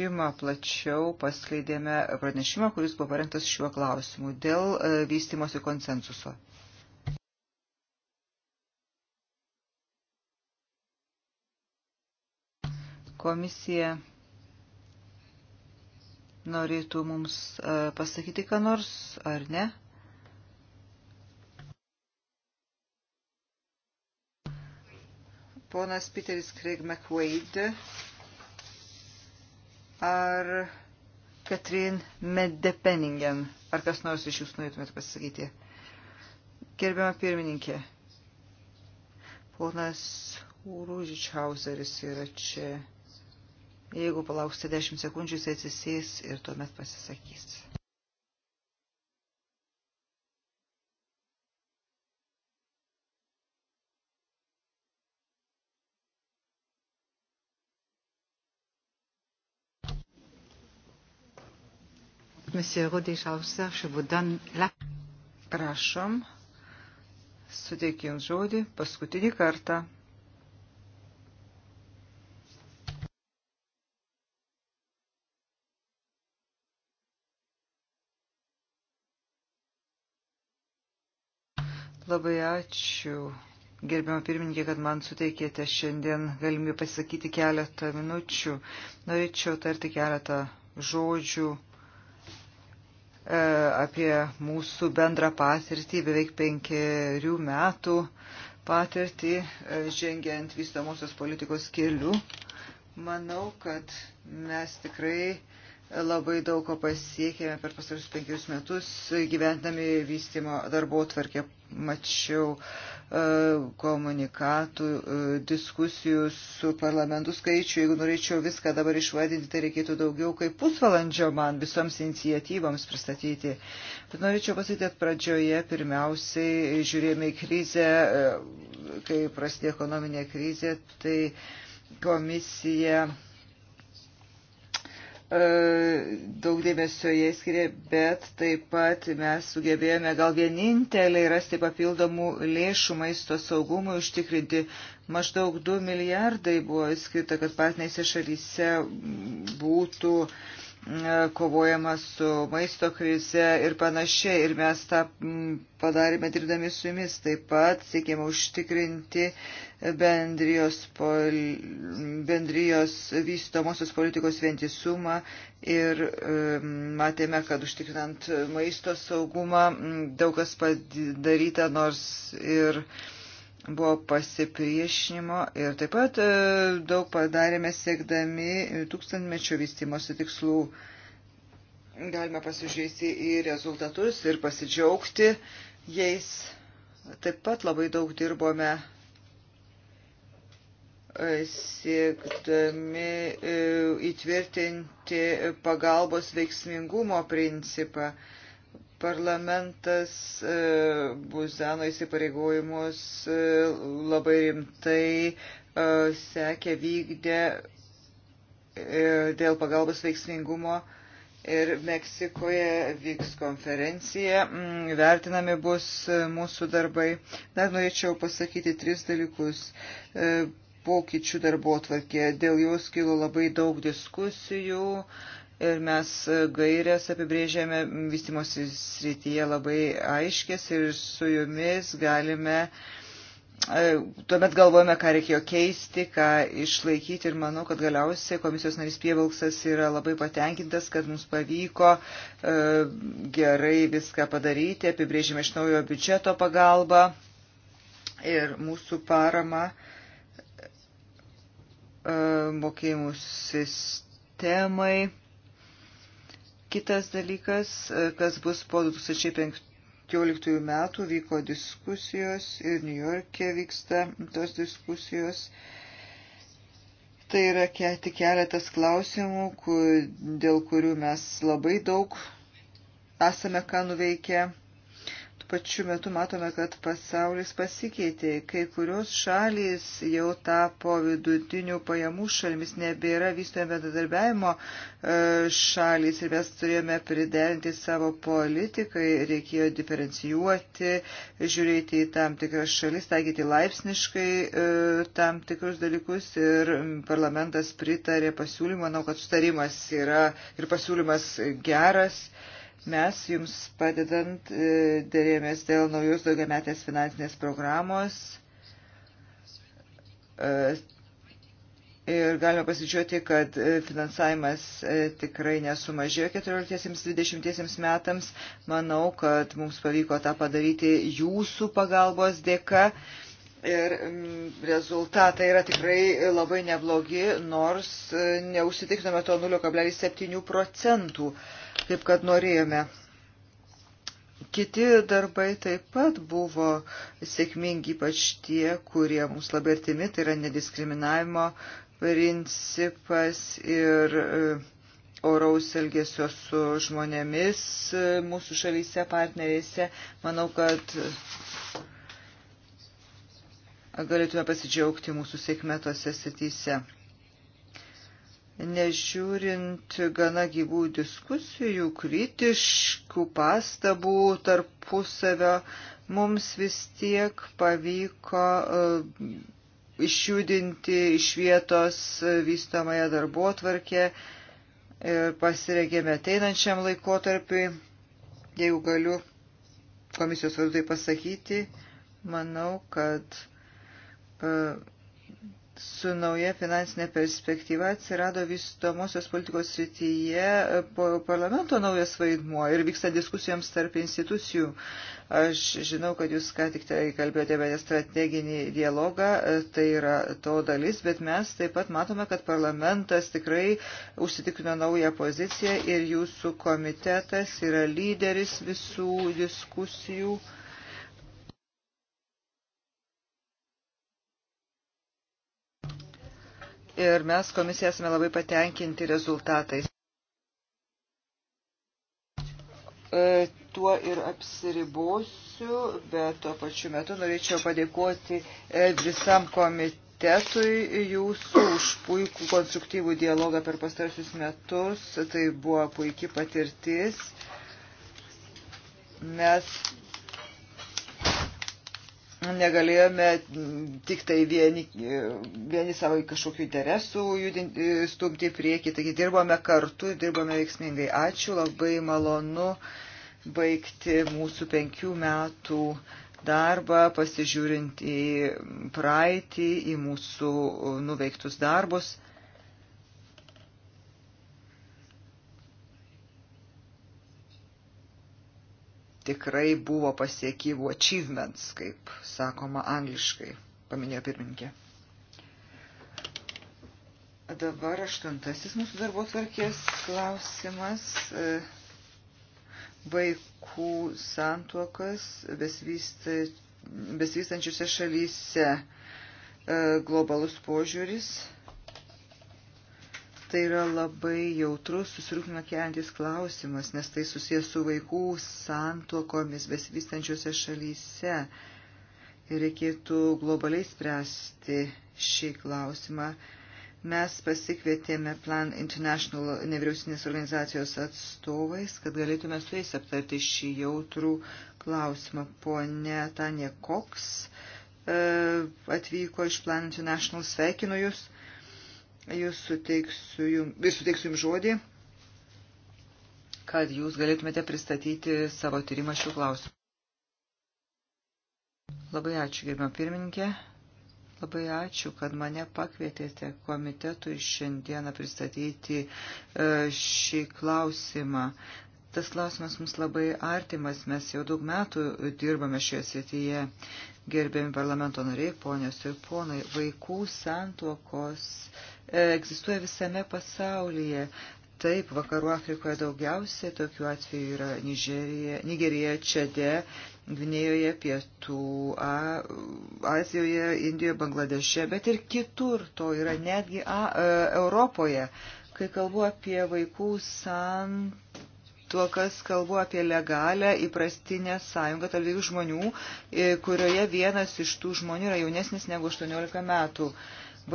pranešimą plačiau, paskleidėme pranešimą, kuris buvo parengtas šiuo klausimu dėl e, vystimosi konsensuso. Komisija norėtų mums e, pasakyti, ką nors, ar ne? Ponas Piteris Craig McWade ar Katrin Medepeningen. Ar kas nors iš jūsų norėtumėte pasakyti? Gerbiama pirmininkė, ponas Rūžičhauseris yra čia. Jeigu palauksite 10 sekundžių, jis atsisės ir tuomet pasisakys. Monsieur Rodešausa, je vous donne la... Prašom, suteikim žodį paskutinį kartą. Labai ačiū, gerbiamą pirmininkė, kad man suteikėte šiandien galimybę pasakyti keletą minučių. Norėčiau tarti keletą žodžių E, apie mūsų bendrą patirtį, beveik penkerių metų patirtį e, žengiant vystamosios politikos keliu. Manau, kad mes tikrai Labai daug ko pasiekėme per pasarius penkius metus, gyventami vystimo darbo tvarkę. Mačiau e, komunikatų, e, diskusijų su parlamentu skaičiu. Jeigu norėčiau viską dabar išvadinti, tai reikėtų daugiau kaip pusvalandžio man visoms inicijatyvams pristatyti. Bet norėčiau pasakyti, kad pradžioje pirmiausiai žiūrėjome į krizę, e, kai prasidėjo ekonominė krizė, tai komisija E, daug dėmesio jie skiria, bet taip pat mes sugebėjome gal vieninteliai rasti papildomų lėšų maisto saugumui užtikrinti. Maždaug 2 milijardai buvo skirta, kad partnerėse šalyse būtų uh, E, kovojama su maisto krize ir panašiai. Ir mes tą padarėme dirbdami su jumis. Taip pat siekėme užtikrinti bendrijos, pol, bendrijos vystomosios politikos vientisumą ir e, matėme, kad užtikrinant maisto saugumą daug kas padaryta, nors ir. E, buvo pasipriešinimo ir taip pat e, daug padarėme siekdami tūkstantmečio vystimosi tikslų. Galime pasižiūrėti į rezultatus ir pasidžiaugti jais. Taip pat labai daug dirbome e, siekdami e, įtvirtinti pagalbos veiksmingumo principą. Parlamentas e, Buzano įsipareigojimus e, labai rimtai e, sekė, vykdė dėl pagalbos veiksmingumo ir Meksikoje vyks konferencija, mm, vertinami bus mūsų darbai. Dar norėčiau pasakyti tris dalykus. Pokyčių darbo atvarkė, dėl jos kilo labai daug diskusijų, ir mes gairias apibrėžėme vystimosi srityje labai aiškės ir su jumis galime, e, tuomet galvojame, ką reikėjo keisti, ką išlaikyti ir manau, kad galiausiai komisijos narys Pievalksas yra labai patenkintas, kad mums pavyko e, gerai viską padaryti, apibrėžėme iš naujo biudžeto pagalbą ir mūsų paramą e, mokėjimų sistemai Kitas dalykas, e, kas bus po 2015 metų, vyko diskusijos ir New York'e vyksta tos diskusijos. Tai yra tik keletas klausimų, kur, dėl kurių mes labai daug esame ką nuveikę pačiu metu matome, kad pasaulis pasikeitė. Kai kurios šalys jau tapo vidutinių pajamų šalimis, nebėra vystojo bendradarbiavimo e, šalys ir mes turėjome priderinti savo politikai, reikėjo diferencijuoti, žiūrėti į tam tikras šalis, taikyti laipsniškai e, tam tikrus dalykus ir parlamentas pritarė pasiūlymą. Manau, kad sutarimas yra ir pasiūlymas geras. Uh, Mes jums padedant e, dėrėmės dėl naujos daugiametės finansinės programos e, ir galime pasidžiuoti, kad e, finansavimas tikrai nesumažėjo 14-20 metams. Manau, kad mums pavyko tą padaryti jūsų pagalbos dėka. Ir rezultatai yra tikrai labai neblogi, nors neužsitikname to 0,7 procentų. Uh, kaip kad norėjome. Kiti darbai taip pat buvo sėkmingi, ypač tie, kurie mums labai artimi, tai yra nediskriminavimo principas ir e, oraus elgesio su žmonėmis e, mūsų šalyse, partnerėse. Manau, kad e, galėtume pasidžiaugti mūsų sėkme tose sityse nežiūrint gana gyvų diskusijų, kritiškų pastabų tarpusavio, mums vis tiek pavyko e, išjudinti iš vietos e, vystamąją darbuotvarkę ir pasiregėme ateinančiam laikotarpiui, jeigu galiu komisijos vadovai pasakyti, manau, kad e, su nauja finansinė perspektyva atsirado vystomosios politikos srityje e, parlamento naujas vaidmuo ir vyksta diskusijoms tarp institucijų. Aš žinau, kad jūs ką tik tai kalbėjote apie strateginį dialogą, e, tai yra to dalis, bet mes taip pat matome, kad parlamentas tikrai užsitikrino naują poziciją ir jūsų komitetas yra lyderis visų diskusijų. Uh, ir mes komisija esame labai patenkinti rezultatais. E, tuo ir apsiribosiu, bet tuo pačiu metu norėčiau padėkoti e, visam komitetui jūsų už puikų konstruktyvų dialogą per pastarsius metus. Tai buvo puikia patirtis. Mes negalėjome tik tai vieni, vieni savo kažkokių interesų judinti, stumti į priekį. Taigi dirbome kartu, dirbome veiksmingai. Ačiū, labai malonu baigti mūsų penkių metų darbą, pasižiūrint į praeitį, į mūsų nuveiktus darbus. tikrai buvo pasiekybų achievements, kaip sakoma angliškai, paminėjo pirmininkė. Dabar aštuntasis mūsų darbo tvarkės klausimas. Vaikų santuokas besivystančiuose šalyse globalus požiūris Tai yra labai jautrus, susirūpino keliantis klausimas, nes tai susijęs su vaikų santuokomis besivystančiose šalyse. Ir reikėtų globaliai spręsti šį klausimą. Mes pasikvietėme Plan International nevyriausinės organizacijos atstovais, kad galėtume su jais aptarti šį jautrų klausimą. Pone Tanje Koks atvyko iš Plan International, sveikinu Jūs. Jūs suteiksiu jums, suteiksiu jums žodį, kad jūs galėtumėte pristatyti savo tyrimą šių klausimų. Labai ačiū, gerbiam pirmininkė. Labai ačiū, kad mane pakvietėte komitetui šiandieną pristatyti e, šį klausimą. Tas klausimas mums labai artimas, mes jau daug metų dirbame šioje srityje, gerbėmi parlamento nariai, ponios ir ponai, vaikų santuokos e, egzistuoja visame pasaulyje. Taip, vakarų Afrikoje daugiausiai tokių atvejų yra Nigerija, Nigerija Čede, Gvinėjoje, Pietų A, Azijoje, Indijoje, Bangladeše, bet ir kitur to yra netgi A, e, Europoje. Kai kalbu apie vaikų santuokos, tuo, kas kalbu apie legalę įprastinę sąjungą tarp dviejų žmonių, e, kurioje vienas iš tų žmonių yra jaunesnis negu 18 metų.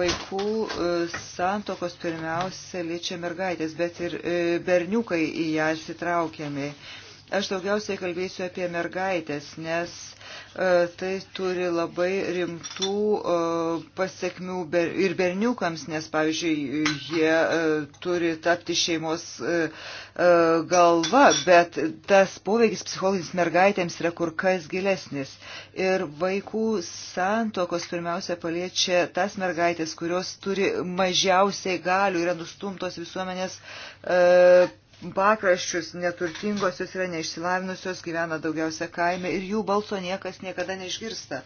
Vaikų e, santokos pirmiausia liečia mergaitės, bet ir e, berniukai į ją įsitraukiami. Aš daugiausiai kalbėsiu apie mergaitės, nes e, tai turi labai rimtų e, pasiekmių ber, ir berniukams, nes, pavyzdžiui, jie e, turi tapti šeimos e, e, galva, bet tas poveikis psichologinis mergaitėms yra kur kas gilesnis. Ir vaikų santokos pirmiausia paliečia tas mergaitės, kurios turi mažiausiai galių, yra nustumtos visuomenės. E, pakraščius neturtingosios yra neišsilavinusios, gyvena daugiausia kaime ir jų balso niekas niekada neišgirsta.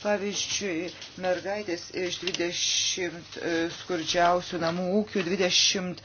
Pavyzdžiui, mergaitės iš 20 e, skurdžiausių namų ūkių 20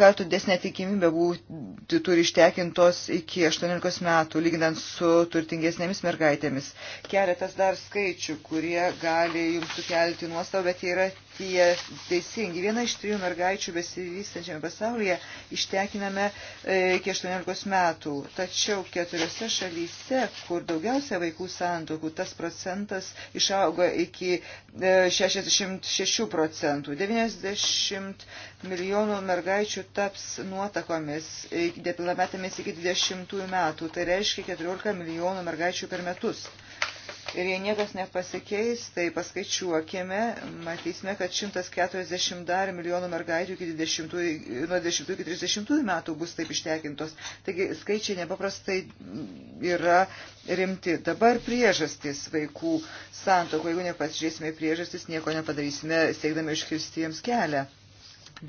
kartų desnė tikimybė būti turi ištekintos iki 18 metų, lyginant su turtingesnėmis mergaitėmis. Keletas dar skaičių, kurie gali jums sukelti nuostabą, bet jie yra tie teisingi. Viena iš trijų mergaičių besivystančiame pasaulyje ištekiname e, iki 18 metų. Tačiau keturiose šalyse, kur daugiausia vaikų santokų, tas procentas išaugo iki 66 e, procentų. 90 milijonų mergaičių taps nuotakomis nepilnametėmis iki 20 metų. Tai reiškia 14 milijonų mergaičių per metus. Ir jei niekas nepasikeis, tai paskaičiuokime, matysime, kad 140 dar milijonų mergaičių iki 20, nuo 20 iki 30 metų bus taip ištekintos. Taigi skaičiai nepaprastai yra rimti. Dabar priežastis vaikų santoko, jeigu nepasižiūrėsime priežastis, nieko nepadarysime, siekdami iškirsti jiems kelią.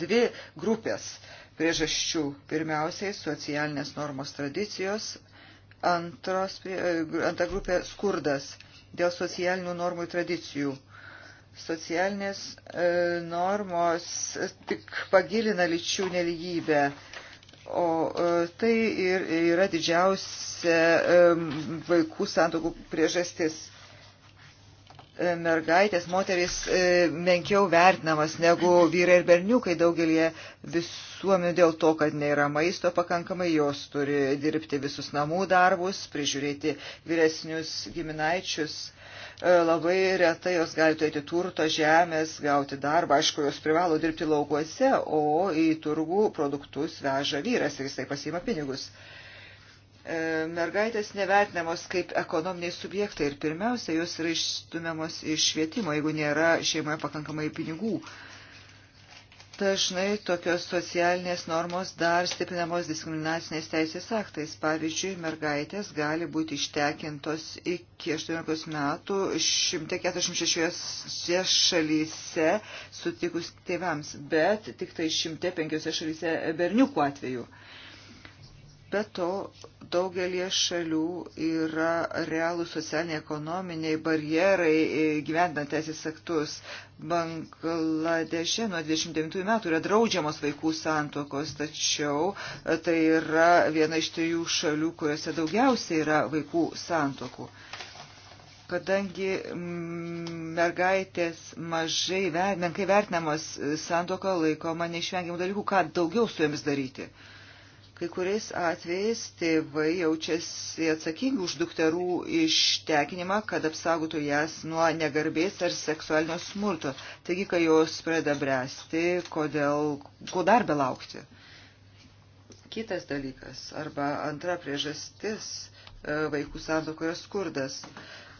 Dvi grupės priežasčių. Pirmiausiai socialinės normos tradicijos, Antros, e, antra grupė skurdas dėl socialinių normų ir tradicijų. Socialinės e, normos tik pagilina lyčių neligybę. O e, tai ir yra didžiausia vaikų santokų priežastis mergaitės, moteris e, menkiau vertinamas negu vyrai ir berniukai daugelie visuomenių dėl to, kad nėra maisto pakankamai, jos turi dirbti visus namų darbus, prižiūrėti vyresnius giminaičius. E, labai retai jos gali turėti turto, žemės, gauti darbą. Aišku, jos privalo dirbti laukuose, o į turgų produktus veža vyras ir jisai pasima pinigus. Uh, E, mergaitės nevertinamos kaip ekonominiai subjektai ir pirmiausia, jos yra išstumiamos iš švietimo, jeigu nėra šeimoje pakankamai pinigų. Dažnai tokios socialinės normos dar stiprinamos diskriminaciniais teisės aktais. Pavyzdžiui, mergaitės gali būti ištekintos iki 18 metų 146 šalyse sutikus tėvams, bet tik tai 105 šalyse berniukų atveju. Be to, daugelie šalių yra realų socialiniai ekonominiai barjerai e, gyvendant teisės aktus. Bangladeše nuo 29 metų yra draudžiamos vaikų santokos, tačiau e, tai yra viena iš trijų šalių, kuriuose daugiausiai yra vaikų santokų. Kadangi mm, mergaitės mažai, menkai vertinamos e, santoka laikoma neišvengiamų dalykų, ką daugiau su jomis daryti. Kai kuriais atvejais tėvai jaučiasi atsakingi už dukterų ištekinimą, kad apsaugotų jas nuo negarbės ar seksualinio smurto. Taigi, kai jos pradeda bręsti, kodėl, ko dar belaukti? Kitas dalykas arba antra priežastis e, vaikų santokoje skurdas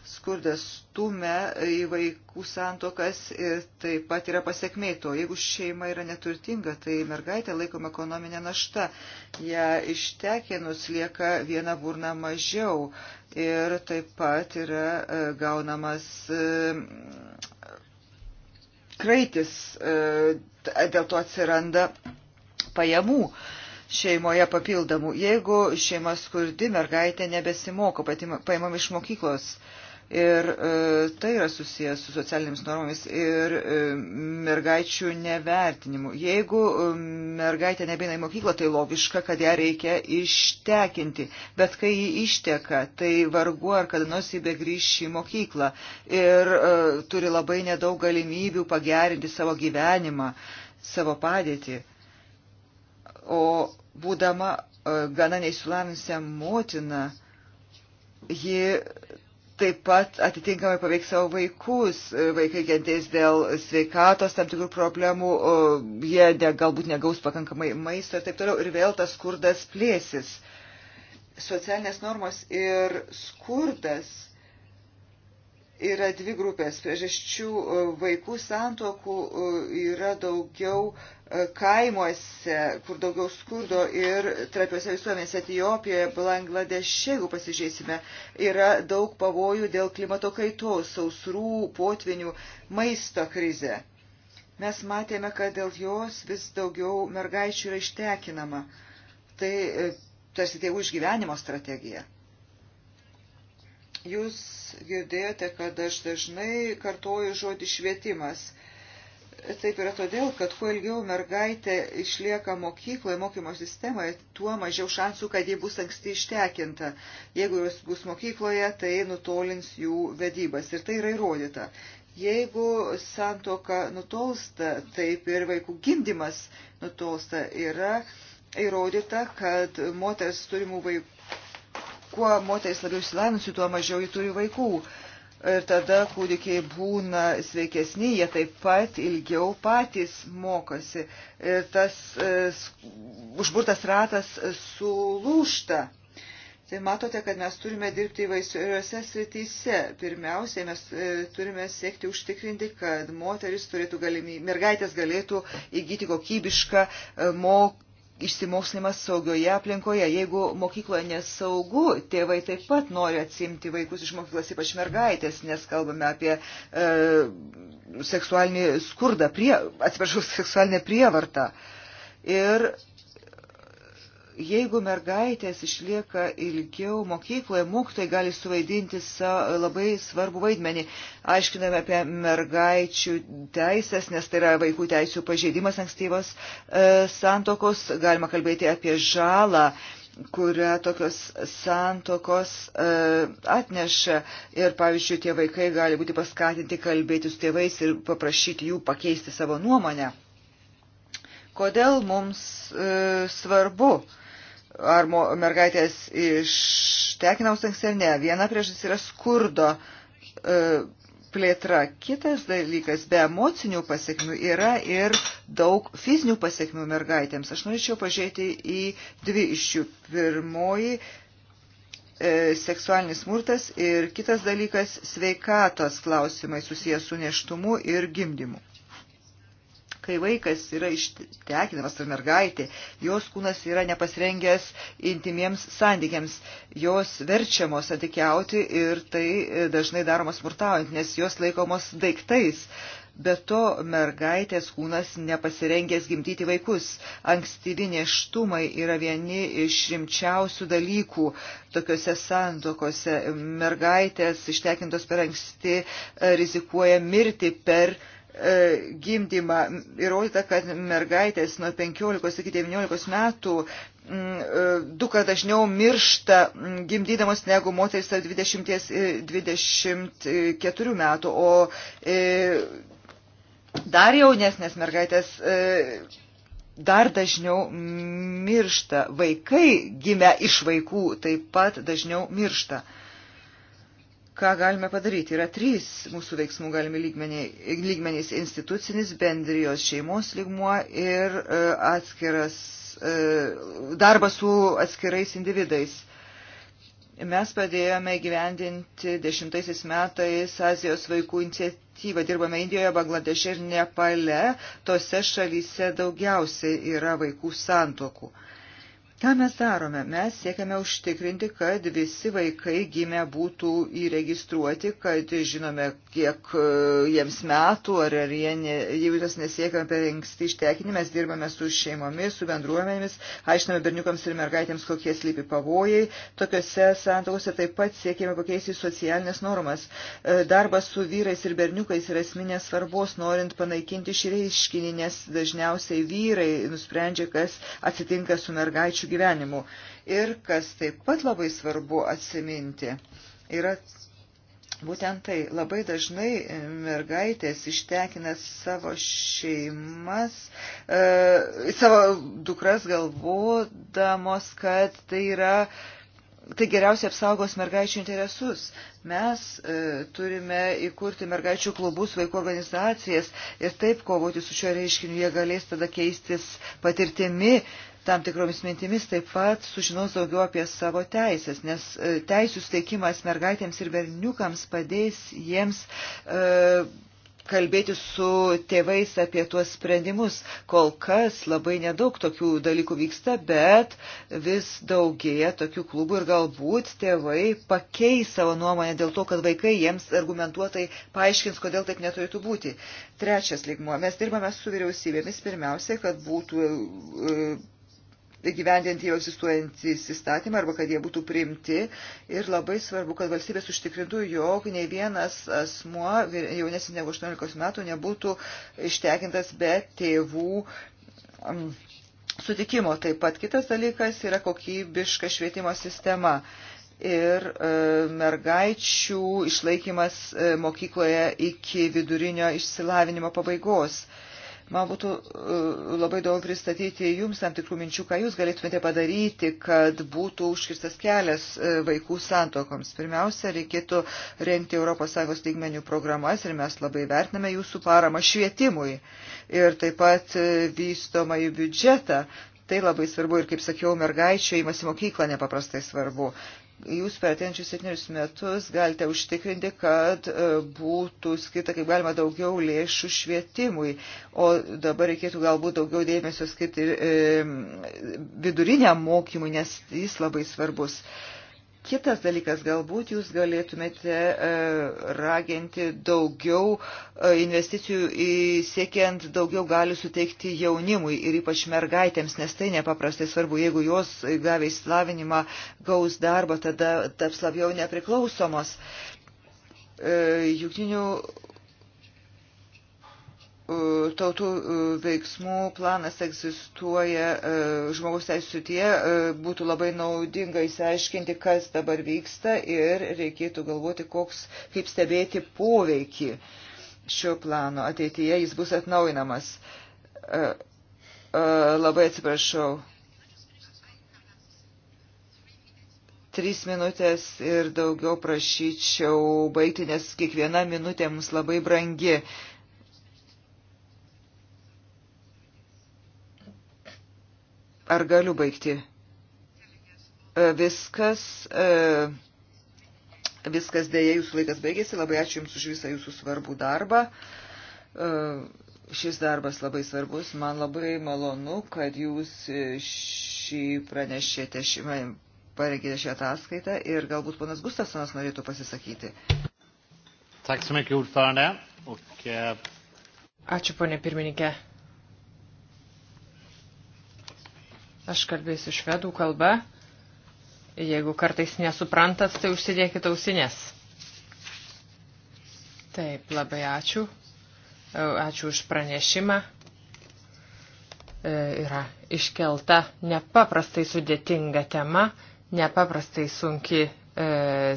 skurdas stumia į vaikų santokas ir taip pat yra pasiekmė to. Jeigu šeima yra neturtinga, tai mergaitė laikoma ekonominė našta. Ja ištekinus lieka viena burna mažiau ir taip pat yra e, gaunamas e, kraitis, e, dėl to atsiranda pajamų šeimoje papildomų. Jeigu šeima skurdi, mergaitė nebesimoko, pati paimam iš mokyklos. Uh, Ir e, tai yra susijęs su socialinėmis normomis ir e, mergaičių nevertinimu. Jeigu e, mergaitė nebeina į mokyklą, tai logiška, kad ją reikia ištekinti. Bet kai jį išteka, tai vargu ar kada nors jį begrįš į mokyklą ir e, turi labai nedaug galimybių pagerinti savo gyvenimą, savo padėtį. O būdama e, gana neįsilavinusią motiną, ji taip pat atitinkamai paveiks savo vaikus. Vaikai kentės dėl sveikatos, tam tikrų problemų, jie ne, galbūt negaus pakankamai maisto ir taip toliau. Ir vėl tas skurdas plėsis. Socialinės normos ir skurdas yra dvi grupės priežasčių e, vaikų santokų e, yra daugiau e, kaimuose, kur daugiau skurdo ir trapiuose visuomenėse Etijopijoje, Bangladeše, jeigu pasižiūrėsime, yra daug pavojų dėl klimato kaitos, sausrų, potvinių, maisto krize. Mes matėme, kad dėl jos vis daugiau mergaičių yra ištekinama. Tai tarsi tėvų tai išgyvenimo strategija. Jūs girdėjote, kad aš dažnai kartoju žodį švietimas. Taip yra todėl, kad kuo ilgiau mergaitė išlieka mokykloje, mokymo sistemoje, tuo mažiau šansų, kad ji bus anksti ištekinta. Jeigu jos bus mokykloje, tai nutolins jų vedybas. Ir tai yra įrodyta. Jeigu santoka nutolsta, taip ir vaikų gimdymas nutolsta. Yra įrodyta, kad moters turimų vaikų kuo moteris labiau išsilavinusi, tuo mažiau jį turi vaikų. Ir tada kūdikiai būna sveikesni, jie taip pat ilgiau patys mokosi. Ir tas uh, užburtas ratas sulūšta. Tai matote, kad mes turime dirbti įvairiose srityse. Pirmiausiai mes e, turime siekti užtikrinti, kad moteris turėtų galimybę, mergaitės galėtų įgyti kokybišką e, mokymą išsimokslinimas saugioje aplinkoje. Jeigu mokykloje nesaugu, tėvai taip pat nori atsimti vaikus iš mokyklos, ypač mergaitės, nes kalbame apie e, seksualinį skurdą, prie, atsiprašau, seksualinę prievartą. Ir Jeigu mergaitės išlieka ilgiau mokykloje, mokytojai gali suvaidinti labai svarbu vaidmenį. Aiškiname apie mergaičių teisės, nes tai yra vaikų teisų pažeidimas ankstyvos e, santokos. Galima kalbėti apie žalą, kurią tokios santokos e, atneša. Ir, pavyzdžiui, tie vaikai gali būti paskatinti kalbėti su tėvais ir paprašyti jų pakeisti savo nuomonę. Kodėl mums e, svarbu? E, ar mergaitės ištekinamos anksti ar ne. Viena priežastis yra skurdo e, plėtra. Kitas dalykas be emocinių pasiekmių yra ir daug fizinių pasiekmių mergaitėms. Aš norėčiau pažiūrėti į dvi iš jų. Pirmoji e, seksualinis smurtas ir kitas dalykas sveikatos klausimai susijęs su neštumu ir gimdymu kai vaikas yra ištekinamas ar mergaitė, jos kūnas yra nepasirengęs intimiems santykiams, jos verčiamos atikiauti ir tai dažnai daroma smurtaujant, nes jos laikomos daiktais. Be to, mergaitės kūnas nepasirengęs gimdyti vaikus. Ankstyvi neštumai yra vieni iš rimčiausių dalykų tokiuose santokose. Mergaitės ištekintos per anksti e, rizikuoja mirti per E, gimdymą įrodyta, kad mergaitės nuo 15 iki 19 metų mm, e, du kartą dažniau miršta mm, gimdydamos negu moteris tarp 20 ir 24 metų, o e, dar jaunesnės mergaitės dar dažniau miršta. Vaikai gimę iš vaikų taip pat dažniau miršta ką galime padaryti. Yra trys mūsų veiksmų galimi lygmenys - institucinis, bendrijos šeimos lygmuo ir e, atskiras e, darbas su atskirais individais. Mes padėjome gyvendinti dešimtaisiais metais Azijos vaikų iniciatyvą. Dirbame Indijoje, Bangladeše ir Nepale. Tose šalyse daugiausiai yra vaikų santokų. Uh, Ką mes darome? Mes siekiame užtikrinti, kad visi vaikai gimę būtų įregistruoti, kad žinome, kiek e, jiems metų, ar, ar jie, ne, jeigu tas nesiekame per anksti ištekinį, mes dirbame su šeimomis, su bendruomenėmis, aiškiname berniukams ir mergaitėms, kokie slypi pavojai. Tokiuose santokose taip pat siekime pakeisti socialinės normas. E, darbas su vyrais ir berniukais yra esminės svarbos, norint panaikinti šį reiškinį, nes dažniausiai vyrai nusprendžia, kas atsitinka su mergaičių išgyvenimų. Ir kas taip pat labai svarbu atsiminti, yra būtent tai. Labai dažnai e, mergaitės ištekina savo šeimas, e, savo dukras galvodamos, kad tai yra tai geriausiai apsaugos mergaičių interesus. Mes e, turime įkurti mergaičių klubus, vaikų organizacijas ir taip kovoti su šio reiškiniu. Jie galės tada keistis patirtimi, tam tikromis mintimis, taip pat sužinos daugiau apie savo teisės, nes e, teisų steikimas mergaitėms ir berniukams padės jiems e, kalbėti su tėvais apie tuos sprendimus. Kol kas labai nedaug tokių dalykų vyksta, bet vis daugėja tokių klubų ir galbūt tėvai pakeis savo nuomonę dėl to, kad vaikai jiems argumentuotai paaiškins, kodėl taip neturėtų būti. Trečias lygmuo. Mes dirbame su vyriausybėmis pirmiausiai, kad būtų e, gyvendinti jau egzistuojantys įstatymai arba kad jie būtų priimti. Ir labai svarbu, kad valstybės užtikrintų, jog nei vienas asmuo jaunesnis negu 18 metų nebūtų ištekintas be tėvų. Mm, sutikimo taip pat kitas dalykas yra kokybiška švietimo sistema ir e, mergaičių išlaikymas e, mokykloje iki vidurinio išsilavinimo pabaigos. Man būtų e, labai įdomu pristatyti jums tam tikrų minčių, ką jūs galėtumėte padaryti, kad būtų užkirstas kelias e, vaikų santokoms. Pirmiausia, reikėtų renkti ES lygmenių programas ir mes labai vertiname jūsų paramą švietimui ir taip pat e, vystomą į biudžetą. Tai labai svarbu ir, kaip sakiau, mergaičiai įmasi mokyklą nepaprastai svarbu jūs per atenčius septynerius metus galite užtikrinti, kad e, būtų skirta kaip galima daugiau lėšų švietimui, o dabar reikėtų galbūt daugiau dėmesio skirti ir e, viduriniam mokymui, nes jis labai svarbus. E, Kitas dalykas, galbūt jūs galėtumėte e, raginti daugiau e, investicijų siekiant daugiau galių suteikti jaunimui ir ypač mergaitėms, nes tai nepaprastai svarbu. Jeigu jos gavę įslavinimą gaus darbą, tada taps labiau nepriklausomos. E, Juktinių E, tautų e, veiksmų planas egzistuoja e, žmogaus teisų tie, būtų labai naudinga įsiaiškinti, kas dabar vyksta ir reikėtų galvoti, koks, kaip stebėti poveikį šio plano. Ateityje jis bus atnaujinamas. Labai atsiprašau. Trys minutės ir daugiau prašyčiau baigti, nes kiekviena minutė mums labai brangi. Uh, Ar galiu baigti? E, viskas, e, viskas dėja, jūsų laikas baigėsi. Labai ačiū Jums už visą Jūsų svarbų darbą. E, šis darbas labai svarbus. Man labai malonu, kad Jūs šį pranešėte, šį, parengėte šią ataskaitą ir galbūt ponas Gustasonas norėtų pasisakyti. Eh, ačiū, ponė pirmininkė. Aš kalbėsiu švedų kalba. Jeigu kartais nesuprantat, tai užsidėkite ausinės. Taip, labai ačiū. E, ačiū už pranešimą. E, yra iškelta nepaprastai sudėtinga tema, nepaprastai sunki e,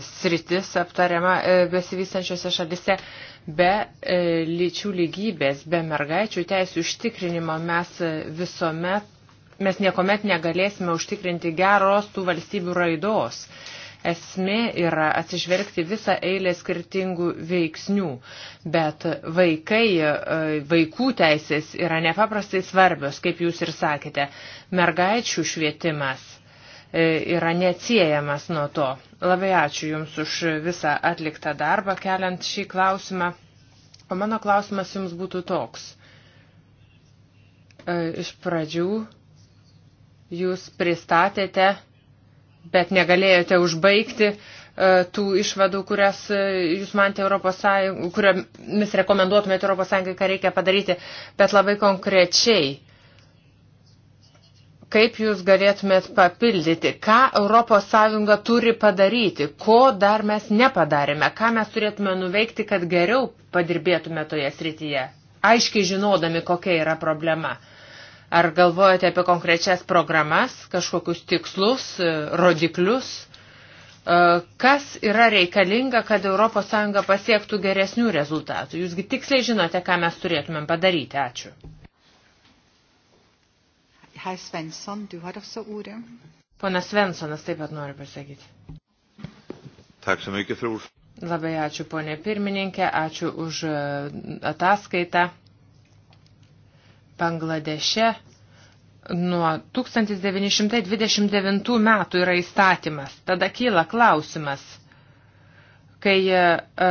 sritis aptariama besivystančiose šalise. Be lyčių lygybės, be mergaičių teisų užtikrinimo mes visuomet mes niekuomet negalėsime užtikrinti geros tų valstybių raidos. Esmė yra atsižvelgti visą eilę skirtingų veiksnių, bet vaikai, e, vaikų teisės yra nepaprastai svarbios, kaip jūs ir sakėte. Mergaičių švietimas e, yra neatsiejamas nuo to. Labai ačiū Jums už visą atliktą darbą keliant šį klausimą. O mano klausimas Jums būtų toks. E, iš pradžių Jūs pristatėte, bet negalėjote užbaigti e, tų išvadų, kurias e, jūs manite Europos Sąjungai, kuriomis rekomenduotumėte Europos Sąjungai, ką reikia padaryti, bet labai konkrečiai kaip jūs galėtumėt papildyti, ką ES turi padaryti, ko dar mes nepadarėme, ką mes turėtume nuveikti, kad geriau padirbėtume toje srityje, aiškiai žinodami, kokia yra problema. Ar galvojate apie konkrečias programas, kažkokius tikslus, e, rodiklius? E, kas yra reikalinga, kad ES pasiektų geresnių rezultatų? Jūsgi tiksliai žinote, ką mes turėtumėm padaryti. Ačiū. Herr Svensson, du har också ordet. Ponas Svensonas taip pat nori pasakyti. Tak, Labai ačiū, ponė pirmininkė, ačiū už e, ataskaitą. Bangladeše nuo 1929 metų yra įstatymas. Tada kyla klausimas, kai e, e,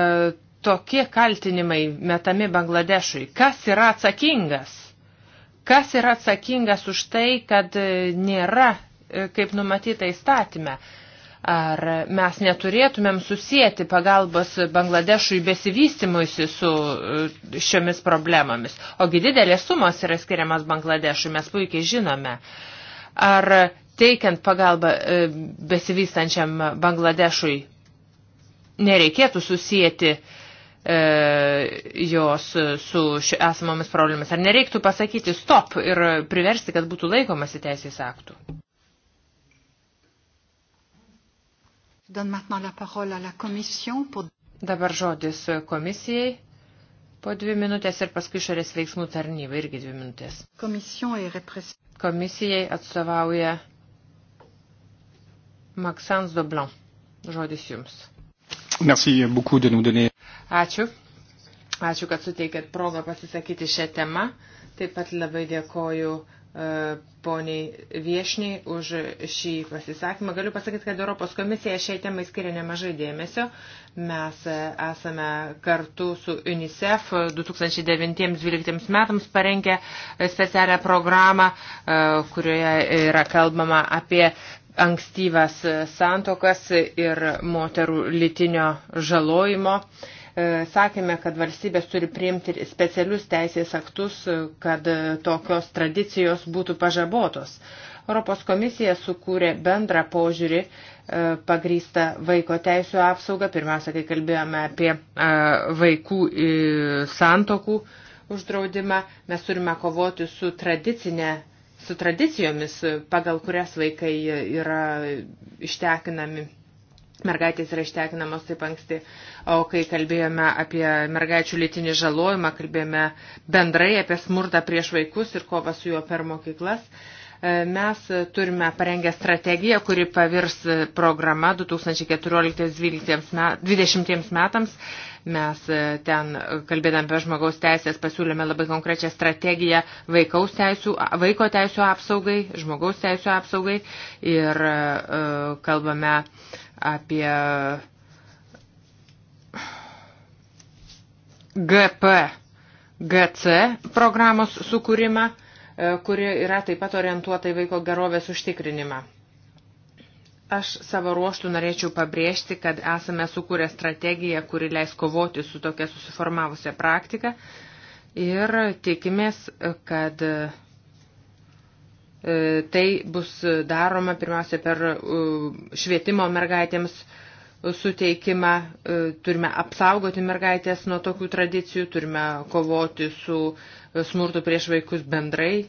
tokie kaltinimai metami Bangladešui, kas yra atsakingas? Kas yra atsakingas už tai, kad e, nėra, e, kaip numatyta įstatymė, Ar mes neturėtumėm susijęti pagalbos Bangladešui besivystimuisi su e, šiomis problemomis? Ogi didelės sumos yra skiriamas Bangladešui, mes puikiai žinome. Ar teikiant pagalbą e, besivystančiam Bangladešui nereikėtų susijęti e, jos su esamomis problemas? Ar nereiktų pasakyti stop ir priversti, kad būtų laikomasi teisės aktų? Dabar žodis komisijai po dvi minutės ir paskui šarės veiksmų tarnybai irgi dvi minutės. Komisijai atstovauja Maksans Doblan. Žodis jums. Merci beaucoup de nous donner. Ačiū. Ačiū, kad suteikėt progą pasisakyti šią temą. Taip pat labai dėkoju E, poniai viešniai už šį pasisakymą. Galiu pasakyti, kad Europos komisija šiai temai skiria nemažai dėmesio. Mes esame kartu su UNICEF 2009-2012 metams parengę specialią programą, e, kurioje yra kalbama apie ankstyvas santokas ir moterų litinio žalojimo. E, sakėme, kad valstybės turi priimti specialius teisės aktus, e, kad e, tokios tradicijos būtų pažabotos. Europos komisija sukūrė bendrą požiūrį pagrįstą vaiko teisų apsaugą. Pirmiausia, kai kalbėjome apie vaikų santokų uždraudimą, mes turime kovoti su tradicinė su tradicijomis, pagal kurias vaikai yra ištekinami mergaitės yra ištekinamos taip anksti. O kai kalbėjome apie mergaičių lytinį žalojimą, kalbėjome bendrai apie smurtą prieš vaikus ir kovą su juo per mokyklas. E, mes turime parengę strategiją, kuri pavirs programa 2014-2020 metams. Mes e, ten, kalbėdami apie žmogaus teisės, pasiūlėme labai konkrečią strategiją teisų, vaiko teisų apsaugai, žmogaus teisų apsaugai ir e, kalbame apie GP, GC programos sukūrimą, e, kuri yra taip pat orientuota į vaiko gerovės užtikrinimą. Aš savo ruoštų norėčiau pabrėžti, kad esame sukūrę strategiją, kuri leis kovoti su tokia susiformavusią praktiką ir tikimės, kad E, tai bus daroma pirmiausia per e, švietimo mergaitėms suteikimą, e, turime apsaugoti mergaitės nuo tokių tradicijų, turime kovoti su smurtu prieš vaikus bendrai.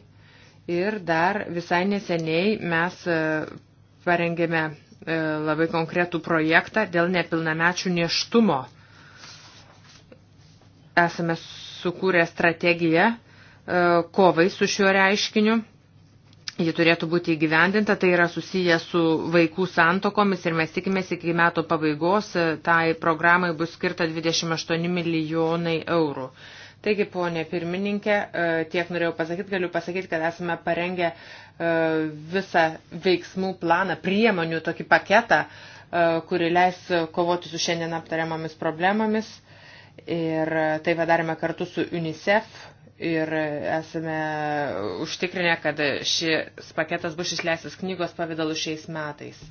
Ir dar visai neseniai mes parengėme labai konkretų projektą dėl nepilnamečių neštumo. Esame sukūrę strategiją kovai su šiuo reiškiniu Ji turėtų būti įgyvendinta, tai yra susiję su vaikų santokomis ir mes tikimės iki metų pabaigos, e, tai programai bus skirta 28 milijonai eurų. Taigi, ponė pirmininkė, e, tiek norėjau pasakyti, galiu pasakyti, kad esame parengę e, visą veiksmų planą, priemonių tokį paketą, kuri leis kovoti su šiandien aptariamomis problemomis. Ir tai padarėme kartu su UNICEF ir esame užtikrinę, kad šis paketas bus išleistas knygos pavydalu šiais metais.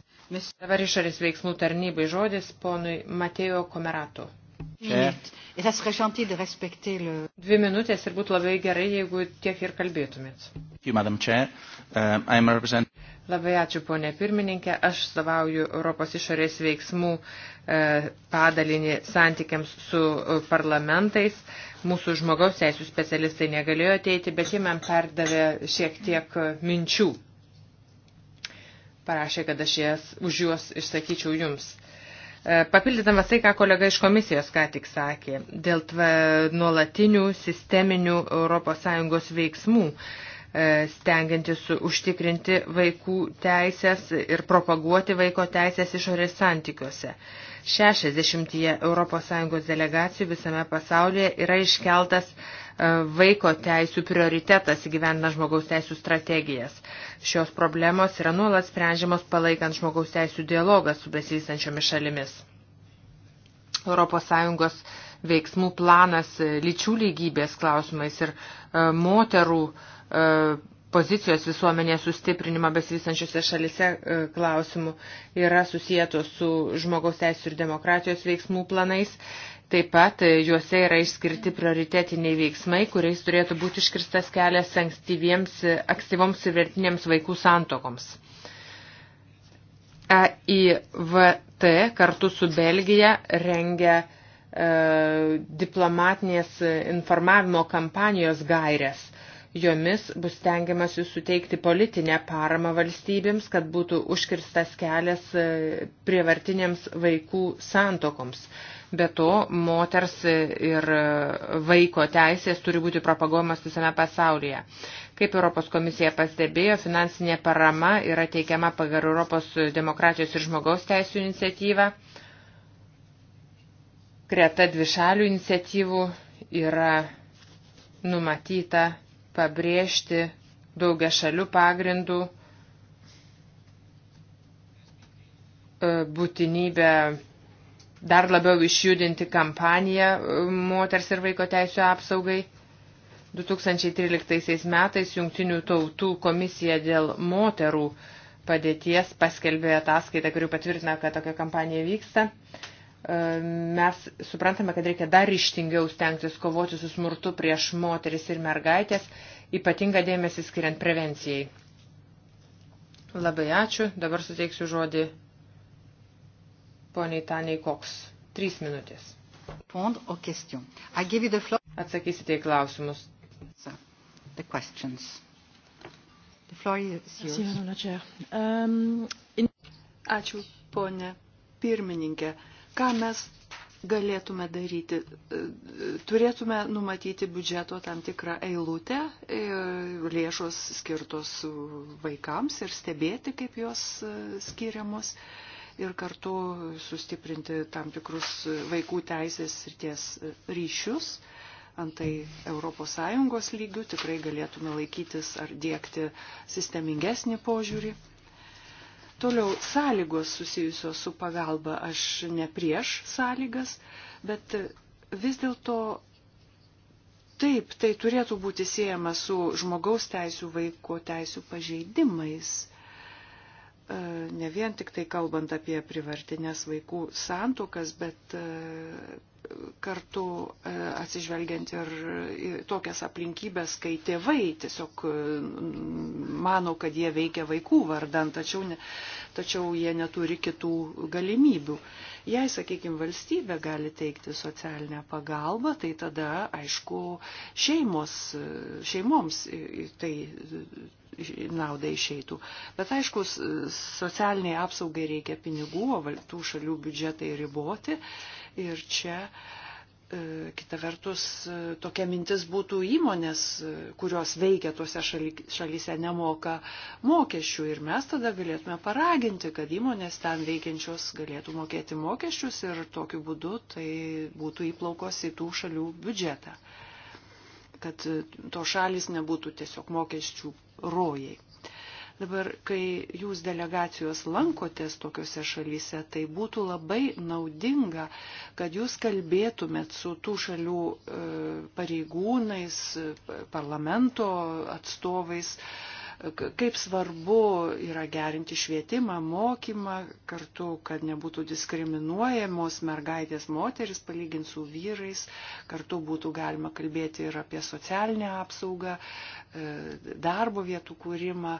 Dabar išorės veiksmų tarnybai žodis ponui Matėjo Komerato. Dvi minutės ir būtų labai gerai, jeigu tiek ir kalbėtumėt. Um, labai ačiū, ponė pirmininkė. Aš stovauju Europos išorės veiksmų e, padalinį santykiams su e, parlamentais. Mūsų žmogaus teisų specialistai negalėjo ateiti, bet jie man perdavė šiek tiek e, minčių. Parašė, kad aš jas už juos išsakyčiau jums. E, papildydamas tai, ką kolega iš komisijos ką tik sakė, dėl nuolatinių sisteminių ES veiksmų e, stengiantis užtikrinti vaikų teisės ir propaguoti vaiko teisės išorės santykiuose. 60 ES delegacijų visame pasaulyje yra iškeltas e, vaiko teisų prioritetas įgyvendina žmogaus teisų strategijas. Šios problemos yra nuolat sprendžiamos palaikant žmogaus teisų dialogą su besivystančiomis šalimis. ES veiksmų planas e, lyčių lygybės klausimais ir e, moterų pozicijos visuomenėje sustiprinimą besivystančiose šalise e, klausimų yra susijęto su žmogaus teisų ir demokratijos veiksmų planais. Taip pat e, juose yra išskirti prioritetiniai veiksmai, kuriais turėtų būti iškirstas kelias e, ankstyvoms ir vertinėms vaikų santokoms. EIVT kartu su Belgija rengia e, diplomatinės informavimo kampanijos gairės Jomis bus tengiamasi suteikti politinę paramą valstybėms, kad būtų užkirstas kelias e, prievartinėms vaikų santokoms. Be to, moters ir e, vaiko teisės turi būti propaguojamas visame pasaulyje. Kaip Europos komisija pastebėjo, finansinė parama yra teikiama pagal Europos demokratijos ir žmogaus teisų iniciatyvą. Kreta dvišalių iniciatyvų yra numatyta pabrėžti daugia šalių pagrindų e, būtinybę dar labiau išjudinti kampaniją e, moters ir vaiko teisų apsaugai. 2013 metais Jungtinių tautų komisija dėl moterų padėties paskelbė ataskaitą, kuri patvirtina, kad tokia kampanija vyksta mes suprantame, kad reikia dar ryštingiau stengtis kovoti su smurtu prieš moteris ir mergaitės, ypatinga dėmesį skiriant prevencijai. Labai ačiū. Dabar suteiksiu žodį poniai Taniai Koks. Trys minutės. Atsakysite į klausimus. The questions. The floor is yours. Euh, ačiū, ponė pirmininkė. Uh, Ką mes galėtume daryti? E, e, turėtume numatyti biudžeto tam tikrą eilutę, e, lėšos skirtos vaikams ir stebėti, kaip jos skiriamos ir kartu sustiprinti tam tikrus vaikų teisės ir ties ryšius. Antai ES lygių tikrai galėtume laikytis ar dėkti sistemingesnį požiūrį. Toliau sąlygos susijusios su pagalba, aš ne prieš sąlygas, bet vis dėlto taip, tai turėtų būti siejama su žmogaus teisų, vaiko teisų pažeidimais. E, ne vien tik tai kalbant apie privartinės vaikų santukas, bet e, kartu e, atsižvelgiant ir tokias aplinkybės, kai tėvai tiesiog mano, kad jie veikia vaikų vardan, tačiau, ne, tačiau jie neturi kitų galimybių. Jei, sakykime, valstybė gali teikti socialinę pagalbą, tai tada, aišku, šeimos, šeimoms tai naudą išeitų. Bet aišku, socialiniai apsaugai reikia pinigų, o tų šalių biudžetai riboti. Ir čia e, kita vertus e, tokia mintis būtų įmonės, e, kurios veikia tuose šaly, šalyse nemoka mokesčių ir mes tada galėtume paraginti, kad įmonės ten veikiančios galėtų mokėti mokesčius ir tokiu būdu tai būtų įplaukos į tų šalių biudžetą kad to šalis nebūtų tiesiog mokesčių rojai. Dabar, kai jūs delegacijos lankotės tokiuose šalyse, tai būtų labai naudinga, kad jūs kalbėtumėt su tų šalių e, pareigūnais, e, parlamento atstovais, kaip svarbu yra gerinti švietimą, mokymą, kartu, kad nebūtų diskriminuojamos mergaitės moteris palyginti su vyrais, kartu būtų galima kalbėti ir apie socialinę apsaugą, e, darbo vietų kūrimą,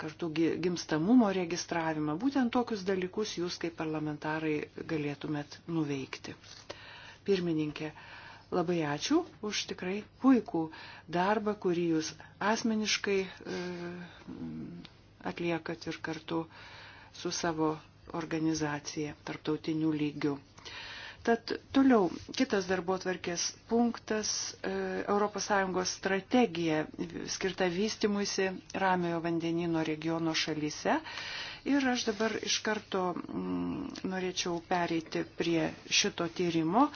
kartu gimstamumo registravimą. Būtent tokius dalykus jūs kaip parlamentarai galėtumėt nuveikti. Pirmininkė, Labai ačiū už tikrai puikų darbą, kurį jūs asmeniškai e, atliekat ir kartu su savo organizacija tarptautiniu lygiu. Tad toliau kitas darbo tvarkės punktas e, - ES strategija skirta vystimuisi Ramiojo vandenino regiono šalyse Ir aš dabar iš karto mm, norėčiau pereiti prie šito tyrimo,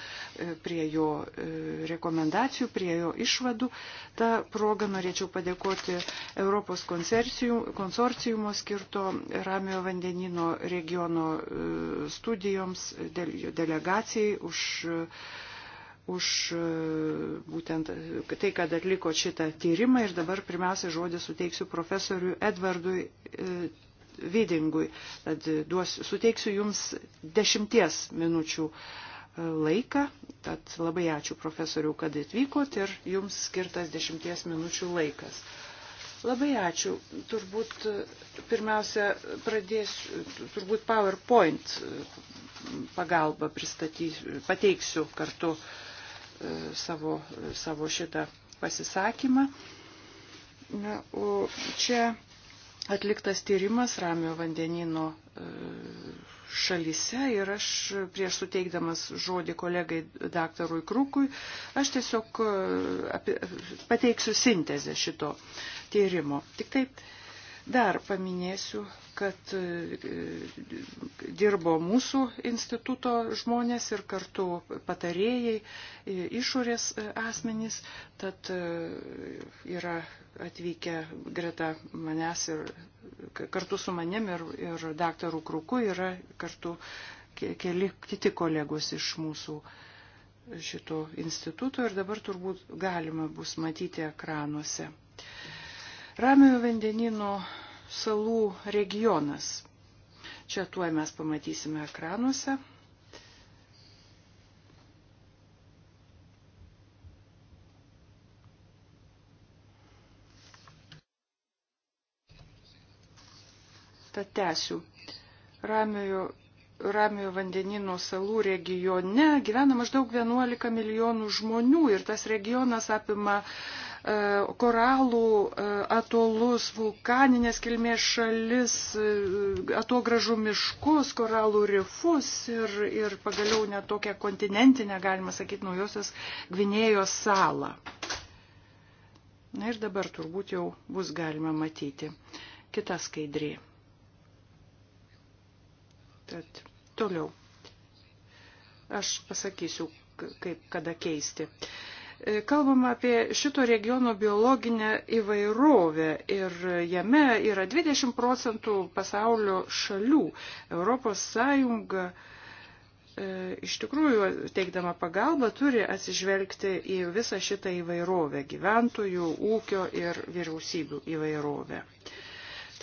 e, prie jo e, rekomendacijų, prie jo išvadų. Ta proga norėčiau padėkoti Europos konsorcijumo skirto Ramio vandenino regiono e, studijoms, delegacijai už už būtent tai, kad atliko šitą tyrimą ir dabar pirmiausia žodį suteiksiu profesoriui Edvardui Vidingui. Tad e, duos, suteiksiu Jums dešimties minučių e, laiką. Tad labai ačiū profesoriu, kad atvykot ir Jums skirtas dešimties minučių laikas. Labai ačiū. Turbūt e, pirmiausia pradėsiu, turbūt PowerPoint pagalba pristatysiu, pateiksiu kartu savo, savo šitą pasisakymą. Na, o čia atliktas tyrimas Ramio vandenino e, šalyse ir aš prieš suteikdamas žodį kolegai daktarui Krūkui, aš tiesiog e, apie, pateiksiu sintezę šito tyrimo. Tik taip Dar paminėsiu, kad e, dirbo mūsų instituto žmonės ir kartu patarėjai, e, išorės e, asmenys, tad yra atvykę greta manęs ir kartu su manim ir, ir daktaru Kruku yra kartu keli kiti kolegos iš mūsų šito instituto ir dabar turbūt galima bus matyti ekranuose. Uh, Ramiojo vandenino salų regionas. Čia tuoj mes pamatysime ekranuose. Tad tęsiu. Ramiojo, Ramiojo vandenino salų regione gyvena maždaug 11 milijonų žmonių ir tas regionas apima uh, E, koralų e, atolus, vulkaninės kilmės šalis, e, atogražų miškus, koralų rifus ir, ir pagaliau net tokią kontinentinę, galima sakyti, naujosios Gvinėjos salą. Na ir dabar turbūt jau bus galima matyti kitą skaidrį. Tad toliau. Aš pasakysiu, kaip kada keisti. Uh, Kalbam apie šito regiono biologinę įvairovę ir jame yra 20 procentų pasaulio šalių. Europos Sąjunga e, iš tikrųjų, teikdama pagalbą, turi atsižvelgti į visą šitą įvairovę - gyventojų, ūkio ir vyriausybių įvairovę.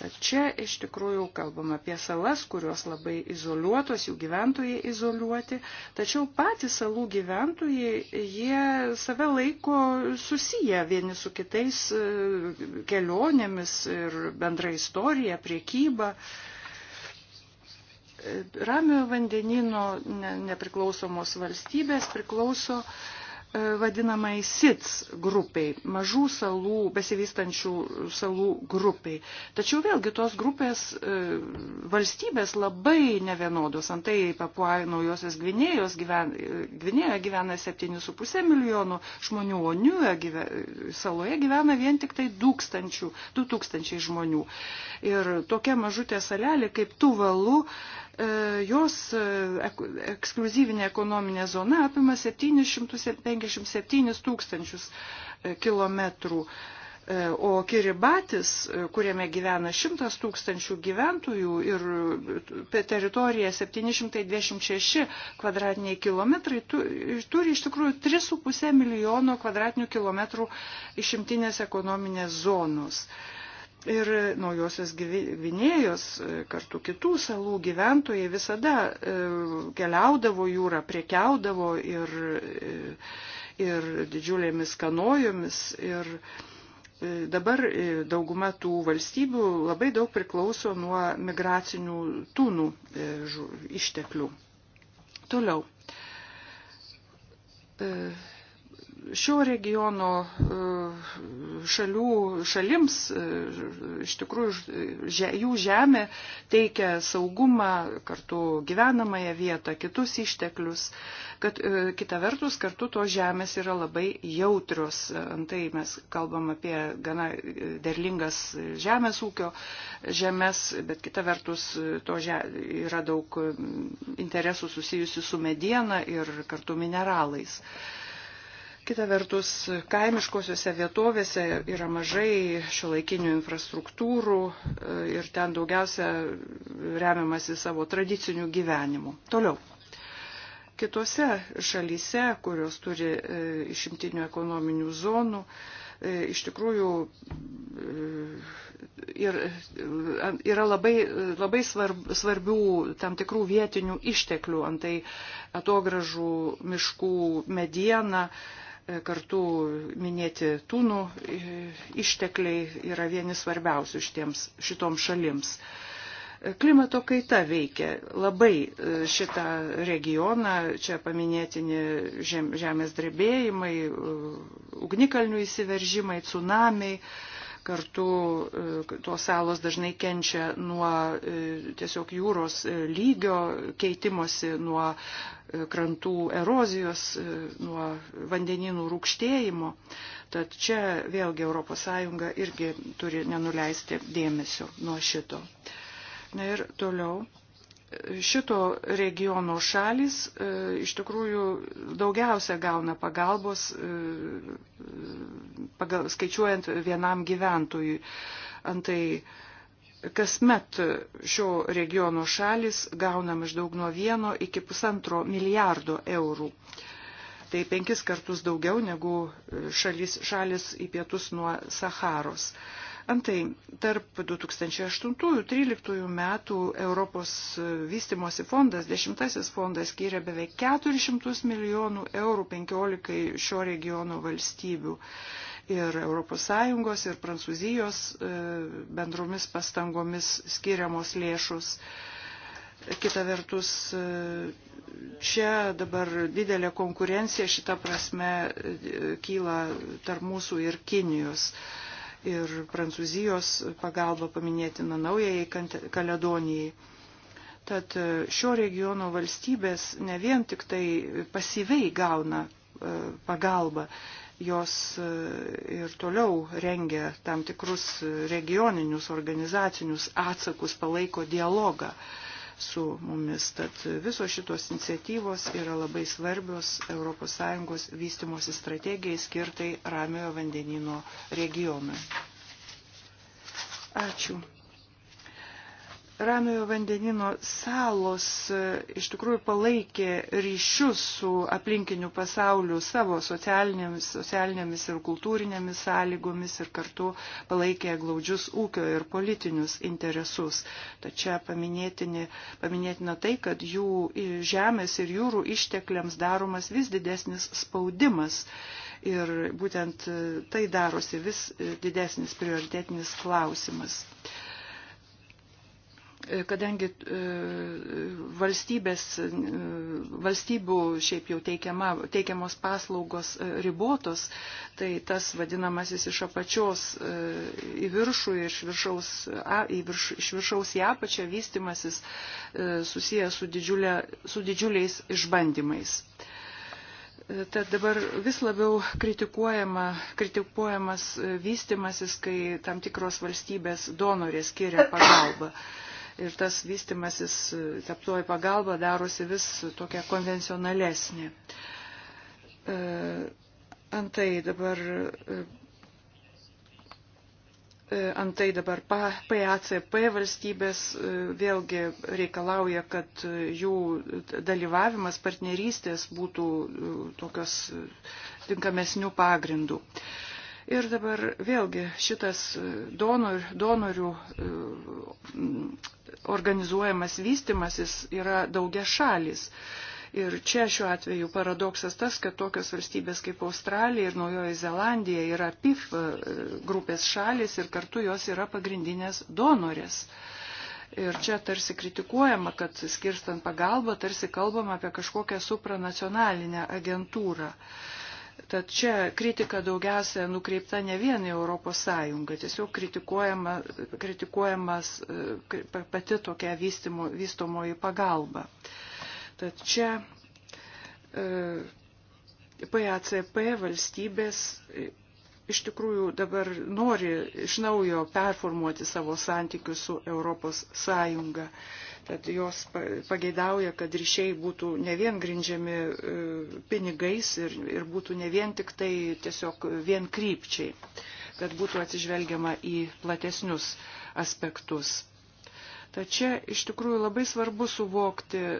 Tad čia iš tikrųjų kalbam apie salas, kurios labai izoliuotos, jų gyventojai izoliuoti, tačiau patys salų gyventojai, jie save laiko susiję vieni su kitais e, kelionėmis ir bendra istorija, priekyba. E, Ramiojo vandenino nepriklausomos valstybės priklauso uh, E, vadinamai SITS grupiai, mažų salų, besivystančių salų grupiai. Tačiau vėlgi tos grupės e, valstybės labai nevienodos. Antai Papuai Naujosios Gvinėjos gyven, e, Gvinėjoje gyvena 7,5 milijonų žmonių, o Niuje gyven, saloje gyvena vien tik tai 2000, 2000 žmonių. Ir tokia mažutė salelė kaip Tuvalu E, jos e, ekskluzyvinė ekonominė zona apima 757 tūkstančius e, kilometrų. O Kiribatis, kuriame gyvena 100 tūkstančių gyventojų ir teritorija 726 kvadratiniai kilometrai, turi iš tikrųjų 3,5 milijono kvadratinių kilometrų išimtinės ekonominės zonos. E, Ir naujosios Gvinėjos, e, kartu kitų salų gyventojai visada e, keliaudavo jūrą, priekiaudavo ir, e, ir didžiulėmis kanojomis. Ir dabar dauguma tų valstybių labai daug priklauso nuo migracinių tūnų išteklių. Toliau šio regiono e, šalių, šalims e, iš tikrųjų jų žemė teikia saugumą, kartu gyvenamąją vietą, kitus išteklius, kad e, kita vertus kartu tos žemės yra labai jautrios. Antai mes kalbam apie gana derlingas žemės ūkio žemės, bet kita vertus to yra daug interesų susijusių su mediena ir kartu mineralais. Kita vertus, kaimiškosiuose vietovėse yra mažai šiuolaikinių infrastruktūrų e, ir ten daugiausia remiamasi savo tradicinių gyvenimų. Toliau. Kitose šalyse, kurios turi e, išimtinių ekonominių zonų, e, iš tikrųjų ir, yra labai, labai svarb, svarbių tam tikrų vietinių išteklių, antai atogražų miškų medieną, E, kartu minėti tūnų e, ištekliai yra vieni svarbiausių šitiems, šitom šalims. E, klimato kaita veikia labai šitą regioną, čia paminėtini žemės drebėjimai, ugnikalnių įsiveržimai, tsunamiai Kartu e, tos salos dažnai kenčia nuo e, tiesiog jūros e, lygio keitimosi, nuo krantų erozijos, nuo vandeninų rūkštėjimo. Tad čia vėlgi ES irgi turi nenuleisti dėmesio nuo šito. Na ir toliau šito regiono šalis e, iš tikrųjų daugiausia gauna pagalbos, e, pagal, skaičiuojant vienam gyventojui. Antai kasmet šio regiono šalis gauna maždaug nuo vieno iki pusantro milijardo eurų. Tai penkis kartus daugiau negu šalis, šalis į pietus nuo Saharos. Uh, Antai, tarp 2008-2013 metų Europos vystimosi fondas, dešimtasis fondas, skyrė beveik 400 milijonų eurų 15 šio regiono valstybių. Ir ES ir Prancūzijos e, bendromis pastangomis skiriamos lėšus. Kita vertus, e, čia dabar didelė konkurencija šita prasme e, kyla tarp mūsų ir Kinijos ir Prancūzijos pagalba paminėtina naujai Kaledonijai. Tad e, šio regiono valstybės ne vien tik tai pasyviai gauna e, pagalbą, jos e, ir toliau rengia tam tikrus regioninius organizacinius atsakus, palaiko dialogą. Uh, su mumis. Tad visos šitos iniciatyvos yra labai svarbios ES vystimosi strategijai skirtai Ramiojo vandenino regionui. Ačiū. Ramiojo vandenino salos e, iš tikrųjų palaikė ryšius su aplinkiniu pasauliu savo socialinėmis, socialinėmis ir kultūrinėmis sąlygomis ir kartu palaikė glaudžius ūkio ir politinius interesus. Tačiau paminėtina tai, kad jų žemės ir jūrų ištekliams daromas vis didesnis spaudimas ir būtent e, tai darosi vis e, didesnis prioritetinis klausimas kadangi e, valstybės, e, valstybių šiaip jau teikiama, teikiamos paslaugos e, ribotos, tai tas vadinamasis iš apačios į viršų ir iš viršaus, į virš, iš viršaus į apačią vystimasis susijęs su, didžiulė, su didžiuliais išbandymais. Tad dabar vis labiau kritikuojama, kritikuojamas vystimasis, kai tam tikros valstybės donorės skiria pagalbą ir tas vystimasis, e, taptoji pagalba darosi vis tokia konvencionalesnė. E, antai dabar, e, antai dabar PACP valstybės vėlgi reikalauja, kad jų dalyvavimas partnerystės būtų tokios tinkamesnių pagrindų. Ir dabar vėlgi šitas e, donor, donorių e, organizuojamas vystimasis yra daugia šalis. Ir čia šiuo atveju paradoksas tas, kad tokios valstybės kaip Australija ir Naujoji Zelandija yra PIF e, grupės šalis ir kartu jos yra pagrindinės donorės. Ir čia tarsi kritikuojama, kad skirstant pagalbą, tarsi kalbama apie kažkokią supranacionalinę agentūrą. Uh, Tad čia kritika daugiausia nukreipta ne vien į Europos Sąjungą, tiesiog kritikuojama, kritikuojamas e, pati tokia vystimo, vystomoji pagalba. Tad čia PACP e, valstybės e, iš tikrųjų dabar nori iš naujo performuoti savo santykius su Europos Sąjunga. Tad jos pageidauja, kad ryšiai būtų ne vien grindžiami e, pinigais ir, ir būtų ne vien tik tai tiesiog vien krypčiai, kad būtų atsižvelgiama į platesnius aspektus. Tačiau iš tikrųjų labai svarbu suvokti e,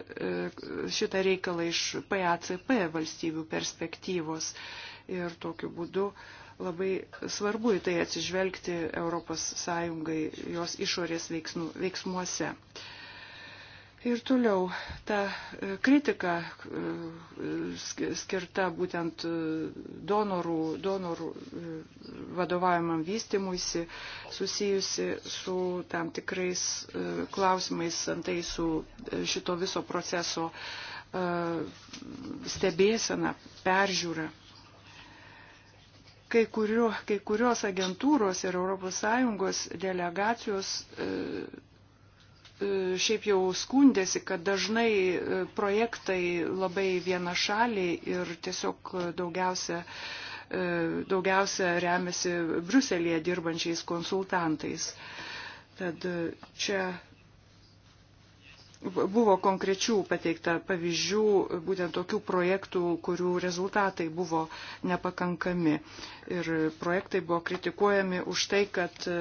šitą reikalą iš PACP valstybių perspektyvos ir tokiu būdu labai svarbu į tai atsižvelgti ES jos išorės veiksmu, veiksmuose. Uh, Ir toliau ta e, kritika e, skirta būtent e, donorų, donorų vadovaujamam vystimuisi susijusi su tam tikrais klausimais, antai su šito viso proceso stebėsena, peržiūra. Kai, kurio, kai kurios agentūros ir ES delegacijos E, šiaip jau skundėsi, kad dažnai e, projektai labai vienašaliai ir tiesiog daugiausia, e, daugiausia remiasi Bruselėje dirbančiais konsultantais. Tad čia buvo konkrečių pateikta pavyzdžių, būtent tokių projektų, kurių rezultatai buvo nepakankami. Ir projektai buvo kritikuojami už tai, kad e,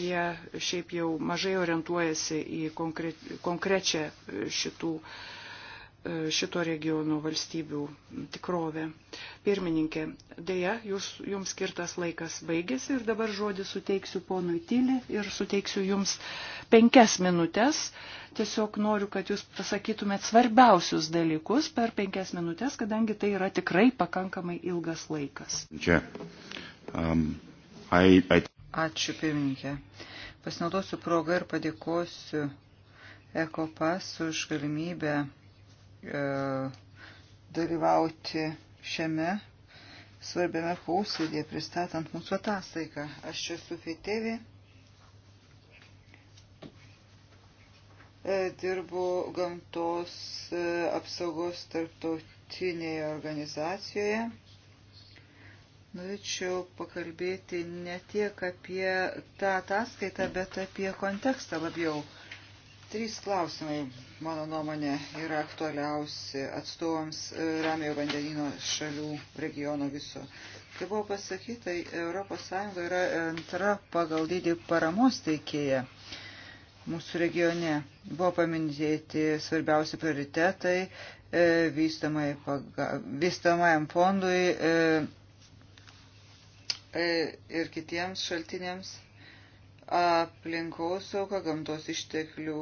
jie šiaip jau mažai orientuojasi į konkrečią e, šitų uh, šito regiono valstybių tikrovę. Pirmininkė, dėja, jūs, jums skirtas laikas baigėsi ir dabar žodį suteiksiu ponui Tylį ir suteiksiu jums penkias minutės. Tiesiog noriu, kad jūs pasakytumėt svarbiausius dalykus per penkias minutės, kadangi tai yra tikrai pakankamai ilgas laikas. Čia. Um, I, I... Ačiū, pirmininkė. Pasinaudosiu progą ir padėkosiu Ekopas už galimybę E, dalyvauti šiame svarbiame posėdėje pristatant mūsų ataskaitą. Aš čia su Fetėvi e, dirbu gamtos e, apsaugos tarptautinėje organizacijoje. Norėčiau pakalbėti ne tiek apie tą ataskaitą, bet apie kontekstą labiau. Trys klausimai, mano nuomonė, yra aktualiausi atstovams e, Ramiojo vandenino šalių regiono viso. Kaip buvo pasakyta, ES yra antra pagal dydį paramos teikėja mūsų regione. Buvo paminėti svarbiausi prioritetai e, vystamajam fondui e, ir kitiems šaltiniams aplinkosauga, gamtos išteklių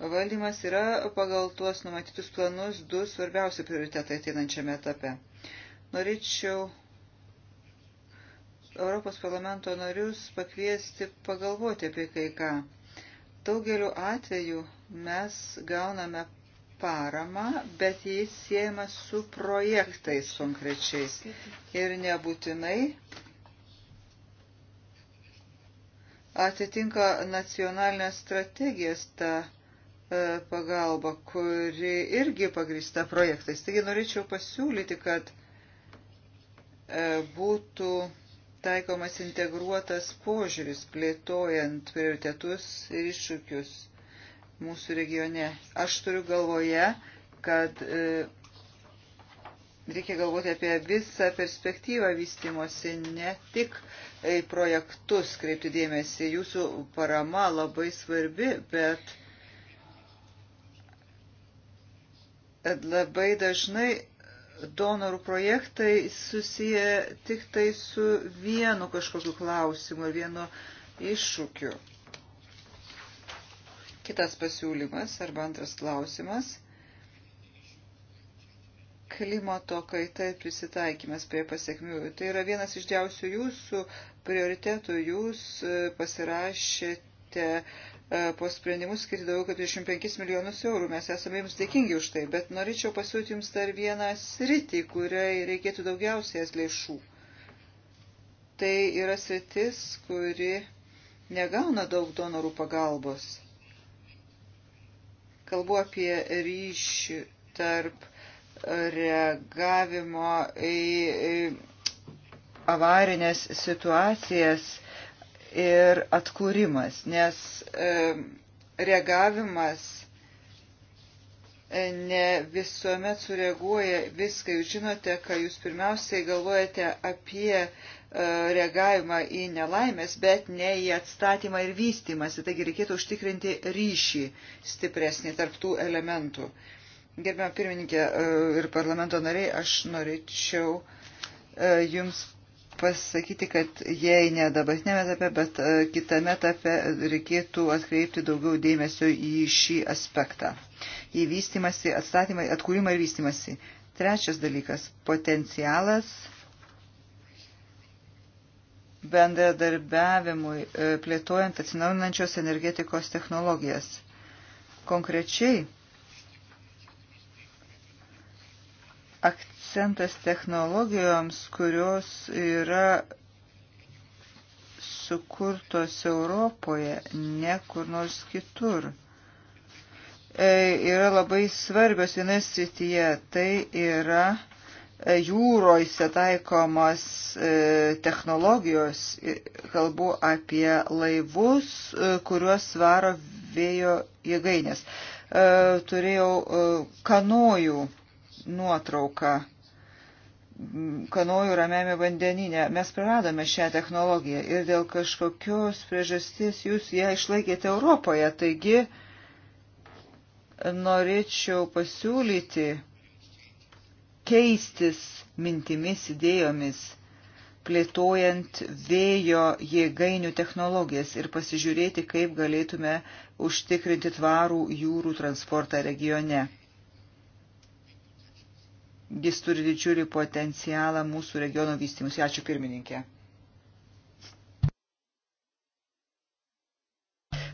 Valdymas yra pagal tuos numatytus planus du svarbiausi prioritetai ateinančiame etape. Norėčiau Europos parlamento narius pakviesti pagalvoti apie kai ką. Daugeliu atveju mes gauname paramą, bet jis siejama su projektais konkrečiais. Ir nebūtinai atitinka nacionalinės strategijas ta E, pagalba, kuri irgi pagrįsta projektais. Taigi norėčiau pasiūlyti, kad e, būtų taikomas integruotas požiūris, plėtojant prioritetus ir iššūkius mūsų regione. Aš turiu galvoje, kad e, reikia galvoti apie visą perspektyvą vystimosi, ne tik projektus kreipti dėmesį. Jūsų parama labai svarbi, bet labai dažnai donorų projektai susiję tik tai su vienu kažkokiu klausimu ir vienu iššūkiu. Kitas pasiūlymas arba antras klausimas - klimato kaita ir prisitaikymas prie pasiekmių. Tai yra vienas iš džiausių jūsų prioritetų. Jūs e, pasirašėte E, po sprendimų skirti daugiau kaip 25 milijonus eurų. Mes esame jums dėkingi už tai, bet norėčiau pasiūlyti jums dar vieną sritį, kuriai reikėtų daugiausiai lėšų. Tai yra sritis, kuri negauna daug donorų pagalbos. Kalbu apie ryšį tarp reagavimo į avarinės situacijas ir atkūrimas, nes e, reagavimas e, ne visuomet sureaguoja viską. Jūs žinote, kad jūs pirmiausiai galvojate apie e, reagavimą į nelaimės, bet ne į atstatymą ir vystimąsi. Taigi reikėtų užtikrinti ryšį stipresnį tarptų elementų. Gerbėma pirmininkė ir parlamento nariai, aš norėčiau Jums pasakyti, kad jei ne dabartinėme etape, bet e, kitame etape reikėtų atkreipti daugiau dėmesio į šį aspektą. Į vystimąsi, atstatymą, atkūrimą ir vystimąsi. Trečias dalykas - potencialas bendradarbiavimui e, plėtojant atsinaujinančios energetikos technologijas. Konkrečiai aktyviai akcentas technologijoms, kurios yra sukurtos Europoje, ne kur nors kitur. E, yra labai svarbios vienas srityje, tai yra e, jūroise taikomas e, technologijos, kalbu apie laivus, kuriuos svaro vėjo jėgainės. Turėjau kanojų nuotrauką kanojų ramiame vandeninė. Mes praradome šią technologiją ir dėl kažkokios priežasties jūs ją išlaikėte Europoje. Taigi norėčiau pasiūlyti keistis mintimis, idėjomis, plėtojant vėjo jėgainių technologijas ir pasižiūrėti, kaip galėtume užtikrinti tvarų jūrų transportą regione. Jis turi didžiulį potencialą mūsų regiono vystymus. Ačiū pirmininkė.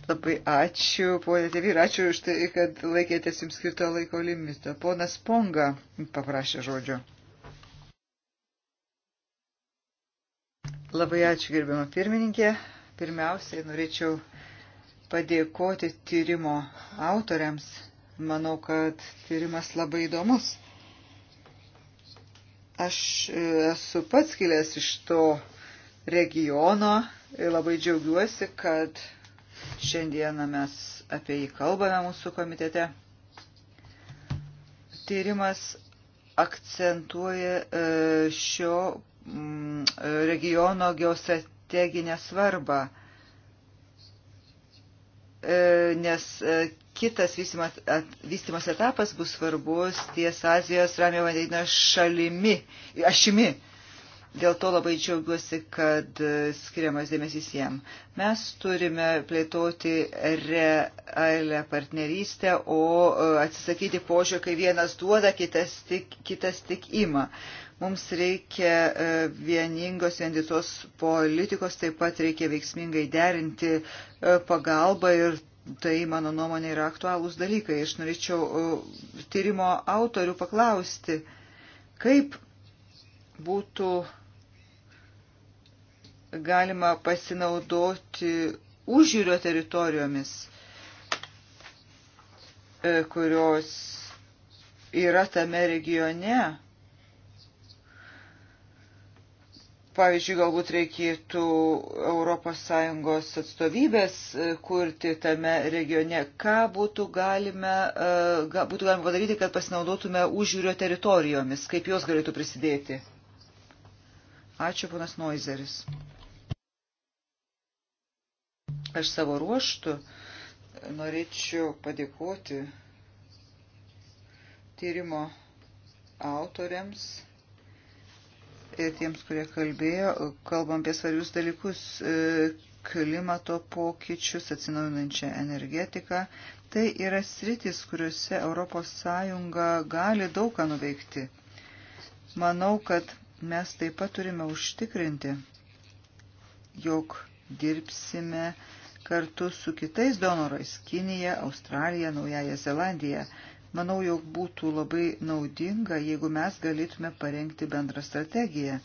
Labai ačiū, ponė tėvy, ir ačiū už tai, kad laikėtės jums skirto laiko limito. Ponas Ponga paprašė žodžio. Labai ačiū, gerbiama pirmininkė. Pirmiausiai norėčiau padėkoti tyrimo autoriams. Manau, kad tyrimas labai įdomus. Aš e, esu pats kilęs iš to regiono ir labai džiaugiuosi, kad šiandieną mes apie jį kalbame mūsų komitete. Tyrimas akcentuoja e, šio e, regiono geostrateginę svarbą, nes kitas vystimas etapas bus svarbus ties Azijos ramio vandenino šalimi, ašimi. Dėl to labai džiaugiuosi, kad e, skiriamas dėmesys jiem. Mes turime plėtoti realią partnerystę, o e, atsisakyti požiūrį, kai vienas duoda, kitas tik, kitas tik ima. Mums reikia e, vieningos viendisos politikos, taip pat reikia veiksmingai derinti pagalbą ir Tai, mano nuomonė, yra aktualūs dalykai. Aš norėčiau uh, tyrimo autorių paklausti, kaip būtų galima pasinaudoti užjūrio teritorijomis, uh, kurios yra tame regione, Pavyzdžiui, galbūt reikėtų ES atstovybės e, kurti tame regione. Ką būtų galime, ką e, būtų galima padaryti, kad pasinaudotume užjūrio teritorijomis, kaip jos galėtų prisidėti? Ačiū, ponas Noizeris. Aš savo ruoštų norėčiau padėkoti tyrimo autoriams tiems, kurie kalbėjo. Kalbam apie svarbius dalykus e, - klimato pokyčius, atsinaujinančią energetiką. Tai yra sritis, kuriuose ES gali daug ką nuveikti. Manau, kad mes taip pat turime užtikrinti, jog dirbsime kartu su kitais donorais - Kinija, Australija, Naujaja Zelandija Manau, jog būtų labai naudinga, jeigu mes galėtume parengti bendrą strategiją.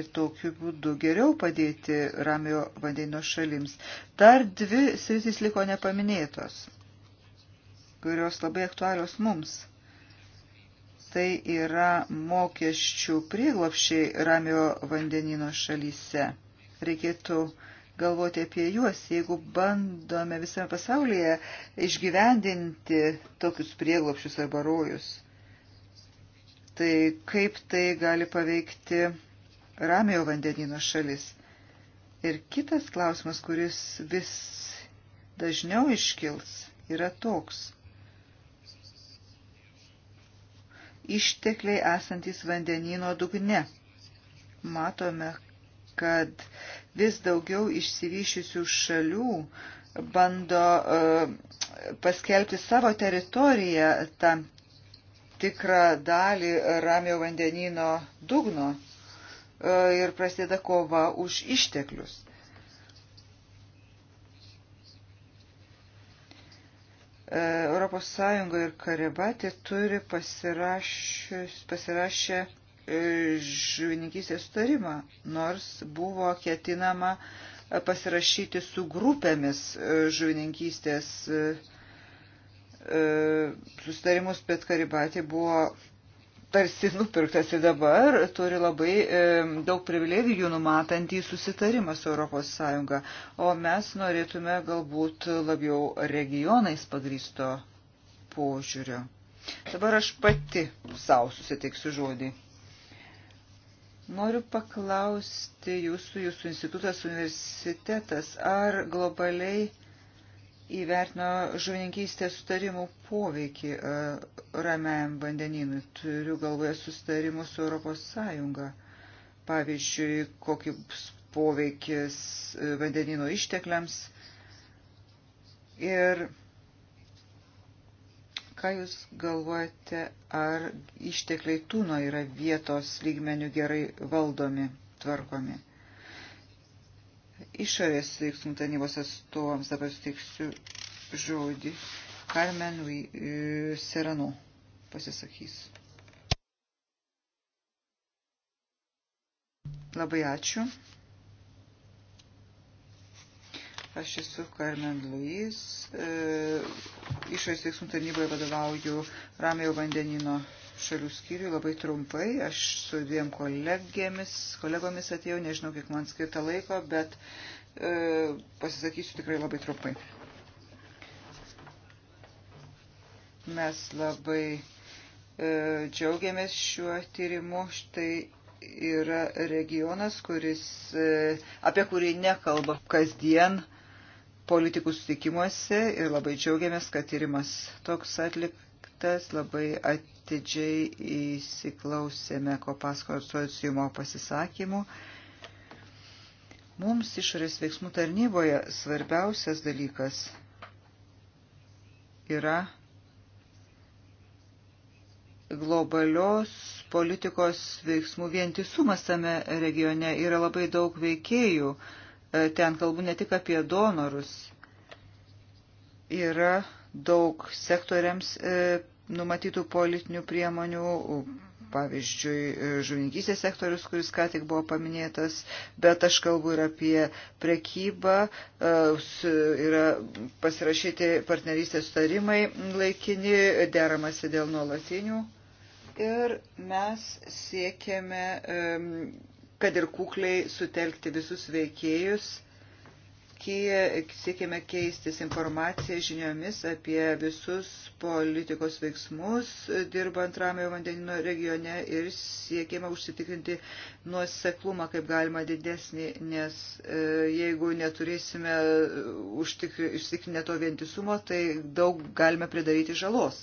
ir tokiu būdu geriau padėti ramio vandenino šalims. Dar dvi sritys liko nepaminėtos, kurios labai aktualios mums. Tai yra mokesčių prieglopšiai ramio vandenino šalyse. Reikėtų uh, galvoti apie juos. Jeigu bandome visame pasaulyje išgyvendinti tokius prieglopšius arba rojus, tai kaip tai gali paveikti Ramiojo vandenino šalis? Ir kitas klausimas, kuris vis dažniau iškils, yra toks. Ištekliai esantis vandenino dugne. Matome, kad vis daugiau išsivyšiusių šalių bando e, paskelbti savo teritoriją tam tikrą dalį Ramio vandenino dugno e, ir prasideda kova už išteklius. E, Europos Sąjunga ir Karibati turi pasirašę žuvininkystės sutarimą, nors buvo ketinama pasirašyti su grupėmis e, žuvininkystės e, e, sustarimus, bet Karibatė buvo tarsi nupirktas ir dabar turi labai e, daug privilegijų numatantį susitarimą su Europos Sąjunga, o mes norėtume galbūt labiau regionais pagrysto požiūrio. Dabar aš pati savo susitiksiu žodį. Noriu paklausti jūsų, jūsų institutas, universitetas, ar globaliai įvertino žuvininkystės sutarimų poveikį e, ramiajam vandeninui. Turiu galvoje sustarimus su Europos Sąjunga. Pavyzdžiui, kokius poveikis e, vandenino ištekliams. Ir Ką Jūs galvojate, ar ištekliai tūno yra vietos lygmenių gerai valdomi, tvarkomi? Išorės veiksmų tarnybos atstovams dabar suteiksiu žodį. Carmen e, Seranu pasisakys. Labai ačiū. Aš esu Carmen Luis, e, išorės veiksmų tarnyboje vadovauju Ramėjo vandenino šalių skyriui labai trumpai. Aš su dviem kolegėmis, kolegomis atėjau, nežinau, kiek man skirta laiko, bet e, pasisakysiu tikrai labai trumpai. Mes labai e, džiaugiamės šiuo tyrimu. Štai yra regionas, kuris, e, apie kurį nekalba kasdien. E, politikų sutikimuose ir labai džiaugiamės, kad tyrimas toks atliktas, labai atidžiai įsiklausėme Kopasko asocijumo pasisakymų. Mums išorės veiksmų tarnyboje svarbiausias dalykas yra globalios politikos veiksmų vientisumas tame regione yra labai daug veikėjų, E, ten kalbu ne tik apie donorus, yra daug sektoriams e, numatytų politinių priemonių, pavyzdžiui, e, žuvininkysės sektorius, kuris ką tik buvo paminėtas, bet aš kalbu ir apie prekybą, yra pasirašyti partnerystės sutarimai laikini, deramasi dėl nuolatinių. Ir mes siekėme kad ir kukliai sutelkti visus veikėjus. Kija siekime keistis informaciją žiniomis apie visus politikos veiksmus dirbant Ramiojo vandenino regione ir siekime užsitikrinti nuoseklumą kaip galima didesnį, nes e, jeigu neturėsime e, užtikrinę to vientisumo, tai daug galime pridaryti žalos.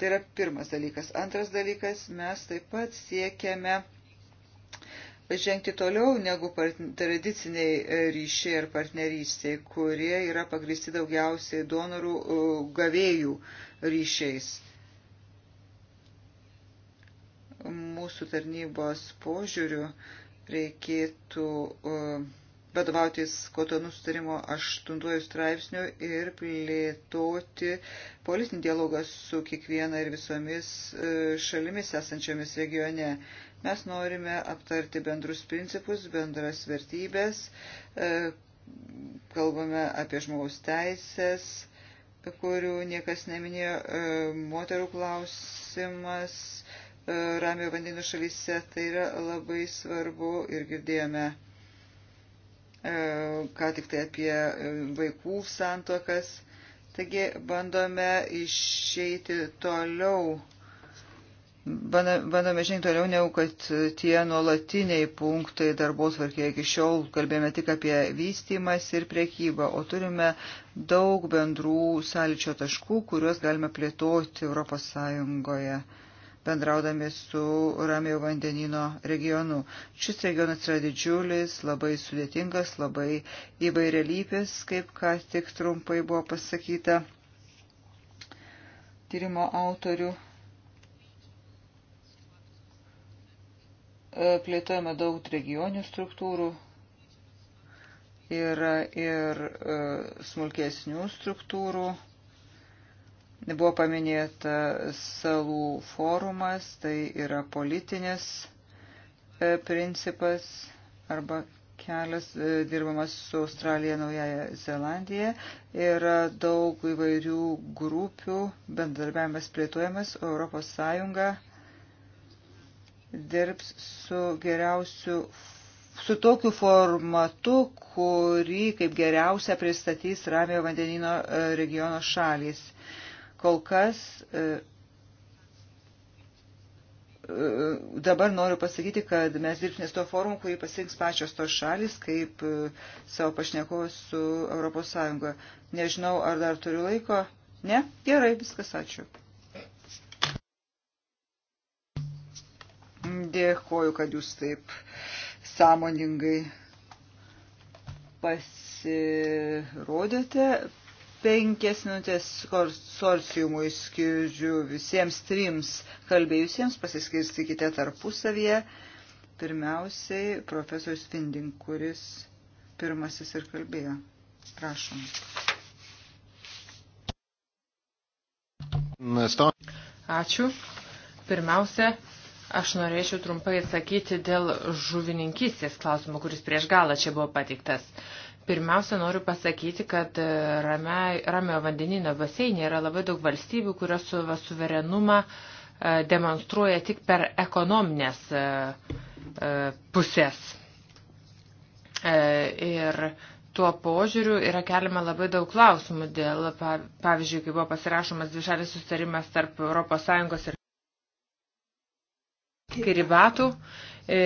Tai yra pirmas dalykas. Antras dalykas, mes taip pat siekiame žengti toliau negu tradiciniai e, ryšiai ir partnerystiai, kurie yra pagristi daugiausiai donorų e, gavėjų ryšiais. Mūsų tarnybos požiūrių reikėtų e, vadovautis kotonų sutarimo aštuntuoju straipsniu ir plėtoti politinį dialogą su kiekviena ir visomis šalimis esančiomis regione. Mes norime aptarti bendrus principus, bendras vertybės, e, kalbame apie žmogaus teisės, kurių niekas neminėjo, e, moterų klausimas, e, ramio vandenų šalyse, tai yra labai svarbu ir girdėjome ką tik tai apie vaikų santokas. Taigi bandome išeiti toliau Bandome žengti toliau, negu kad tie nuolatiniai punktai darbo tvarkėje iki šiol kalbėjome tik apie vystimas ir priekybą, o turime daug bendrų sąlyčio taškų, kuriuos galime plėtoti Europos Sąjungoje bendraudami su Ramėjo vandenino regionu. Šis regionas yra didžiulis, labai sudėtingas, labai įvairialypis, kaip ką tik trumpai buvo pasakyta tyrimo autorių. plėtojame daug regionių struktūrų, yra ir e, smulkesnių struktūrų. Buvo paminėta salų forumas, tai yra politinės e, principas arba kelias e, dirbamas su Australija, Naujaja Zelandija. Yra daug įvairių grupių, bendarbiavimas plėtojamas, Europos Sąjunga dirbs su geriausiu, su tokiu formatu, kurį kaip geriausia pristatys Ramio vandenino e, regiono šalys. Kol kas e, e, dabar noriu pasakyti, kad mes dirbsime su to forumu, kurį pasirinks pačios tos šalis, kaip savo pašnekovas su ES. Nežinau, ar dar turiu laiko. Ne? Gerai, viskas, ačiū. Dėkuoju, kad jūs taip sąmoningai pasirodėte. Penkias minutės konsorciumui skiriu visiems trims kalbėjusiems, pasiskirstykite tarpusavyje. Pirmiausiai profesorius Finding, kuris pirmasis ir kalbėjo. Prašom. Ačiū. Pirmiausia, Aš norėčiau trumpai atsakyti dėl žuvininkystės klausimo, kuris prieš galą čia buvo pateiktas. Pirmiausia, noriu pasakyti, kad e, ramia, ramio vandenino baseinė yra labai daug valstybių, kurios suverenumą e, demonstruoja tik per ekonominės e, pusės. Ir tuo požiūriu yra keliama labai daug klausimų dėl, pavyzdžiui, kai buvo pasirašomas dvišalis sustarimas tarp ES ir Kiribatų e,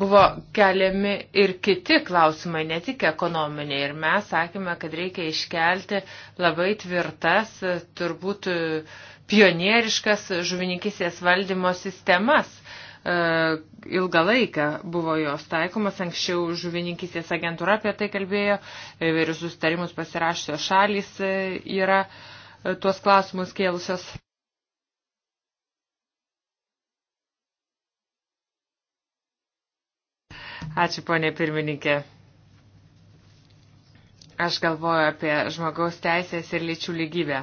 buvo keliami ir kiti klausimai, ne tik ekonominiai. Ir mes sakėme, kad reikia iškelti labai tvirtas, turbūt pionieriškas žuvininkysės valdymo sistemas. E, ilgą laiką buvo jos taikomas, anksčiau žuvininkysės agentūra apie tai kalbėjo, įvairius sustarimus pasirašusios šalys e, yra tuos klausimus kėlusios. Ačiū, ponė pirmininkė. Aš galvoju apie žmogaus teisės ir lyčių lygybę.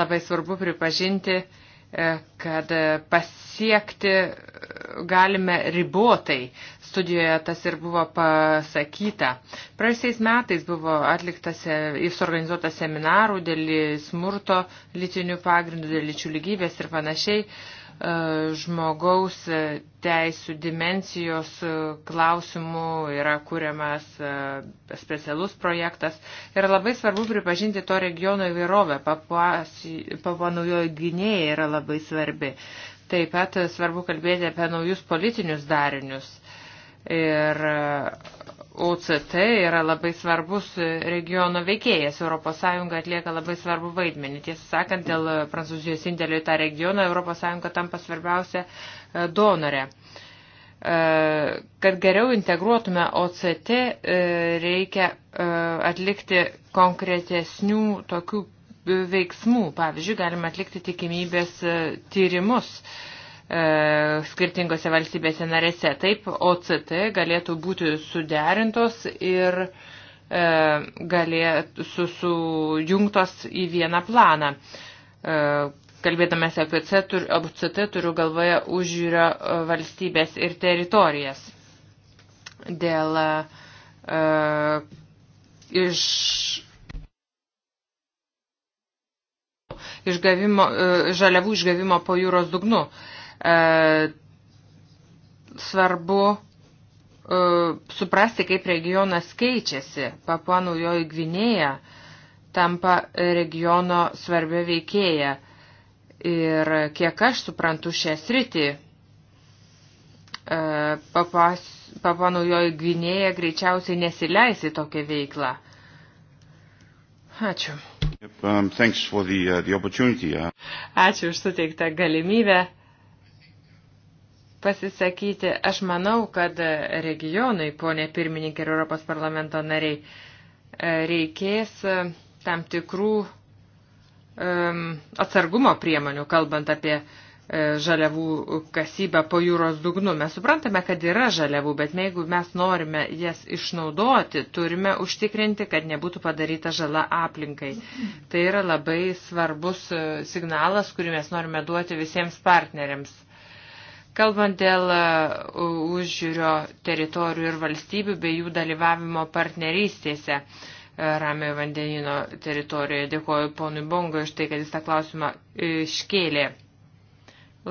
Labai svarbu pripažinti, e, kad pasiekti galime ribotai studijoje tas ir buvo pasakyta. Praėjusiais metais buvo atliktas ir e, suorganizuotas seminarų dėl smurto lytinių pagrindų, dėl lyčių lygybės ir panašiai e, žmogaus teisų dimensijos e, klausimų yra kuriamas specialus projektas. Ir labai svarbu pripažinti to regiono įvairovę. Papua Naujoji Gynėja yra labai svarbi. Taip pat svarbu kalbėti apie naujus politinius darinius. Ir OCT e, yra labai svarbus regiono veikėjas. ES atlieka labai svarbu vaidmenį. Tiesą sakant, dėl Prancūzijos indėlio į tą regioną ES tampa svarbiausia e, donore. E, kad geriau integruotume OCT, reikia atlikti konkretesnių tokių veiksmų. Pavyzdžiui, galime atlikti tikimybės tyrimus E, skirtingose valstybėse narėse. Taip, OCT galėtų būti suderintos ir e, galėtų su, sujungtos į vieną planą. E, kalbėdamas apie OCT turiu galvoje užžiūrio valstybės ir teritorijas. Dėl uh, iš išgavimo, žaliavų išgavimo po jūros dugnu. E, svarbu e, suprasti, kaip regionas keičiasi. Papua Naujoji Gvinėja tampa regiono svarbia veikėja. Ir kiek aš suprantu šią sritį, e, Papua Naujoji Gvinėja greičiausiai nesileisi tokią veiklą. Ačiū. Um, uh, uh. Ačiū už suteiktą galimybę pasisakyti. Aš manau, kad regionui, ponė pirmininkė ir Europos parlamento nariai, e, reikės e, tam tikrų um, atsargumo priemonių, kalbant apie e, žaliavų kasybą po jūros dugnu. Mes suprantame, kad yra žaliavų, bet jeigu mes norime jas išnaudoti, turime užtikrinti, kad nebūtų padaryta žala aplinkai. Tai yra labai svarbus signalas, kurį mes norime duoti visiems partneriams. Kalbant dėl e, užžiūrio teritorijų ir valstybių bei jų dalyvavimo partnerystėse e, Ramiojo vandenino teritorijoje, dėkoju ponui Bongo iš tai, kad jis tą klausimą iškėlė.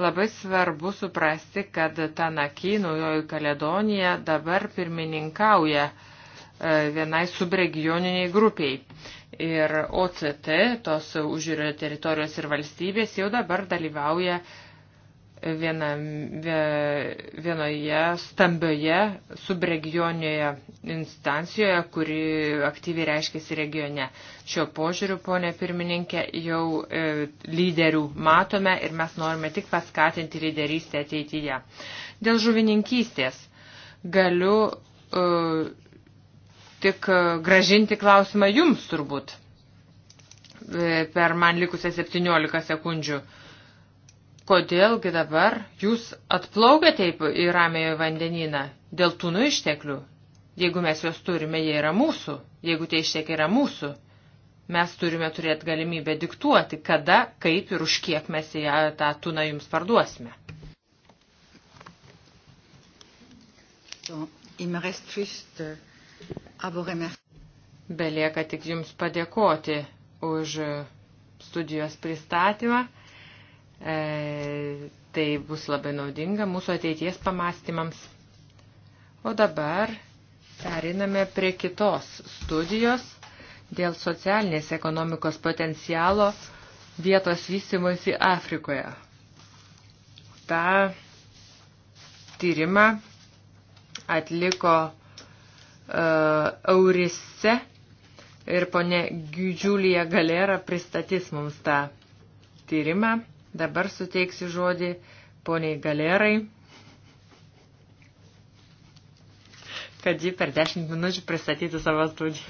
Labai svarbu suprasti, kad Tanaki, Naujoji Kaledonija, dabar pirmininkauja e, vienai subregioniniai grupiai. Ir OCT, tos užžiūrio teritorijos ir valstybės, jau dabar dalyvauja uh, viena, vienoje stambioje subregionioje instancijoje, kuri aktyviai reiškėsi regione. Šio požiūriu, ponė pirmininkė, jau e, lyderių matome ir mes norime tik paskatinti lyderystę ateityje. Dėl žuvininkystės galiu e, tik gražinti klausimą jums turbūt e, per man likusią 17 sekundžių. E, Kodėlgi dabar jūs atplaukėte į ramėjo vandenyną dėl tūnų nu išteklių? Jeigu mes juos turime, jie yra mūsų. Jeigu tie ištekiai yra mūsų, mes turime turėti galimybę diktuoti, kada, kaip ir už kiek mes ją, tą tuną jums parduosime. Euh, Belieka tik jums padėkoti už e, studijos pristatymą. E, tai bus labai naudinga mūsų ateities pamastymams. O dabar periname prie kitos studijos dėl socialinės ekonomikos potencialo vietos vystimosi Afrikoje. Ta tyrimą atliko uh, Eurise ir ponė Gydžiulija Galera pristatys mums tą tyrimą. Dabar suteiksiu žodį poniai Galerai. kad ji per 10 minučių pristatytų savo studiją.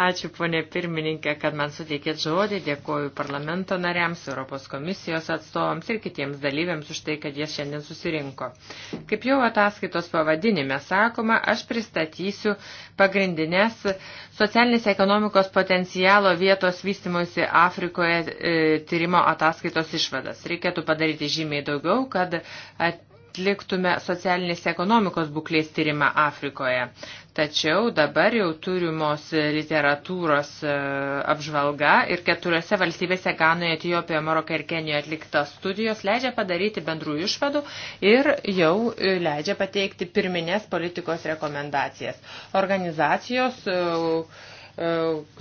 Ačiū, ponė pirmininkė, kad man suteikėt žodį. Dėkoju parlamento nariams, Europos komisijos atstovams ir kitiems dalyviams už tai, kad jie šiandien susirinko. Kaip jau ataskaitos pavadinime sakoma, aš pristatysiu pagrindinės socialinės ekonomikos potencialo vietos vystimosi Afrikoje e, tyrimo ataskaitos išvadas. Reikėtų padaryti žymiai daugiau, kad at, atliktume socialinės ekonomikos būklės tyrimą Afrikoje. Tačiau dabar jau turimos literatūros e, apžvalga ir keturiose valstybėse Ganoje, Etijopijoje, Maroke ir Kenijoje atliktos studijos leidžia padaryti bendrų išvadų ir jau e, leidžia pateikti pirminės politikos rekomendacijas. Organizacijos e, E,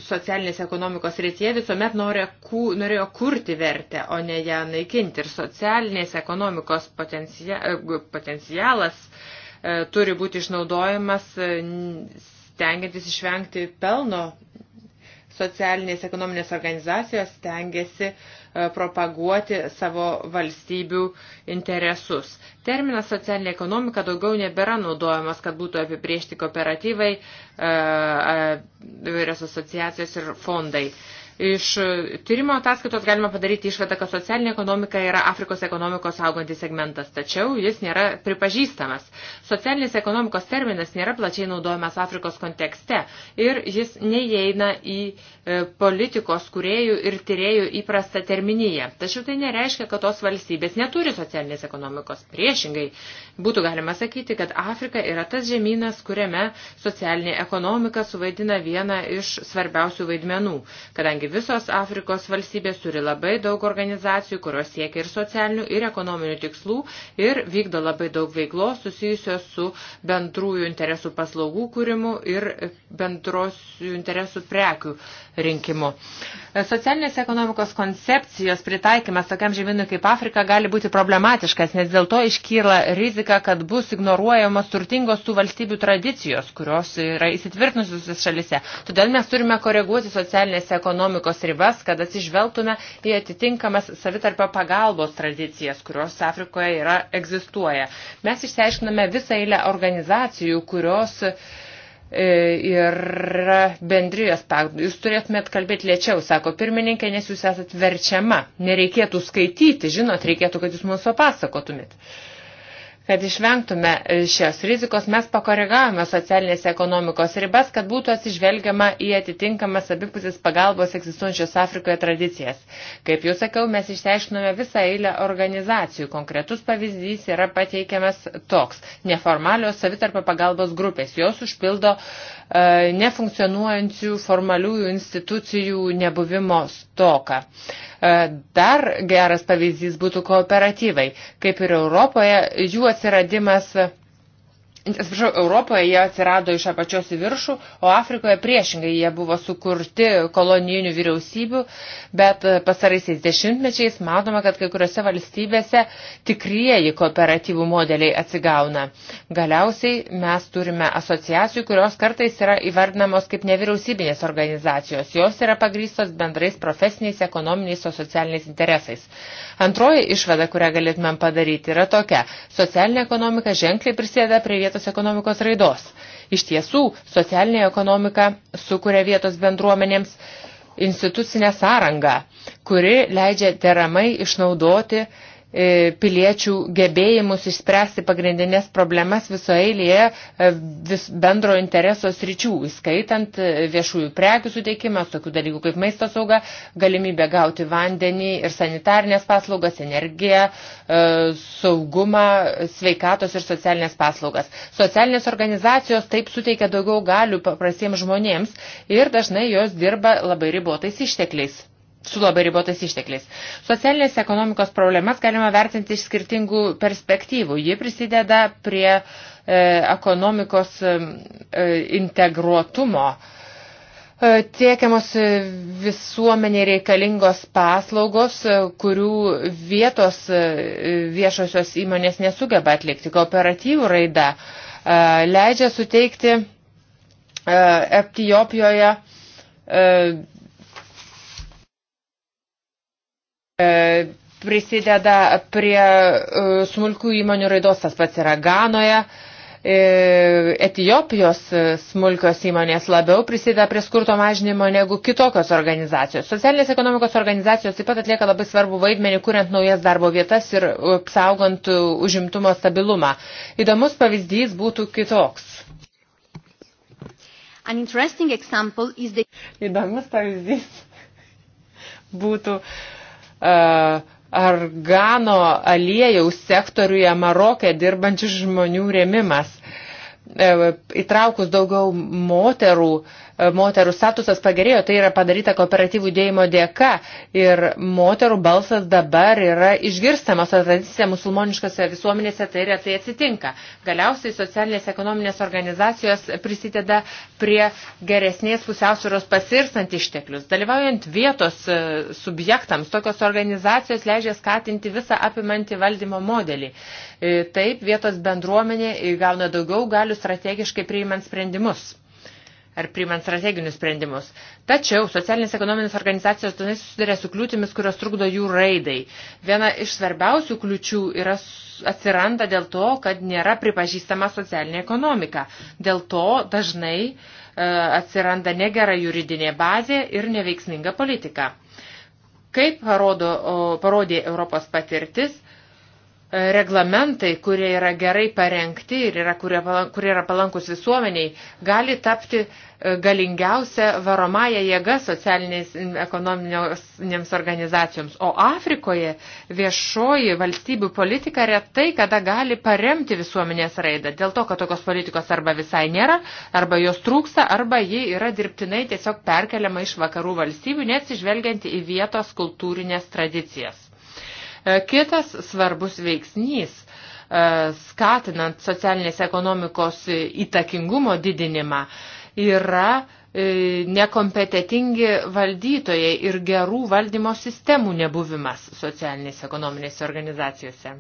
socialinės ekonomikos rytyje visuomet norėjo kurti vertę, o ne ją naikinti. Ir socialinės ekonomikos e, potencialas e, turi būti išnaudojamas stengiantis išvengti pelno socialinės ekonominės organizacijos tengiasi e, propaguoti savo valstybių interesus. Terminas socialinė ekonomika daugiau nebėra naudojamas, kad būtų apibriežti kooperatyvai, e, e, įvairios asociacijos ir fondai. Iš tyrimo ataskaitos galima padaryti išvadą, kad socialinė ekonomika yra Afrikos ekonomikos augantis segmentas, tačiau jis nėra pripažįstamas. Socialinės ekonomikos terminas nėra plačiai naudojamas Afrikos kontekste ir jis neįeina į e, politikos kuriejų ir tyriejų įprastą terminiją. Tačiau tai nereiškia, kad tos valstybės neturi socialinės ekonomikos. Priešingai, būtų galima sakyti, kad Afrika yra tas žemynas, kuriame socialinė ekonomika suvaidina vieną iš svarbiausių vaidmenų, kadangi visos Afrikos valstybės turi labai daug organizacijų, kurios siekia ir socialinių, ir ekonominių tikslų ir vykdo labai daug veiklos susijusios su bendrųjų interesų paslaugų kūrimu ir bendrosių interesų prekių rinkimu. Socialinės ekonomikos koncepcijos pritaikymas tokiam žemynui kaip Afrika gali būti problematiškas, nes dėl to iškyla rizika, kad bus ignoruojamos turtingos tų valstybių tradicijos, kurios yra įsitvirtinusios šalise. Todėl mes turime koreguoti socialinės ekonomikos ekonomikos ribas, kad atsižvelgtume į atitinkamas savitarpio pagalbos tradicijas, kurios Afrikoje yra egzistuoja. Mes išsiaiškiname visą eilę organizacijų, kurios ir e, bendrijos pagrindų. Jūs turėtumėt kalbėti lėčiau, sako pirmininkė, nes jūs esat verčiama. Nereikėtų skaityti, žinot, reikėtų, kad jūs mums papasakotumėt. Uh, Kad išvengtume e, šios rizikos, mes pakoregavome socialinės ekonomikos ribas, kad būtų atsižvelgiama į atitinkamas abipusis pagalbos egzistuojančios Afrikoje tradicijas. Kaip jau sakiau, mes išsiaiškinome visą eilę organizacijų. Konkretus pavyzdys yra pateikiamas toks. Neformalios savitarpio pagalbos grupės. Jos užpildo e, nefunkcionuojančių formaliųjų institucijų nebuvimo stoką. E, dar geras pavyzdys būtų kooperatyvai. Kaip ir Europoje, jų atsiradimas atsiprašau, Europoje jie atsirado iš apačios į viršų, o Afrikoje priešingai jie buvo sukurti kolonijinių vyriausybių, bet pasaraisiais dešimtmečiais matoma, kad kai kuriuose valstybėse tikrieji kooperatyvų modeliai atsigauna. Galiausiai mes turime asociacijų, kurios kartais yra įvardinamos kaip nevyriausybinės organizacijos. Jos yra pagrystos bendrais profesiniais, ekonominiais, o socialiniais interesais. Antroji išvada, kurią galėtumėm padaryti, yra tokia. Socialinė ekonomika ženkliai prisėda prie vietos vietos ekonomikos raidos. Iš tiesų, socialinė ekonomika sukuria vietos bendruomenėms institucinę sąrangą, kuri leidžia deramai išnaudoti uh, E, piliečių gebėjimus išspręsti pagrindinės problemas visoje eilėje e, vis bendro intereso sričių, įskaitant e, viešųjų prekių suteikimas, tokių dalykų kaip maisto sauga, galimybė gauti vandenį ir sanitarnės paslaugas, energiją, saugumą, sveikatos ir socialinės paslaugas. Socialinės organizacijos taip suteikia daugiau galių paprasiems žmonėms ir dažnai jos dirba labai ribotais ištekliais su labai ribotais ištekliais. Socialinės ekonomikos problemas galima vertinti iš skirtingų perspektyvų. Ji prisideda prie e, ekonomikos e, e integruotumo. E, tiekiamos visuomenė reikalingos paslaugos, e, kurių vietos e, viešosios įmonės nesugeba atlikti. Kooperatyvų raida e, leidžia suteikti e, Etijopijoje E, prisideda prie e, smulkių įmonių raidos, tas pats yra Ganoje. E, Etijopijos smulkios įmonės labiau prisideda prie skurto mažinimo negu kitokios organizacijos. Socialinės ekonomikos organizacijos taip pat atlieka labai svarbu vaidmenį, kuriant naujas darbo vietas ir apsaugant užimtumo stabilumą. Įdomus pavyzdys būtų kitoks. The... Įdomus pavyzdys būtų uh, E, argano aliejaus sektoriuje Marokė dirbančių žmonių rėmimas. Uh, E, įtraukus daugiau moterų, e, moterų statusas pagerėjo, tai yra padaryta kooperatyvų dėjimo dėka ir moterų balsas dabar yra išgirstamas, o tradicinė musulmoniškose visuomenėse tai retai atsitinka. Galiausiai socialinės ekonominės organizacijos prisideda prie geresnės pusiausvėros pasirstant išteklius. Dalyvaujant vietos e, subjektams, tokios organizacijos leidžia skatinti visą apimantį valdymo modelį. Taip, vietos bendruomenė gauna daugiau galių strategiškai priimant sprendimus ar priimant strateginius sprendimus. Tačiau socialinės ekonominės organizacijos dažnai susiduria su kliūtimis, kurios trukdo jų raidai. Viena iš svarbiausių kliučių yra, atsiranda dėl to, kad nėra pripažįstama socialinė ekonomika. Dėl to dažnai e, atsiranda negera juridinė bazė ir neveiksminga politika. Kaip parodo, o, parodė Europos patirtis, reglamentai, kurie yra gerai parengti ir yra, kurie, kurie yra palankus visuomeniai, gali tapti e, galingiausia varomąją jėgą socialinės ekonominėms organizacijoms. O Afrikoje viešoji valstybių politika retai kada gali paremti visuomenės raidą, dėl to, kad tokios politikos arba visai nėra, arba jos trūksta, arba ji yra dirbtinai tiesiog perkeliama iš vakarų valstybių, neatsižvelgianti į vietos kultūrinės tradicijas. E, kitas svarbus veiksnys e, skatinant socialinės ekonomikos įtakingumo didinimą yra e, nekompetitingi valdytojai ir gerų valdymo sistemų nebuvimas socialinės ekonominėse organizacijose.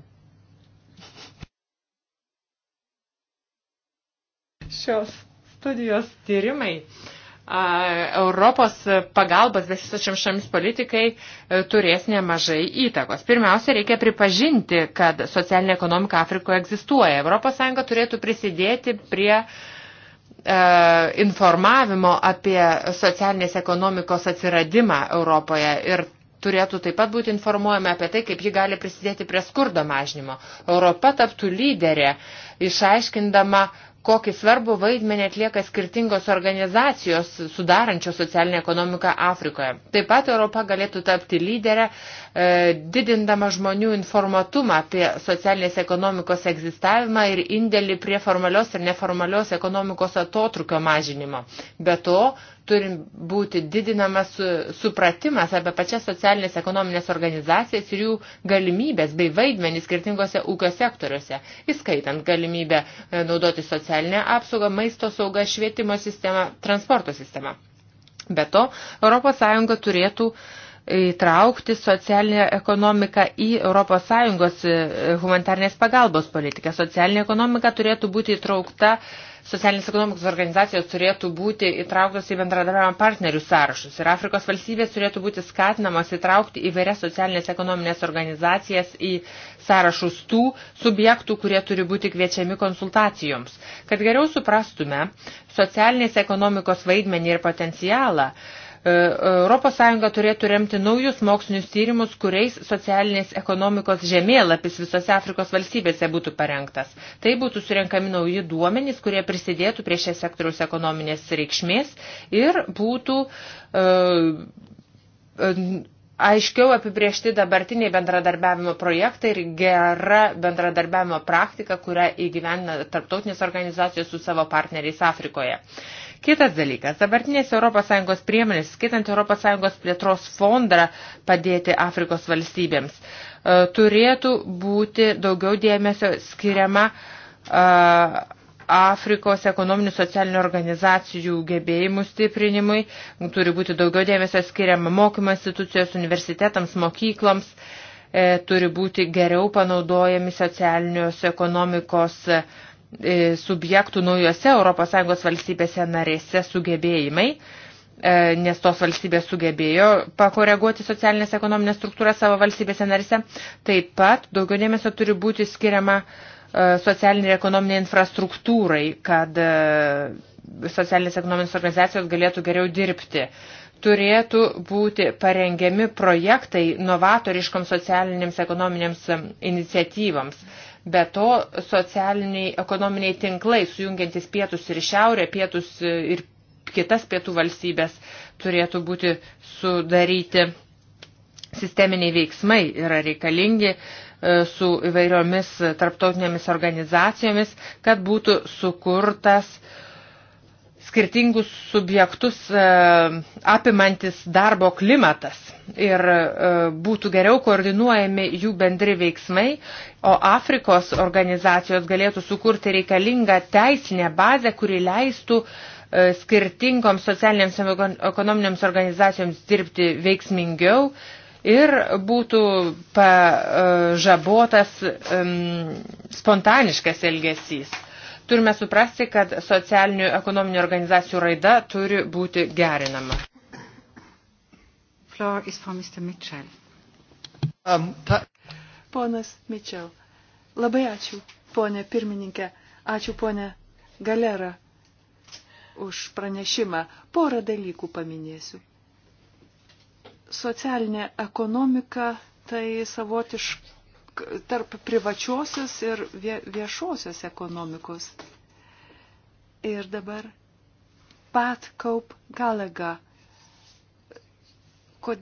Šios studijos tyrimai uh, Europos pagalbas besisačiam šamis politikai e, turės nemažai įtakos. Pirmiausia, reikia pripažinti, kad socialinė ekonomika Afrikoje egzistuoja. ES turėtų prisidėti prie e, informavimo apie socialinės ekonomikos atsiradimą Europoje ir turėtų taip pat būti informuojama apie tai, kaip ji gali prisidėti prie skurdo mažnymo. Europa taptų lyderė, išaiškindama uh, kokį svarbų vaidmenį atlieka skirtingos organizacijos sudarančios socialinę ekonomiką Afrikoje. Taip pat Europa galėtų tapti lyderę, e, didindama žmonių informatumą apie socialinės ekonomikos egzistavimą ir indėlį prie formalios ir neformalios ekonomikos atotrukio mažinimo. Be to, turim būti didinamas supratimas apie pačias socialinės ekonominės organizacijas ir jų galimybės bei vaidmenį skirtingose ūkio sektoriuose, įskaitant galimybę e, naudoti socialinę apsaugą, maisto saugą, švietimo sistemą, transporto sistemą. Be to, ES turėtų uh, įtraukti socialinę ekonomiką į ES humanitarnės pagalbos politiką. Socialinė ekonomika turėtų būti įtraukta, socialinės ekonomikos organizacijos turėtų būti įtrauktos į bendradarbiavimo partnerių sąrašus ir Afrikos valstybės turėtų būti skatinamos įtraukti įvairias socialinės ekonominės organizacijas į sąrašus tų subjektų, kurie turi būti kviečiami konsultacijoms. Kad geriau suprastume socialinės ekonomikos vaidmenį ir potencialą, ES turėtų remti naujus mokslinius tyrimus, kuriais socialinės ekonomikos žemėlapis visose Afrikos valstybėse būtų parengtas. Tai būtų surenkami nauji duomenys, kurie prisidėtų prie šią sektoriaus ekonominės reikšmės ir būtų uh, aiškiau apibriešti dabartiniai bendradarbiavimo projektai ir gera bendradarbiavimo praktika, kurią įgyvena tarptautinės organizacijos su savo partneriais Afrikoje. Uh, Kitas dalykas, dabartinės ES priemonės, skaitant ES plėtros fondą padėti Afrikos valstybėms, e, turėtų būti daugiau dėmesio skiriama e, Afrikos ekonominių socialinių organizacijų gebėjimų stiprinimui, turi būti daugiau dėmesio skiriama mokymo institucijos, universitetams, mokykloms, e, turi būti geriau panaudojami socialinios ekonomikos e, E, subjektų naujose ES valstybėse narėse sugebėjimai, e, nes tos valstybės sugebėjo pakoreguoti socialinės ekonominės struktūras savo valstybėse narėse. Taip pat daugiau dėmesio turi būti skiriama e, socialinė ir ekonominė infrastruktūrai, kad socialinės ekonominės organizacijos galėtų geriau dirbti. Turėtų būti parengiami projektai novatoriškoms socialinėms ekonominėms iniciatyvams Be to, socialiniai, ekonominiai tinklai, sujungiantis pietus ir šiaurę, pietus ir kitas pietų valstybės, turėtų būti sudaryti sisteminiai veiksmai, yra reikalingi e, su įvairiomis tarptautinėmis organizacijomis, kad būtų sukurtas uh, skirtingus subjektus e, apimantis darbo klimatas ir e, būtų geriau koordinuojami jų bendri veiksmai, o Afrikos organizacijos galėtų sukurti reikalingą teisinę bazę, kuri leistų e, skirtingoms socialinėms ekonominėms organizacijoms dirbti veiksmingiau ir būtų pažabotas spontaniškas elgesys Turime suprasti, kad socialinių ekonominių organizacijų raida turi būti gerinama. Floor is for Mr. Mitchell. Um, ta... Ponas Mitchell, labai ačiū, ponė pirmininkė, ačiū ponė Galera už pranešimą. Porą dalykų paminėsiu. Socialinė ekonomika tai savotiška tarp privačiosios ir viešosios ekonomikos. Ir dabar pat kaup galega. Kod...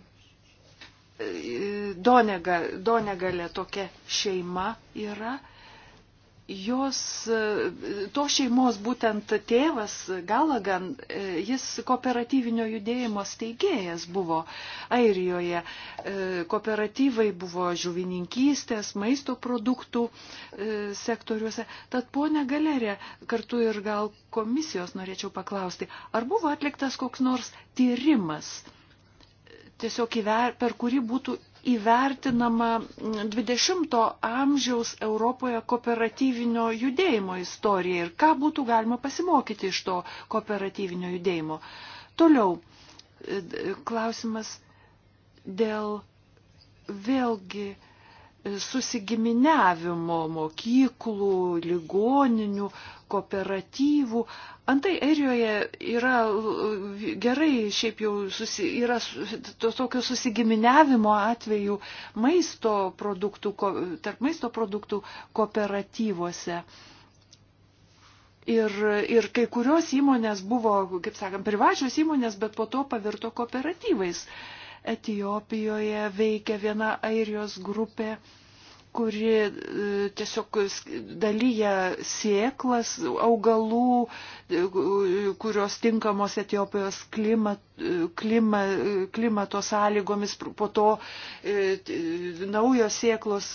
E, Donega, Donegalė tokia šeima yra jos, to šeimos būtent tėvas Galagan, jis kooperatyvinio judėjimo steigėjas buvo Airijoje. Kooperatyvai buvo žuvininkystės, maisto produktų e, sektoriuose. Tad ponia galerė, kartu ir gal komisijos norėčiau paklausti, ar buvo atliktas koks nors tyrimas? Tiesiog įver, per kurį būtų įvertinama 20-o amžiaus Europoje kooperatyvinio judėjimo istorija ir ką būtų galima pasimokyti iš to kooperatyvinio judėjimo. Toliau e, klausimas dėl vėlgi e, susigiminiavimo mokyklų, ligoninių, kooperatyvų. Antai Airijoje yra uh, gerai, šiaip jau susi, yra to, tokio susigiminiavimo atveju maisto produktų, ko, tarp maisto produktų kooperatyvuose. Ir, ir kai kurios įmonės buvo, kaip sakant, privačios įmonės, bet po to pavirto kooperatyvais. Etijopijoje veikia viena airijos grupė kuri e, tiesiog dalyja sėklas augalų, e, kurios tinkamos Etiopijos klimat, e, klima, klimato sąlygomis, po to naujos sėklos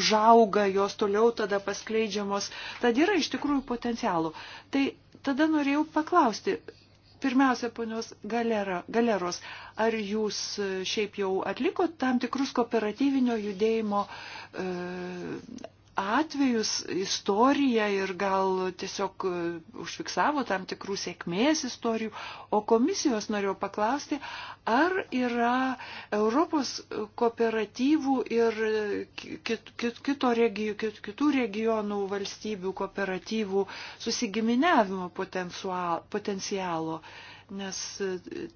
užauga, jos toliau tada paskleidžiamos. Tad yra iš tikrųjų potencialų. Tai tada norėjau paklausti, Pirmiausia, ponios galera, galeros, ar jūs e, šiaip jau atlikot tam tikrus kooperatyvinio judėjimo e, atvejus, istoriją ir gal tiesiog e, užfiksavo tam tikrų sėkmės istorijų, o komisijos norėjau paklausti, ar yra Europos kooperatyvų ir e, kit, kit, kito regijų, kit, kitų regionų valstybių kooperatyvų susigiminiavimo potencialo, nes e,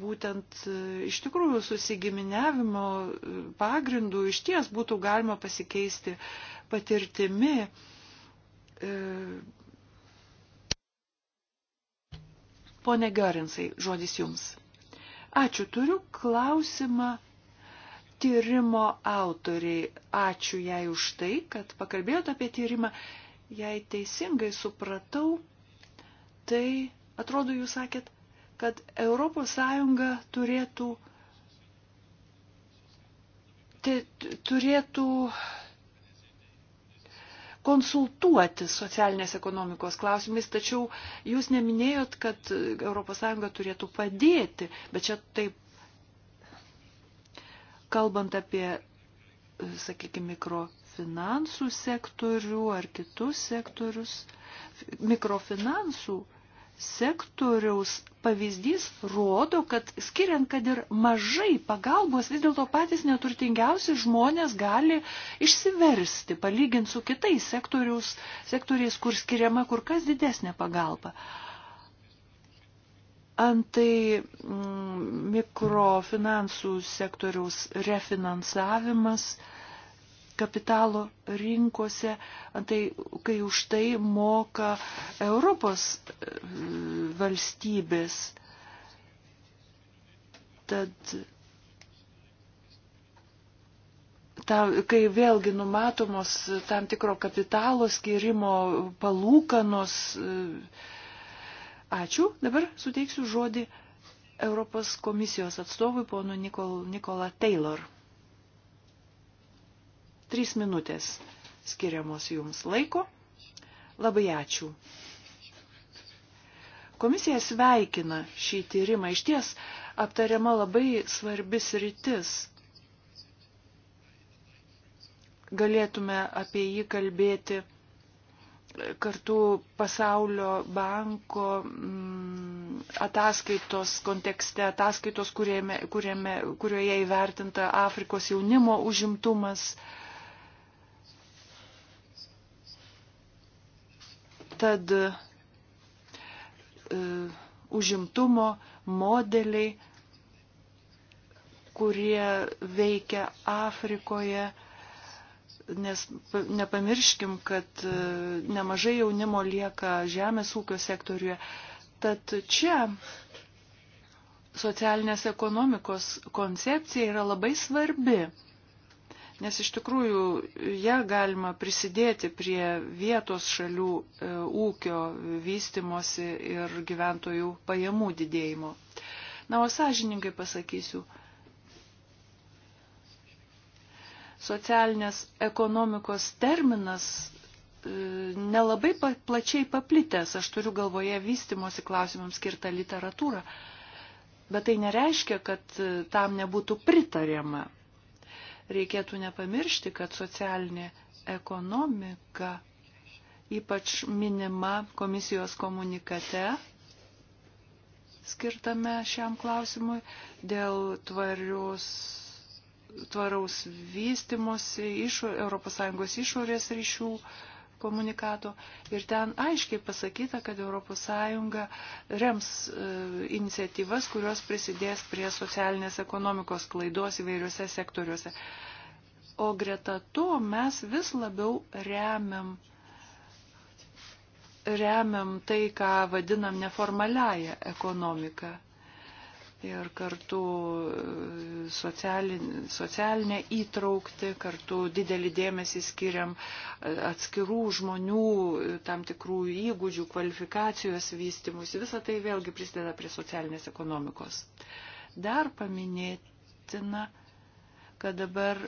būtent e, iš tikrųjų susigiminiavimo e, pagrindų iš ties būtų galima pasikeisti patirtimi. E, Pone Garinsai, žodis jums. Ačiū, turiu klausimą tyrimo autoriai. Ačiū jai už tai, kad pakalbėjote apie tyrimą. Jei teisingai supratau, tai atrodo, jūs sakėt, kad ES turėtų, te, turėtų konsultuoti socialinės ekonomikos klausimais, tačiau jūs neminėjot, kad ES turėtų padėti, bet čia taip, kalbant apie, sakykime, mikrofinansų sektorių ar kitus sektorius, mikrofinansų sektorių, sektoriaus pavyzdys rodo, kad skiriant, kad ir mažai pagalbos, vis dėlto patys neturtingiausi žmonės gali išsiversti, palyginti su kitais sektoriais, kur skiriama kur kas didesnė pagalba. Antai mm, mikrofinansų sektoriaus refinansavimas, mm, kapitalo rinkose, tai kai už tai moka Europos e, valstybės. Tad ta, kai vėlgi numatomos tam tikro kapitalo skirimo palūkanos. E, ačiū. Dabar suteiksiu žodį Europos komisijos atstovui, ponu Nikol, Nikola Taylor. Trys minutės skiriamos jums laiko. Labai ačiū. Komisija sveikina šį tyrimą. Iš ties aptariama labai svarbis rytis. Galėtume apie jį kalbėti kartu pasaulio banko mm, ataskaitos kontekste, ataskaitos, kuriame, kuriame, kurioje įvertinta Afrikos jaunimo užimtumas. Uh, Tad e, užimtumo modeliai, kurie veikia Afrikoje, nes nepamirškim, kad e, nemažai jaunimo lieka žemės ūkio sektoriuje. Tad čia socialinės ekonomikos koncepcija yra labai svarbi nes iš tikrųjų ją galima prisidėti prie vietos šalių e, ūkio vystimosi ir gyventojų pajamų didėjimo. Na, o sąžininkai pasakysiu, socialinės ekonomikos terminas e, nelabai plačiai paplitęs, aš turiu galvoje vystimosi klausimams skirtą literatūrą, bet tai nereiškia, kad e, tam nebūtų pritariama reikėtų nepamiršti, kad socialinė ekonomika ypač minima komisijos komunikate skirtame šiam klausimui dėl tvarios tvaraus vystimosi iš ES išorės ryšių komunikato ir ten aiškiai pasakyta, kad ES rems e, iniciatyvas, kurios prisidės prie socialinės ekonomikos klaidos įvairiuose sektoriuose. O greta to mes vis labiau remiam remiam tai, ką vadinam neformaliaja ekonomika ir kartu socialinė, e, socialinė įtraukti, kartu didelį dėmesį skiriam e, atskirų žmonių e, tam tikrų įgūdžių, kvalifikacijos vystimus. Visą tai vėlgi prisideda prie socialinės ekonomikos. Dar paminėtina, kad dabar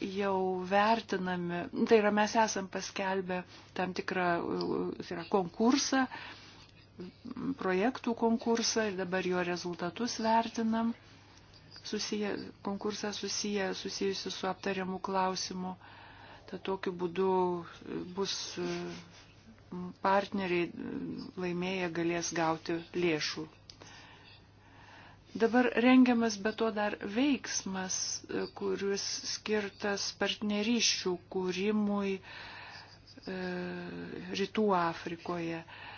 jau vertinami, tai yra mes esam paskelbę tam tikrą tai yra, konkursą, projektų konkursą ir dabar jo rezultatus vertinam. Susiję, konkursą susiję, susijusi su aptariamu klausimu. Tad tokiu būdu e, bus e, partneriai e, laimėję galės gauti lėšų. Dabar rengiamas be to dar veiksmas, kuris skirtas partnerysčių kūrimui e, Rytų Afrikoje. E,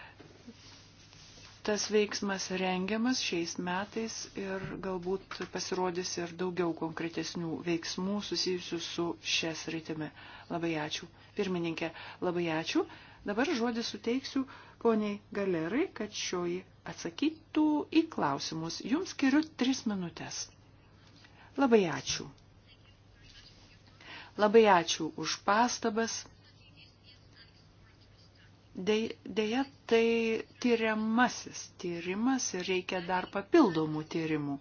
tas veiksmas rengiamas šiais metais ir galbūt pasirodys ir daugiau konkretesnių veiksmų susijusių su šia sritimi. Labai ačiū. Pirmininkė, labai ačiū. Dabar žodį suteiksiu poniai galerai, kad šioji atsakytų į klausimus. Jums skiriu tris minutės. Labai ačiū. Labai ačiū už pastabas, Deja, tai tyriamasis tyrimas ir reikia dar papildomų tyrimų.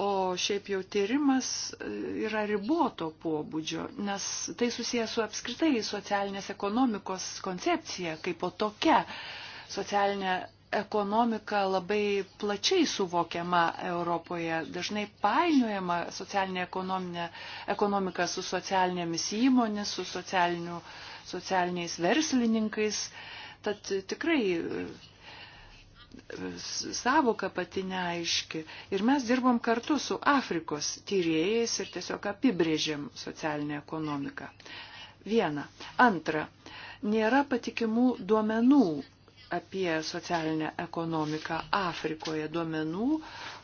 O šiaip jau tyrimas e, yra riboto pobūdžio, nes tai susijęs su apskritai socialinės ekonomikos koncepcija kaip po tokia. Socialinė ekonomika labai plačiai suvokiama Europoje, dažnai painiojama socialinė ekonomika su socialinėmis įmonės, su socialiniu uh, socialiniais verslininkais. Tad tikrai e, savoka pati neaiški. Ir mes dirbom kartu su Afrikos tyrėjais ir tiesiog apibrėžėm socialinę ekonomiką. Viena. Antra. Nėra patikimų duomenų apie socialinę ekonomiką Afrikoje duomenų,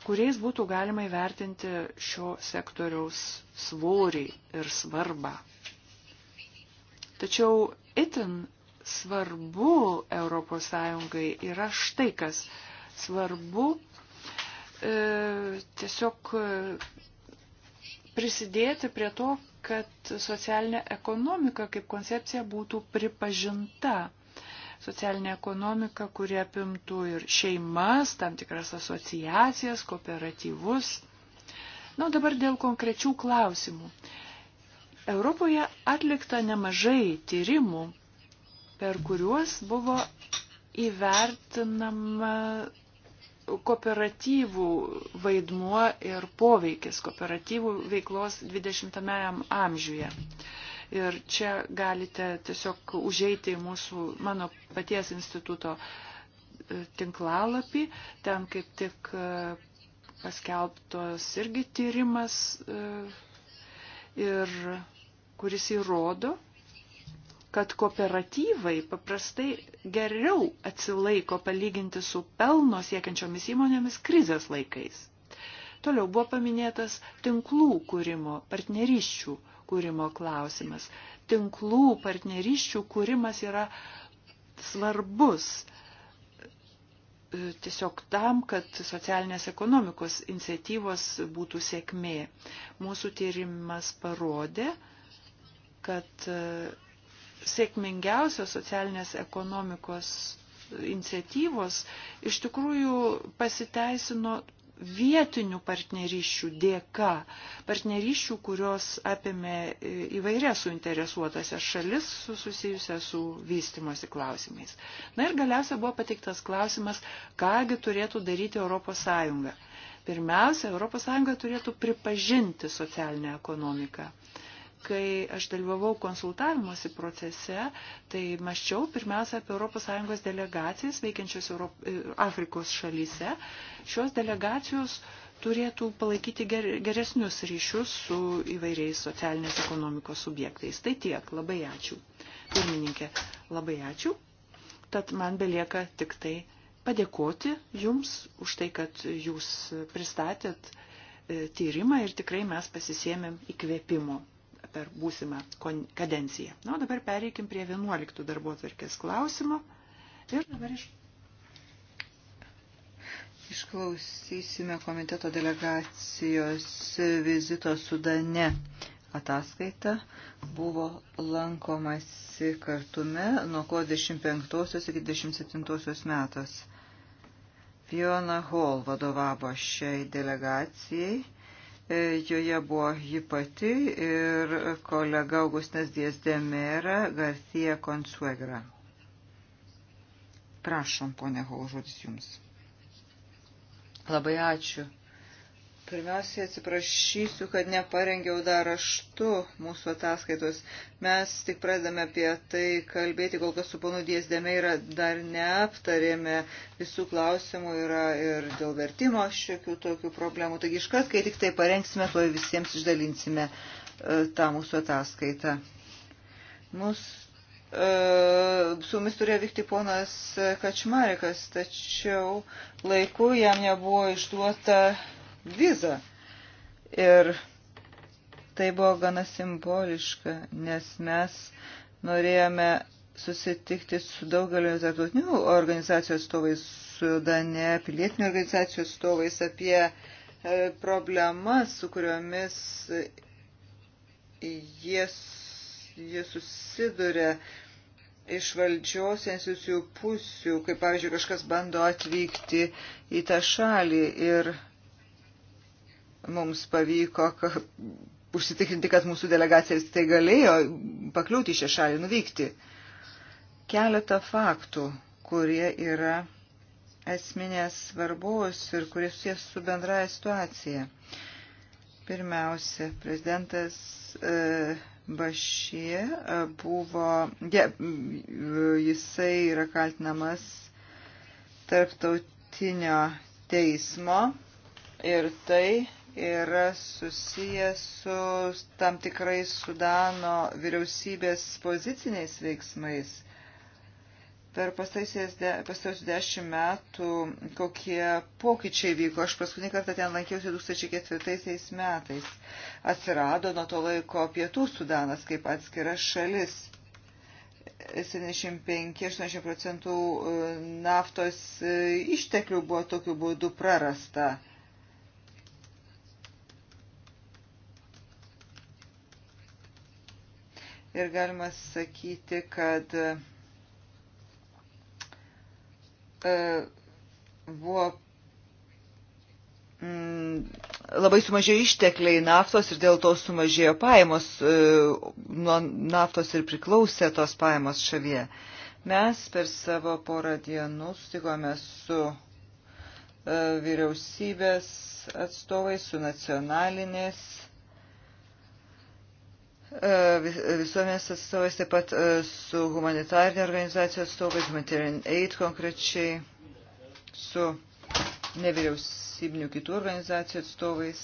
kuriais būtų galima įvertinti šio sektoriaus svorį ir svarbą. Tačiau itin svarbu ES yra štai kas. Svarbu e, tiesiog e, prisidėti prie to, kad socialinė ekonomika kaip koncepcija būtų pripažinta. Socialinė ekonomika, kurie apimtų ir šeimas, tam tikras asociacijas, kooperatyvus. Na, dabar dėl konkrečių klausimų. Europoje atlikta nemažai tyrimų, per kuriuos buvo įvertinama kooperatyvų vaidmuo ir poveikis kooperatyvų veiklos 20-ame amžiuje. Ir čia galite tiesiog užeiti į mūsų mano paties instituto e, tinklalapį, ten kaip tik e, paskelbtos irgi tyrimas e, ir kuris įrodo, kad kooperatyvai paprastai geriau atsilaiko palyginti su pelno siekiančiomis įmonėmis krizės laikais. Toliau buvo paminėtas tinklų kūrimo, partneriščių kūrimo klausimas. Tinklų partneriščių kūrimas yra svarbus e, tiesiog tam, kad socialinės ekonomikos iniciatyvos būtų sėkmė. Mūsų tyrimas parodė, kad e, sėkmingiausios socialinės ekonomikos iniciatyvos iš tikrųjų pasiteisino vietinių partnerysčių dėka, partnerysčių, kurios apėmė e, įvairias suinteresuotasias šalis susijusias su vystimosi klausimais. Na ir galiausia buvo pateiktas klausimas, kągi turėtų daryti ES. Pirmiausia, ES turėtų pripažinti socialinę ekonomiką kai aš dalyvavau konsultavimuose procese, tai maščiau pirmiausia apie ES delegacijas veikiančios Europ... E, Afrikos šalyse. Šios delegacijos turėtų palaikyti geresnius ryšius su įvairiais socialinės ekonomikos subjektais. Tai tiek, labai ačiū. Pirmininkė, labai ačiū. Tad man belieka tik tai padėkoti Jums už tai, kad Jūs pristatėt e, tyrimą ir tikrai mes pasisėmėm įkvėpimo per būsimą kadenciją. Na, o dabar pereikim prie 11 darbo atvarkės klausimo. Ir dabar iš... išklausysime komiteto delegacijos vizito Sudane ataskaita buvo lankomasi kartume nuo ko 25 iki 27 metos. Fiona Hall vadovavo šiai delegacijai E, joje buvo ji pati ir kolega Augustinas Dies Demera Garcia Consuegra. Prašom, ponė Hol, žodis jums. Labai ačiū. Pirmiausiai atsiprašysiu, kad neparengiau dar raštu mūsų ataskaitos. Mes tik pradame apie tai kalbėti, kol kas su panu Diezdėme yra dar neaptarėme visų klausimų yra ir dėl vertimo šiokių tokių problemų. Taigi iškart, kai tik tai parengsime, to visiems išdalinsime e, tą mūsų ataskaitą. Mūs, e, su mumis turėjo vykti ponas Kačmarikas, tačiau laiku jam nebuvo išduota vizą. Ir tai buvo gana simboliška, nes mes norėjome susitikti su daugeliu tarptautinių organizacijų atstovais, Sudane, pilietinių organizacijų atstovais apie e, problemas, su kuriomis jie, jie susiduria iš valdžios institucijų pusių, kaip pavyzdžiui kažkas bando atvykti į tą šalį ir mums pavyko užsitikrinti, kad mūsų delegacija vis tai galėjo pakliūti šią šalį, nuvykti. Keletą faktų, kurie yra esminės svarbos ir kurie susijęs su bendraja situacija. Pirmiausia, prezidentas e, Bašė e, buvo, ja, jisai yra kaltinamas tarptautinio teismo ir tai yra susijęs su tam tikrais Sudano vyriausybės poziciniais veiksmais. Per pastaisius de, dešimt metų kokie pokyčiai vyko. Aš paskutinį kartą ten lankiausi 2004 metais. Atsirado nuo to laiko pietų Sudanas kaip atskira šalis. 75-80 procentų naftos išteklių buvo tokiu būdu prarasta. ir galima sakyti, kad e, buvo mm, labai sumažėjo ištekliai naftos ir dėl to sumažėjo pajamos, e, nuo naftos ir priklausė tos pajamos šalyje. Mes per savo porą dienų sutikome su e, vyriausybės atstovais, su nacionalinės E, visuomenės atstovais, taip pat e, su humanitarinė organizacijos atstovais, Humanitarian Aid konkrečiai, su nevyriausybinių kitų organizacijų atstovais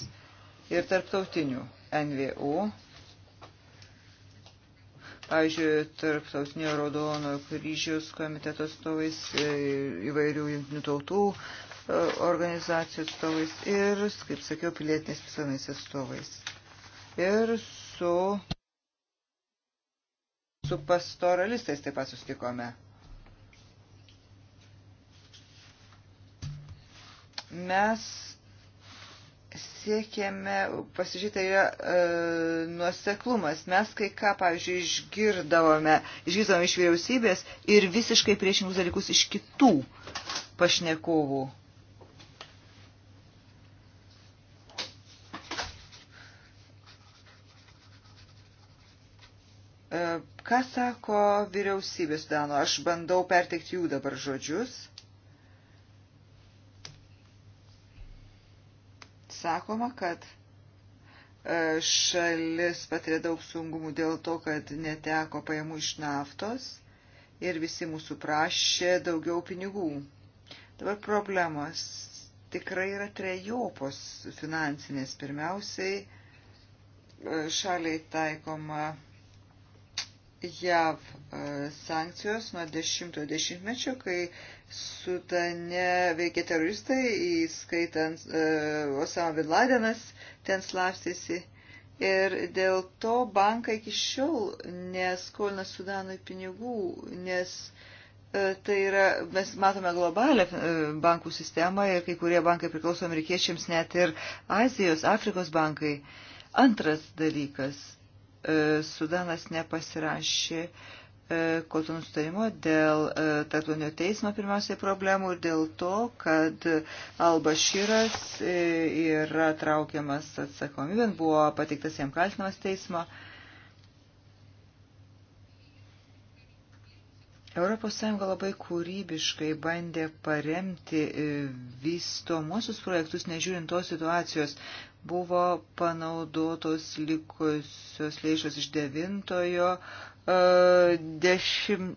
ir tarptautinių NVO. Pavyzdžiui, tarptautinio Raudono kryžiaus komiteto atstovais, e, įvairių jungtinių tautų organizacijų atstovais ir, kaip sakiau, pilietinės visuomenės atstovais. Ir su su pastoralistais taip pat sustikome. Mes siekėme, pasižiūrėti, tai yra e, nuoseklumas. Mes kai ką, pavyzdžiui, išgirdavome, išgirdavome iš vyriausybės ir visiškai priešingus dalykus iš kitų pašnekovų. Ką sako vyriausybė Sudano? Aš bandau perteikti jų dabar žodžius. Sakoma, kad e, šalis patiria daug sungumų dėl to, kad neteko pajamų iš naftos ir visi mūsų prašė daugiau pinigų. Dabar problemos tikrai yra trejopos finansinės. Pirmiausiai e, šaliai taikoma JAV e, sankcijos nuo 10-mečio, kai sutane veikė teroristai, įskaitant e, Osama Bin Ladenas, ten slapstėsi. Ir dėl to bankai iki šiol neskolina Sudanui pinigų, nes e, tai yra, mes matome globalią bankų sistemą ir kai kurie bankai priklauso amerikiečiams, net ir Azijos, Afrikos bankai. Antras dalykas E, Sudanas nepasirašė e, kotonų sutarimo dėl e, tarptautinio teismo pirmiausiai problemų ir dėl to, kad Albašyras yra traukiamas atsakomybėn, buvo pateiktas jam kaltinamas teismo. ES labai kūrybiškai bandė paremti e, vystomuosius projektus, nežiūrint tos situacijos. Buvo panaudotos likusios lėšos iš devintojo, e, dešim,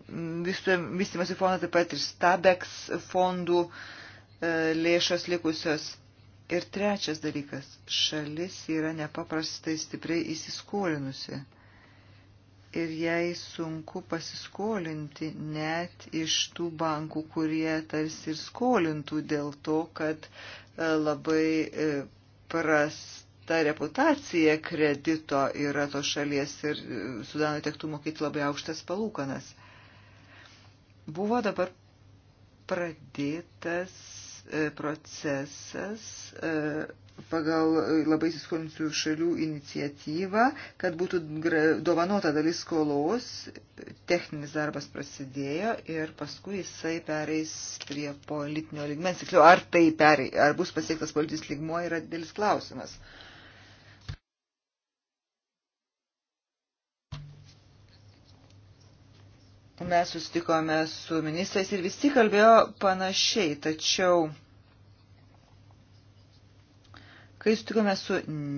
vystimasi fondo, taip pat ir Stabex fondų e, lėšos likusios. Ir trečias dalykas - šalis yra nepaprastai stipriai įsiskolinusi ir jai sunku pasiskolinti net iš tų bankų, kurie tarsi ir skolintų dėl to, kad e, labai e, prasta reputacija kredito yra to šalies ir e, Sudano tektų mokyti labai aukštas palūkanas. Buvo dabar pradėtas procesas pagal e, labai įsiskolinusių šalių iniciatyvą, kad būtų dovanota dalis skolos, techninis darbas prasidėjo ir paskui jisai pereis prie politinio ligmens. Tiksliau, ar tai perei, ar bus pasiektas politinis ligmuo yra didelis klausimas. Mes sustikome su ministrais ir visi kalbėjo panašiai, tačiau Kai sutikome su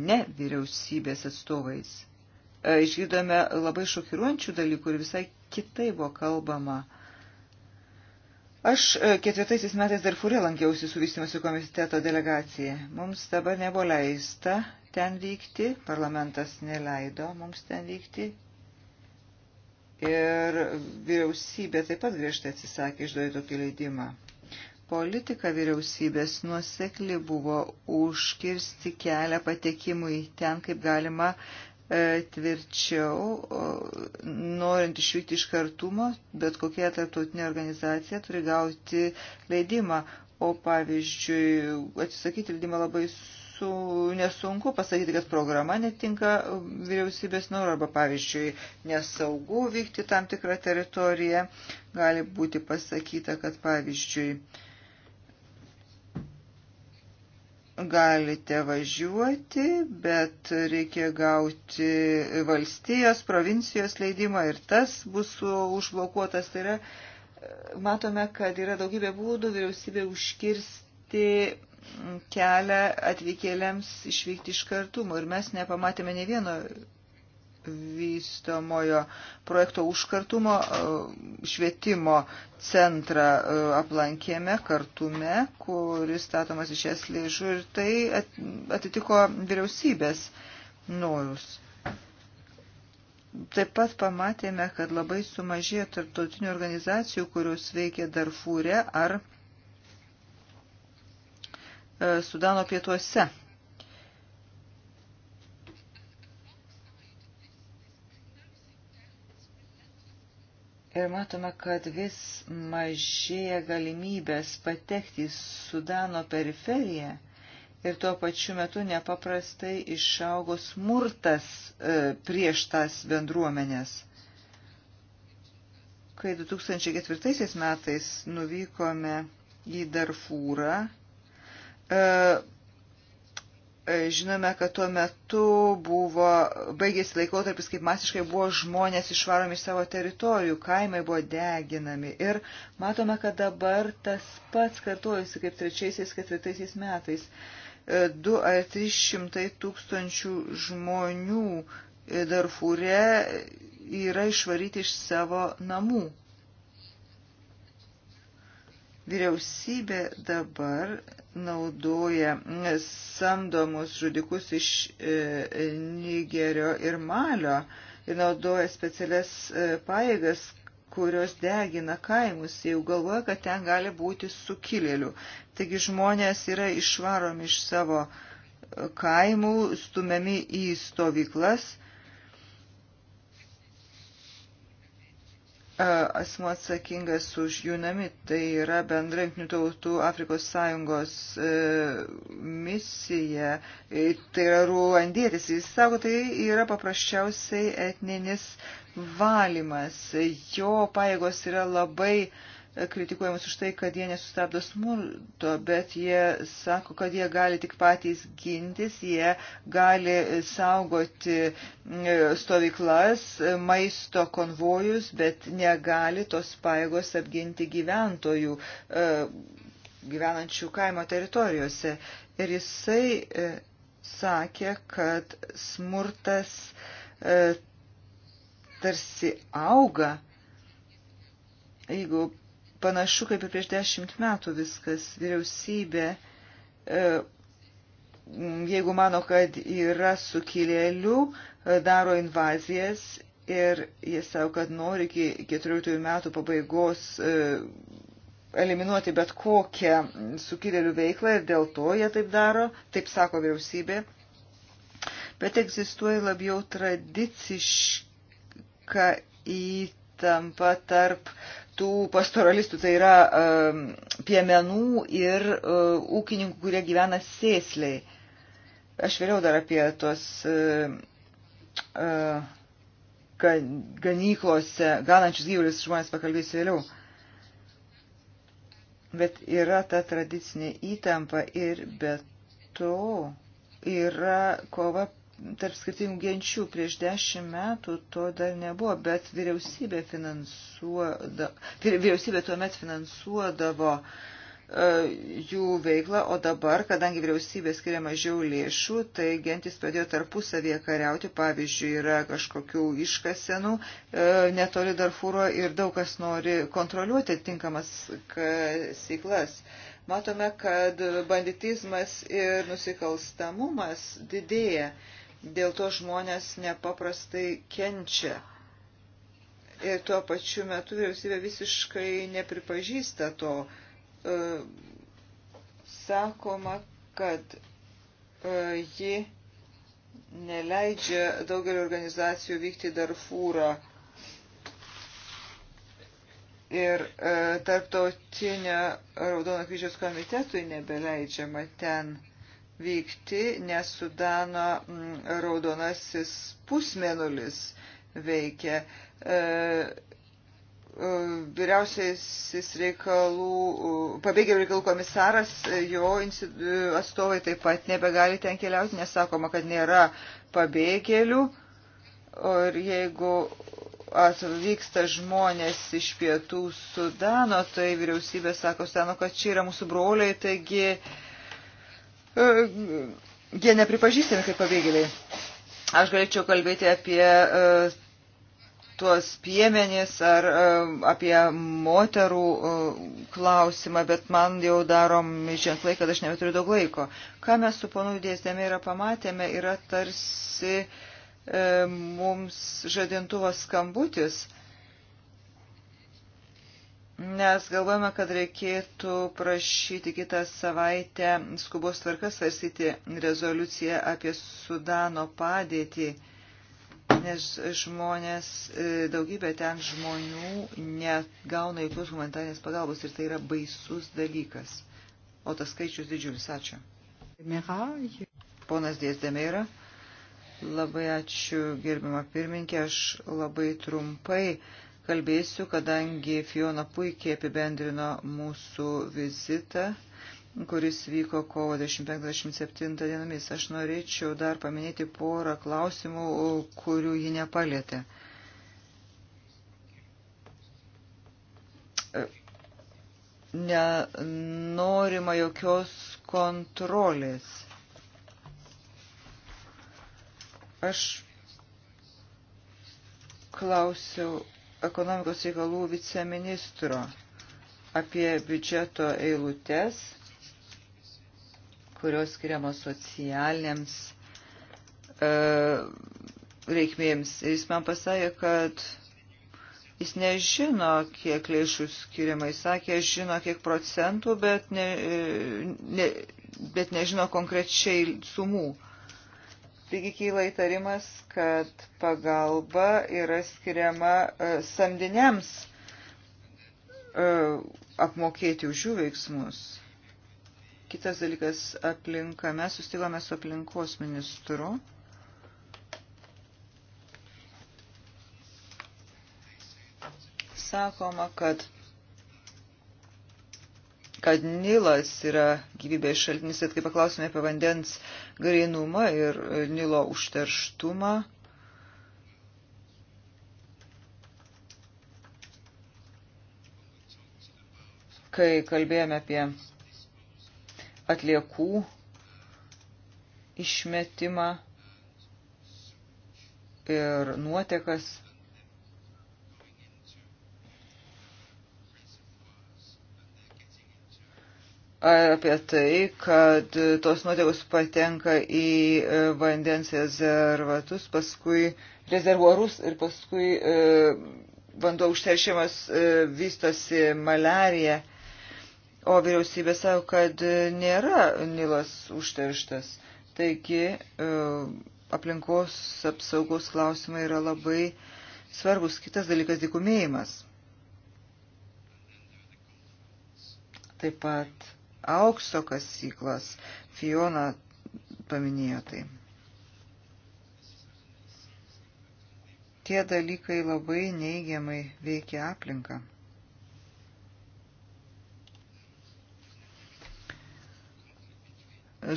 nevyriausybės atstovais, e, išgirdome labai šokiruojančių dalykų ir visai kitai buvo kalbama. Aš e, ketvirtaisiais metais Darfūrė lankiausi su vystimosi komiteto delegacija. Mums dabar nebuvo leista ten vykti, parlamentas neleido mums ten vykti. Ir vyriausybė taip pat griežtai atsisakė išduoti tokį leidimą politika vyriausybės nuosekli buvo užkirsti kelią patekimui ten, kaip galima e, tvirčiau, norint išvykti iš kartumo, bet kokia tarptautinė organizacija turi gauti leidimą. O pavyzdžiui, atsisakyti leidimą labai su, nesunku pasakyti, kad programa netinka vyriausybės norų arba, pavyzdžiui, nesaugu vykti tam tikrą teritoriją. Gali būti pasakyta, kad, pavyzdžiui, galite važiuoti, bet reikia gauti valstijos, provincijos leidimą ir tas bus užblokuotas. Tai yra, matome, kad yra daugybė būdų vyriausybė užkirsti kelią atvykėliams išvykti iš kartumo ir mes nepamatėme ne vieno vystomojo projekto užkartumo e, švietimo centrą e, aplankėme kartume, kuris statomas iš es lėšų ir tai atitiko vyriausybės norus. Taip pat pamatėme, kad labai sumažėjo tarptautinių organizacijų, kurios veikia Darfūre ar e, Sudano pietuose. ir matome, kad vis mažėja galimybės patekti į Sudano periferiją ir tuo pačiu metu nepaprastai išaugo smurtas e, prieš tas bendruomenės. Kai 2004 metais nuvykome į Darfūrą, e, E, žinome, kad tuo metu buvo, baigėsi laikotarpis, kaip masiškai buvo žmonės išvaromi iš savo teritorijų, kaimai buvo deginami. Ir matome, kad dabar tas pats kartuojasi kaip trečiaisiais, ketvirtaisiais metais. 2 e, ar 300 tūkstančių žmonių e, Darfūre yra išvaryti iš savo namų. Vyriausybė dabar naudoja samdomus žudikus iš e, Nigerio ir Malio ir naudoja specialias e, paėgas, kurios degina kaimus, jau galvoja, kad ten gali būti sukilėlių. Taigi žmonės yra išvaromi iš savo e, kaimų, stumiami į stovyklas asmo atsakingas už Junami, tai yra bendra Junktinių tautų Afrikos sąjungos e, misija, e, tai yra ruandietis, jis sako, tai yra paprasčiausiai etninis valymas, jo paėgos yra labai e, kritikuojamas už tai, kad jie nesustabdo smurto, bet jie sako, kad jie gali tik patys gintis, jie gali saugoti mm, stovyklas, maisto konvojus, bet negali tos paėgos apginti gyventojų e, gyvenančių kaimo teritorijose. Ir jisai e, sakė, kad smurtas e, tarsi auga jeigu panašu kaip ir prieš dešimt metų viskas. Vyriausybė, e, jeigu mano, kad yra sukilėlių, e, daro invazijas ir jie savo, kad nori iki 14 metų pabaigos e, eliminuoti bet kokią sukilėlių veiklą ir dėl to jie taip daro, taip sako vyriausybė. Bet egzistuoja labiau tradiciška į įtampa tarp tų pastoralistų, tai yra um, piemenų ir uh, ūkininkų, kurie gyvena sėsliai. Aš vėliau dar apie tos uh, uh, ganyklose ganančius gyvulius žmonės pakalbėsiu vėliau. Bet yra ta tradicinė įtampa ir be to yra kova tarp skirtingų genčių. Prieš dešimt metų to dar nebuvo, bet vyriausybė, finansuoda, vyriausybė tuomet finansuodavo e, jų veiklą, o dabar, kadangi vyriausybė skiria mažiau lėšų, tai gentis pradėjo tarpusavėje kariauti, pavyzdžiui, yra kažkokių iškasenų e, netoli Darfūro ir daug kas nori kontroliuoti tinkamas kasyklas. Matome, kad banditizmas ir nusikalstamumas didėja. Dėl to žmonės nepaprastai kenčia. Ir tuo pačiu metu vyriausybė visiškai nepripažįsta to. E, sakoma, kad e, ji neleidžia daugelio organizacijų vykti Darfūrą. Ir e, tarptautinio Raudono kryžiaus komitetui nebeleidžiama ten vykti, nes Sudano mm, raudonasis pusmenulis veikia. E, e, vyriausiasis reikalų, pabėgėlių reikalų komisaras, e, jo atstovai taip pat nebegali ten keliauti, nes sakoma, kad nėra pabėgėlių. Ir jeigu atvyksta žmonės iš pietų Sudano, tai vyriausybė sako, seno, kad čia yra mūsų broliai, taigi uh, E, jie nepripažįstami kaip pabėgėliai. Aš galėčiau kalbėti apie e, tuos piemenys ar e, apie moterų klausimą, bet man jau darom ženklai, kad aš nebeturiu daug laiko. Ką mes su ponu dėsdėme yra pamatėme, yra tarsi mums žadintuvas skambutis – nes galvojame, kad reikėtų prašyti kitą savaitę skubos tvarkas svarstyti rezoliuciją apie Sudano padėtį, nes žmonės, e, daugybė ten žmonių negauna jokios humanitarės pagalbos ir tai yra baisus dalykas. O tas skaičius didžiulis. Ačiū. Ponas Dėsdemeira, labai ačiū gerbimą pirminkę, aš labai trumpai kalbėsiu, kadangi Fiona puikiai apibendrino mūsų vizitą kuris vyko kovo 25-27 dienomis. Aš norėčiau dar paminėti porą klausimų, kurių ji nepalėtė. Nenorima jokios kontrolės. Aš klausiau ekonomikos reikalų viceministro apie biudžeto eilutes, kurios skiriamos socialiniams e, reikmėms. Jis man pasakė, kad jis nežino, kiek lėšų skiriama. Jis sakė, žino, kiek procentų, bet, ne, e, ne, bet nežino konkrečiai sumų. E, Taigi kyla įtarimas, kad pagalba yra skiriama e, samdiniams e, apmokėti už jų veiksmus. Kitas dalykas - aplinka. Mes sustikome su aplinkos ministru. Sakoma, kad kad Nilas yra gyvybės šaltinis, bet kai paklausime apie vandens grinumą ir e, Nilo užterštumą, kai kalbėjome apie atliekų išmetimą ir nuotekas, apie tai, kad tos nuotekos patenka į e, vandens rezervatus, paskui rezervuarus ir paskui e, vanduo užteršiamas e, vystosi malarija, o vyriausybė savo, kad nėra Nilas užterštas. Taigi aplinkos apsaugos klausimai yra labai svarbus. Kitas dalykas - dikumėjimas. Taip pat aukso kasyklos. Fiona paminėjo tai. Tie dalykai labai neigiamai veikia aplinką.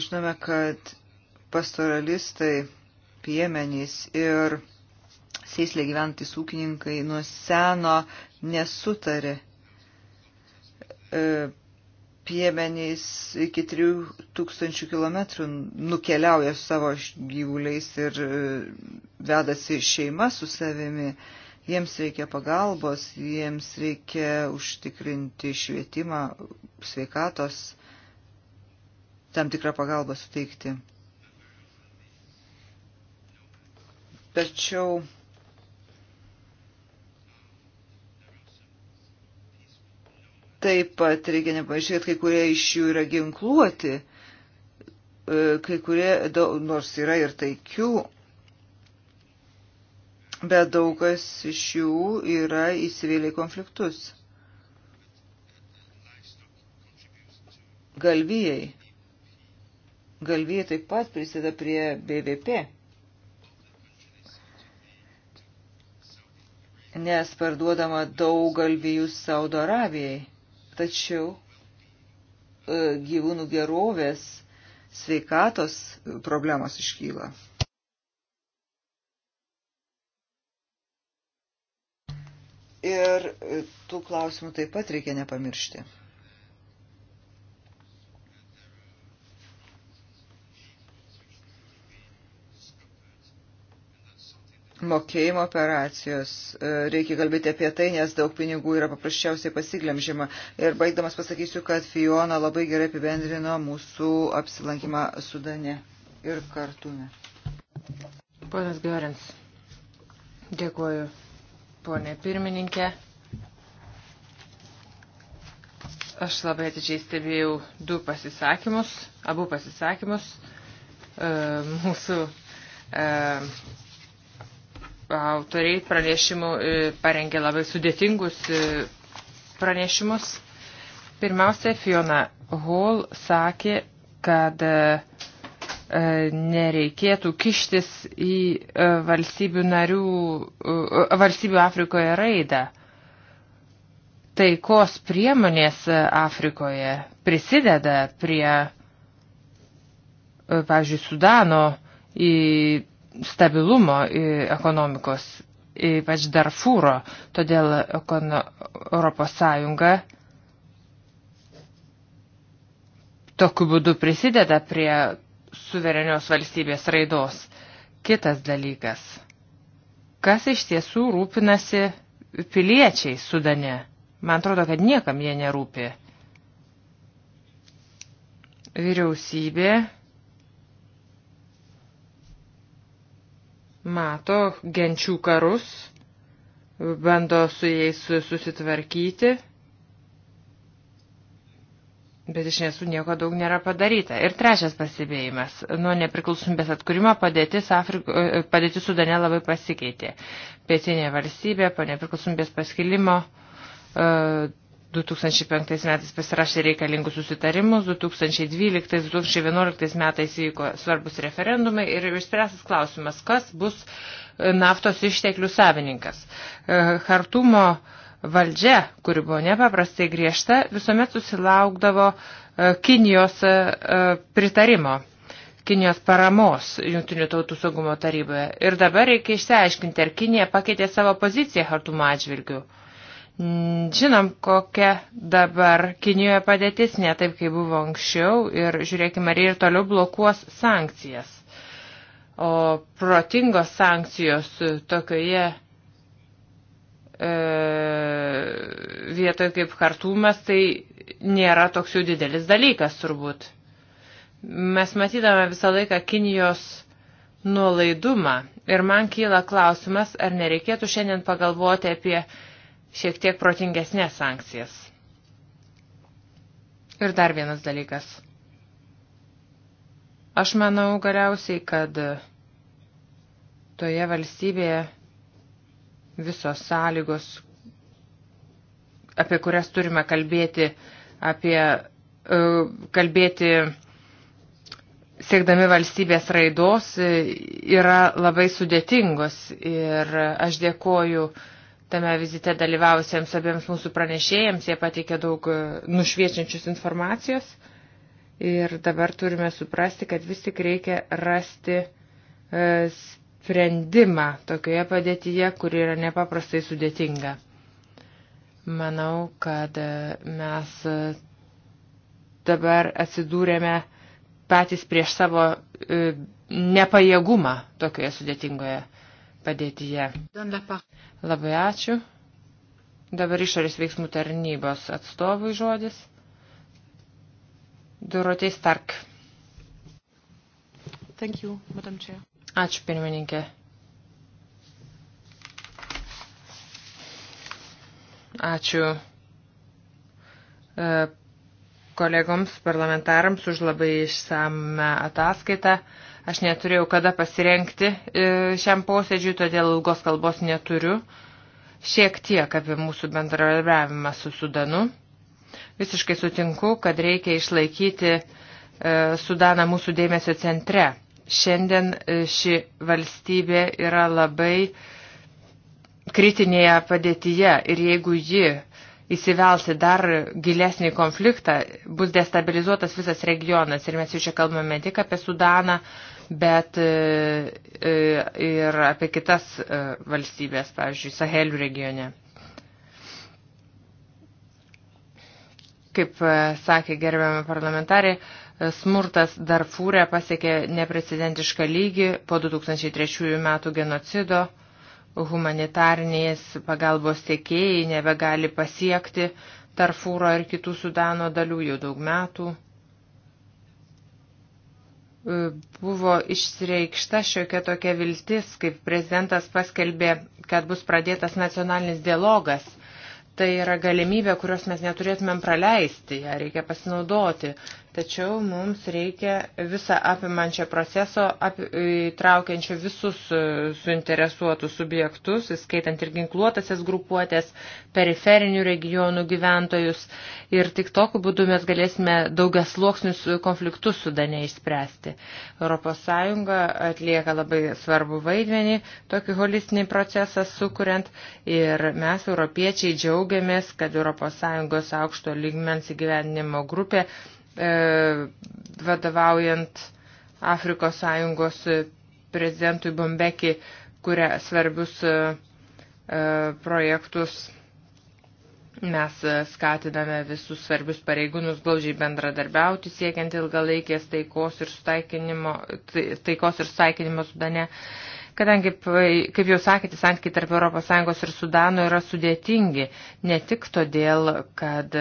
Žinome, kad pastoralistai, piemenys ir seislė gyventys ūkininkai nuo seno nesutarė e, piemenys iki 3000 km nukeliauja su savo gyvuliais ir e, vedasi šeima su savimi. Jiems reikia pagalbos, jiems reikia užtikrinti švietimą, sveikatos, tam tikrą pagalbą suteikti. Tačiau Taip pat reikia nepamiršti, kad kai kurie iš jų yra ginkluoti, e, kai kurie, nors yra ir taikių, bet daugas iš jų yra įsivėlę konfliktus. Galvijai. Galvijai taip pat prisideda prie BVP. nes parduodama daug galvijų Saudo Arabijai. Tačiau e, gyvūnų gerovės sveikatos problemos iškyla. Ir e, tų klausimų taip pat reikia nepamiršti. mokėjimo operacijos. E, reikia kalbėti apie tai, nes daug pinigų yra paprasčiausiai pasiglemžima. Ir baigdamas pasakysiu, kad Fiona labai gerai apibendrino mūsų apsilankimą Sudane ir kartume. Ponas Gerins, dėkuoju, ponė pirmininkė. Aš labai atidžiai stebėjau du pasisakymus, abu pasisakymus e, mūsų e, autoriai pranešimų e, parengė labai sudėtingus e, pranešimus. Pirmiausia, Fiona Hall sakė, kad e, nereikėtų kištis į valstybių narių, valstybių Afrikoje raidą. Taikos priemonės Afrikoje prisideda prie, pavyzdžiui, Sudano į stabilumo ekonomikos, ypač Darfūro, todėl Europos Sąjunga tokiu būdu prisideda prie suverenios valstybės raidos. Kitas dalykas. Kas iš tiesų rūpinasi piliečiai Sudane? Man atrodo, kad niekam jie nerūpi. Vyriausybė mato genčių karus, bando su jais susitvarkyti, bet iš tiesų nieko daug nėra padaryta. Ir trečias pasibėjimas. Nuo nepriklausomybės atkūrimo padėtis, Afriko, e, padėtis Sudane labai pasikeitė. Pietinė valstybė po nepriklausomybės paskilimo e, 2005 metais pasirašė reikalingus susitarimus, 2012-2011 metais įvyko svarbus referendumai ir išspręstas klausimas, kas bus e, naftos išteklių savininkas. E, Hartumo valdžia, kuri buvo nepaprastai griežta, visuomet susilaukdavo e, Kinijos pritarimo. Kinijos paramos Junktinių tautų saugumo taryboje. Ir dabar reikia išsiaiškinti, ar Kinija pakeitė savo poziciją Hartumo atžvilgiu. Mm, žinom, kokia dabar Kinijoje padėtis, ne taip, kaip buvo anksčiau, ir žiūrėkime, ar ir toliau blokuos sankcijas. O protingos sankcijos tokioje e, vietoje kaip kartumas, tai nėra toks jau didelis dalykas turbūt. Mes matydame visą laiką Kinijos nuolaidumą ir man kyla klausimas, ar nereikėtų šiandien pagalvoti apie šiek tiek protingesnės sankcijas. Ir dar vienas dalykas. Aš manau galiausiai, kad toje valstybėje visos sąlygos, apie kurias turime kalbėti, apie e, kalbėti siekdami valstybės raidos, e, yra labai sudėtingos. Ir aš dėkoju uh, Tame vizite dalyvausiems abiems mūsų pranešėjams jie pateikė daug e, nušviečiančius informacijos. Ir dabar turime suprasti, kad vis tik reikia rasti e, sprendimą tokioje padėtyje, kuri yra nepaprastai sudėtinga. Manau, kad e, mes dabar atsidūrėme patys prieš savo nepajėgumą tokioje sudėtingoje padėtyje. Labai ačiū. Dabar išorės veiksmų tarnybos atstovui žodis. Durotei Stark. Thank you, Madam Chair. Ačiū, pirmininkė. Ačiū e, kolegoms parlamentarams už labai išsamę ataskaitą. Aš neturėjau kada pasirenkti e, šiam posėdžiui, todėl ilgos kalbos neturiu. Šiek tiek apie mūsų bendradarbiavimą su Sudanu. Visiškai sutinku, kad reikia išlaikyti e, Sudaną mūsų dėmesio centre. Šiandien e, ši valstybė yra labai kritinėje padėtyje ir jeigu ji įsivelsi dar gilesnį konfliktą, bus destabilizuotas visas regionas ir mes jau čia kalbame tik apie Sudaną, bet e, e, ir apie kitas e, valstybės, pavyzdžiui, Sahelių regione. Kaip sakė gerbiami parlamentarė, smurtas Darfūrė pasiekė neprecedentišką lygį po 2003 metų genocido. Humanitarnės pagalbos tiekėjai nebegali pasiekti Darfūro ir kitų Sudano dalių jau daug metų buvo išreikšta šiokia tokia viltis, kaip prezidentas paskelbė, kad bus pradėtas nacionalinis dialogas. Tai yra galimybė, kurios mes neturėtumėm praleisti, ją reikia pasinaudoti. Tačiau mums reikia visą apimančią proceso, ap, traukiančią visus e, suinteresuotus subjektus, įskaitant ir ginkluotasias grupuotės, periferinių regionų gyventojus. Ir tik tokiu būdu mes galėsime daugias sluoksnius konfliktus sudane išspręsti. ES atlieka labai svarbu vaidmenį tokį holistinį procesą sukuriant ir mes, europiečiai, džiaugiamės, kad ES aukšto lygmens įgyvendinimo grupė E, vadovaujant Afrikos Sąjungos prezidentui Bombeki, kuria svarbius e, e, projektus mes skatiname visus svarbius pareigūnus glaužiai bendradarbiauti, siekiant ilgalaikės taikos ir sutaikinimo, taikos ir sutaikinimo sudane. Kadangi, kaip jau sakėte, santykiai tarp ES ir Sudano yra sudėtingi, ne tik todėl, kad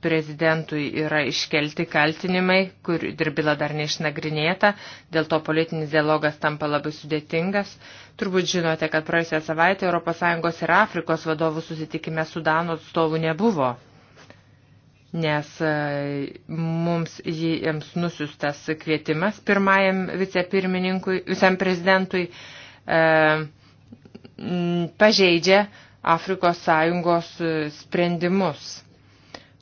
prezidentui yra iškelti kaltinimai, kur ir byla dar neišnagrinėta, dėl to politinis dialogas tampa labai sudėtingas. Turbūt žinote, kad praėjusią savaitę ES ir Afrikos vadovų susitikime Sudano atstovų nebuvo, nes e, mums jiems nusiustas kvietimas pirmajam vicepirmininkui, visam prezidentui e, pažeidžia Afrikos sąjungos e, sprendimus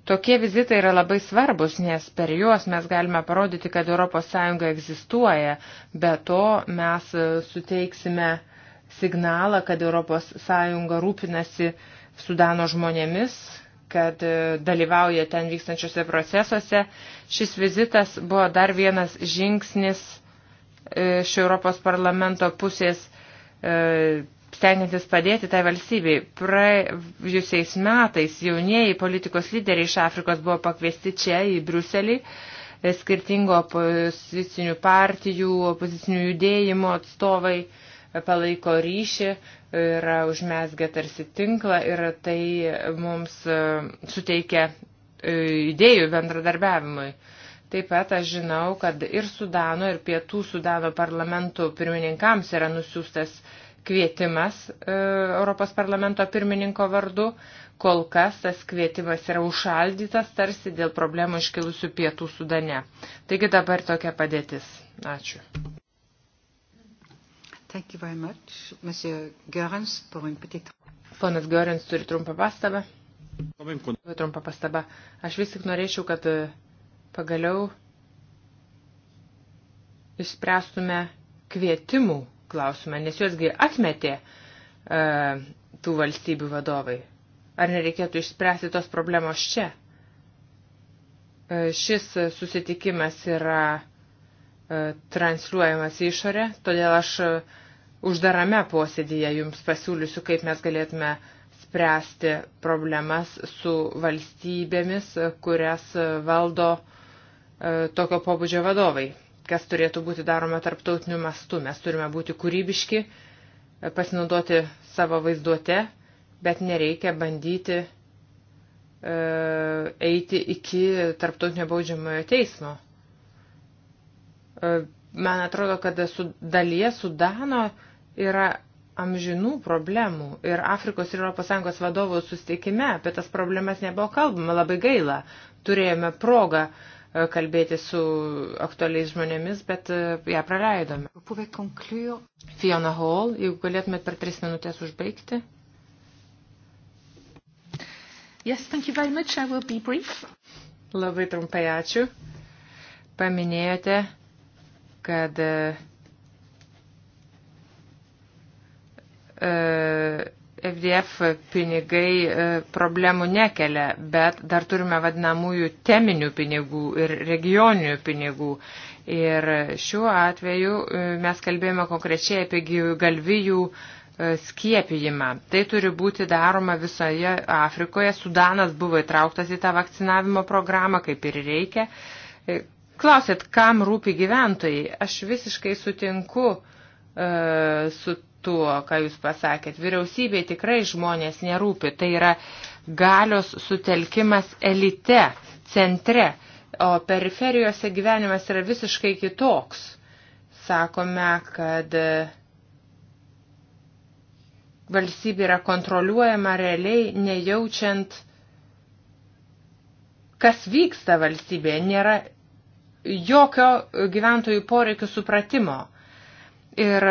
Tokie vizitai yra labai svarbus, nes per juos mes galime parodyti, kad ES egzistuoja, be to mes suteiksime signalą, kad ES rūpinasi Sudano žmonėmis, kad e, dalyvauja ten vykstančiose procesuose. Šis vizitas buvo dar vienas žingsnis e, iš Europos parlamento pusės e, stengiantis padėti tai valstybei. Praėjusiais metais jaunieji politikos lyderiai iš Afrikos buvo pakviesti čia į Bruselį e, skirtingų opozicinių partijų, opozicinių judėjimų atstovai e, palaiko ryšį, e, yra užmesgę tarsi tinklą ir tai mums suteikia idėjų bendradarbiavimui. Taip pat aš žinau, kad ir Sudano, ir Pietų Sudano parlamentų pirmininkams yra nusiųstas uh, kvietimas e, Europos parlamento pirmininko vardu. Kol kas tas kvietimas yra užšaldytas tarsi dėl problemų iškilusių pietų sudane. Taigi dabar tokia padėtis. Ačiū. Thank you very much. Monsieur Görens, pour une petite... Ponas Görens turi trumpą pastabą. Trumpą pastabą. Aš vis tik norėčiau, kad e, pagaliau išspręstume kvietimų klausimą, nes juosgi atmetė e, tų valstybių vadovai. Ar nereikėtų išspręsti tos problemos čia? E, šis susitikimas yra e, transliuojamas į išorę, todėl aš e, uždarame posėdėje jums pasiūlysiu, kaip mes galėtume spręsti problemas su valstybėmis, kurias valdo e, tokio pobūdžio vadovai kas turėtų būti daroma tarptautiniu mastu. Mes turime būti kūrybiški, pasinaudoti savo vaizduote, bet nereikia bandyti e, eiti iki tarptautinio baudžiamojo teismo. E, man atrodo, kad su dalyje Sudano yra amžinų problemų ir Afrikos ir ES vadovų susitikime apie tas problemas nebuvo kalbama, labai gaila. Turėjome progą uh, E, kalbėti su aktualiais žmonėmis, bet e, ją praleidome. Fiona Hall, jeigu galėtumėt per tris minutės užbaigti. Yes, thank you very much. I will be brief. Labai trumpai ačiū. Paminėjote, kad uh, FDF pinigai e, problemų nekelia, bet dar turime vadinamųjų teminių pinigų ir regioninių pinigų. Ir šiuo atveju e, mes kalbėjome konkrečiai apie galvijų e, skiepijimą. Tai turi būti daroma visoje Afrikoje. Sudanas buvo įtrauktas į tą vakcinavimo programą, kaip ir reikia. Klausėt, kam rūpi gyventojai? Aš visiškai sutinku su tuo, ką jūs pasakėt. Vyriausybė tikrai žmonės nerūpi. Tai yra galios sutelkimas elite, centre, o periferijose gyvenimas yra visiškai kitoks. Sakome, kad e, valstybė yra kontroliuojama realiai, nejaučiant, kas vyksta valstybėje. Nėra jokio gyventojų poreikių supratimo. Ir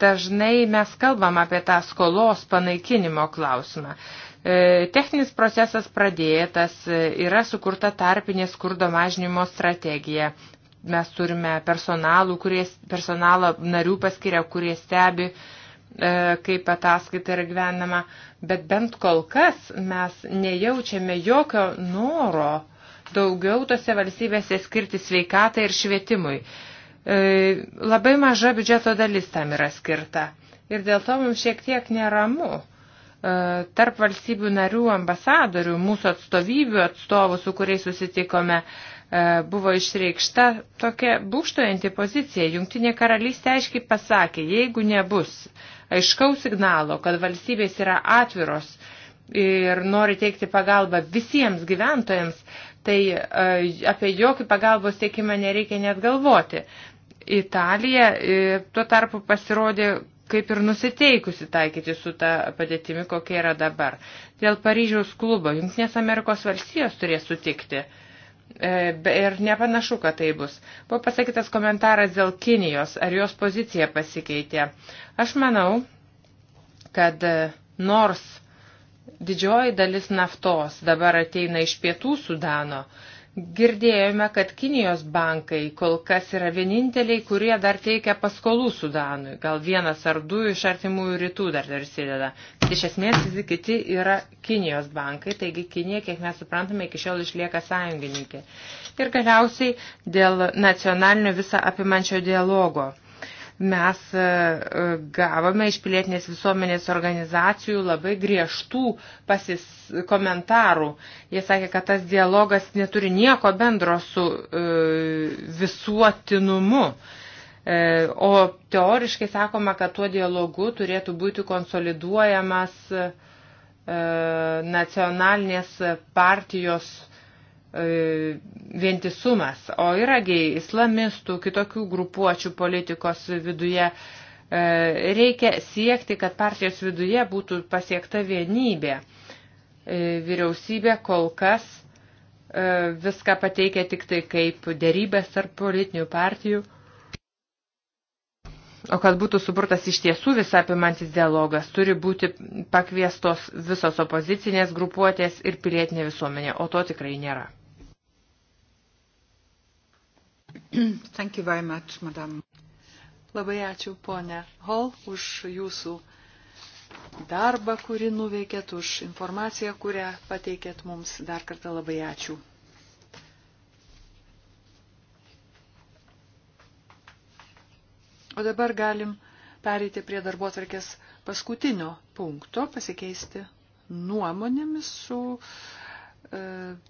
dažnai mes kalbam apie tą skolos panaikinimo klausimą. E, techninis procesas pradėtas, e, yra sukurta tarpinė skurdo mažinimo strategija. Mes turime personalų, kurie, personalo narių paskiria, kurie stebi, e, kaip ataskaita yra gyvenama, bet bent kol kas mes nejaučiame jokio noro daugiau tose valstybėse skirti sveikatai ir švietimui. E, labai maža biudžeto dalis tam yra skirta. Ir dėl to mums šiek tiek neramu. E, tarp valstybių narių ambasadorių, mūsų atstovybių atstovų, su kuriais susitikome, e, buvo išreikšta tokia būkštojanti pozicija. Jungtinė karalystė aiškiai pasakė, jeigu nebus aiškaus signalo, kad valstybės yra atviros ir nori teikti pagalbą visiems gyventojams, tai apie jokį pagalbos teikimą nereikia net galvoti. Italija e, tuo tarpu pasirodė kaip ir nusiteikusi taikyti su ta padėtimi, kokia yra dabar. Dėl Paryžiaus klubo Junktinės Amerikos valstijos turės sutikti. E, ir nepanašu, kad tai bus. Buvo pasakytas komentaras dėl Kinijos, ar jos pozicija pasikeitė. Aš manau, kad e, nors didžioji dalis naftos dabar ateina iš pietų Sudano, Girdėjome, kad Kinijos bankai kol kas yra vieninteliai, kurie dar teikia paskolų Sudanui. Gal vienas ar du iš artimųjų rytų dar dar įsideda. Iš esmės visi kiti yra Kinijos bankai, taigi Kinija, kiek mes suprantame, iki šiol išlieka sąjungininkė. Ir galiausiai dėl nacionalinio visą apimančio dialogo mes e, e, gavome iš pilietinės visuomenės organizacijų labai griežtų pasis komentarų. Jie sakė, kad tas dialogas neturi nieko bendro su e, visuotinumu. O teoriškai sakoma, kad tuo dialogu turėtų būti konsoliduojamas nacionalinės partijos E, vientisumas, o yragi islamistų, kitokių grupuočių politikos viduje. E, reikia siekti, kad partijos viduje būtų pasiekta vienybė. E, vyriausybė kol kas viską pateikia tik tai kaip dėrybės tarp politinių partijų. O kad būtų suburtas iš tiesų visapimantis dialogas, turi būti pakviestos visos opozicinės grupuotės ir pilietinė visuomenė, o to tikrai nėra. Thank you very much, madam. Labai ačiū, ponė Hall, už jūsų darbą, kurį nuveikėt, už informaciją, kurią pateikėt mums. Dar kartą labai ačiū. O dabar galim pereiti prie darbo atvarkės paskutinio punkto, pasikeisti nuomonėmis su uh, E,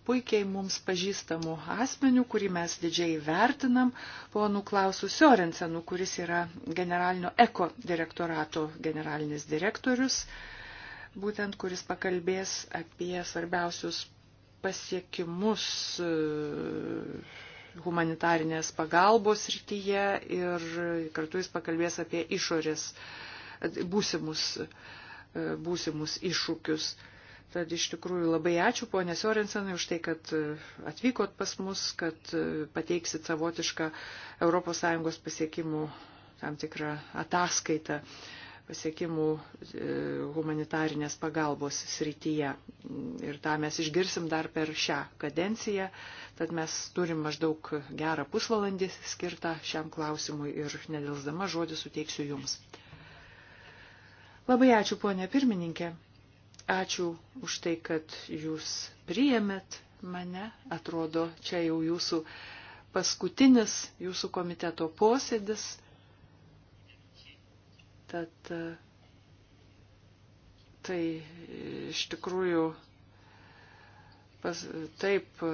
puikiai mums pažįstamų asmenių, kurį mes didžiai vertinam, ponų Klausų Siorensenų, kuris yra generalinio eko direktorato generalinis direktorius, būtent kuris pakalbės apie svarbiausius pasiekimus e, humanitarinės pagalbos rytyje ir kartu jis pakalbės apie išorės būsimus, e, būsimus iššūkius. Tad iš tikrųjų labai ačiū ponė Sorensenai už tai, kad e, atvykot pas mus, kad e, pateiksit savotišką ES pasiekimų tam tikrą ataskaitą pasiekimų e, humanitarinės pagalbos srityje. Ir tą mes išgirsim dar per šią kadenciją, tad mes turim maždaug gerą pusvalandį skirtą šiam klausimui ir nedelsdama žodį suteiksiu Jums. Labai ačiū, ponė pirmininkė. Ačiū už tai, kad jūs priėmėt mane. Atrodo, čia jau jūsų paskutinis jūsų komiteto posėdis. Tad e, tai e, iš tikrųjų pas, taip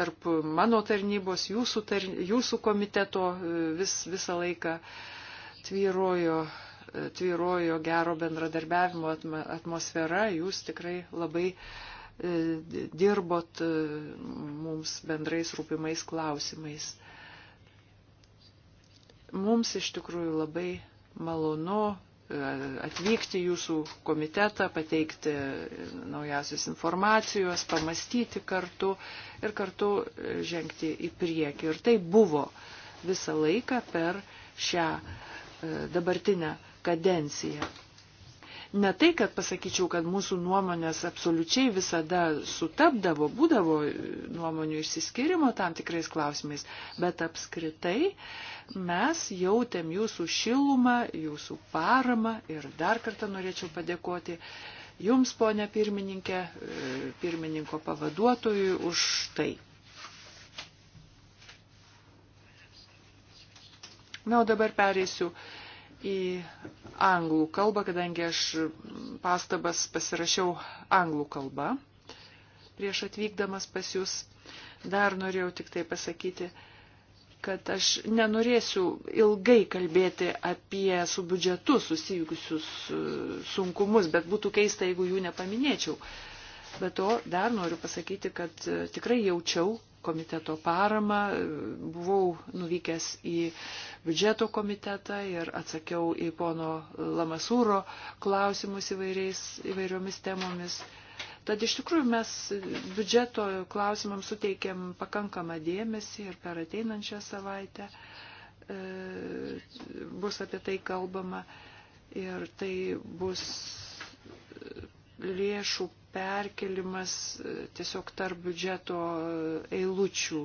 tarp mano tarnybos, jūsų, tar, jūsų komiteto e, vis, visą laiką tvyrojo tvyrojo gero bendradarbiavimo atmosfera, jūs tikrai labai e, dirbot e, mums bendrais rūpimais klausimais. Mums iš tikrųjų labai malonu e, atvykti jūsų komitetą, pateikti naujasios informacijos, pamastyti kartu ir kartu žengti į priekį. Ir tai buvo visą laiką per šią dabartinę kadenciją. Ne tai, kad pasakyčiau, kad mūsų nuomonės absoliučiai visada sutapdavo, būdavo nuomonių išsiskirimo tam tikrais klausimais, bet apskritai mes jautėm jūsų šilumą, jūsų paramą ir dar kartą norėčiau padėkoti Jums, ponė pirmininkė, pirmininko pavaduotojui, už tai. Na, o dabar pereisiu į anglų kalbą, kadangi aš pastabas pasirašiau anglų kalbą prieš atvykdamas pas jūs. Dar norėjau tik tai pasakyti, kad aš nenorėsiu ilgai kalbėti apie su biudžetu susijusius e, sunkumus, bet būtų keista, jeigu jų nepaminėčiau. Bet to dar noriu pasakyti, kad e, tikrai jaučiau, komiteto paramą. Buvau nuvykęs į biudžeto komitetą ir atsakiau į pono Lamasūro klausimus įvairiomis temomis. Tad iš tikrųjų mes biudžeto klausimams suteikėm pakankamą dėmesį ir per ateinančią savaitę e, bus apie tai kalbama ir tai bus lėšų perkelimas e, tiesiog tarp biudžeto e, eilučių,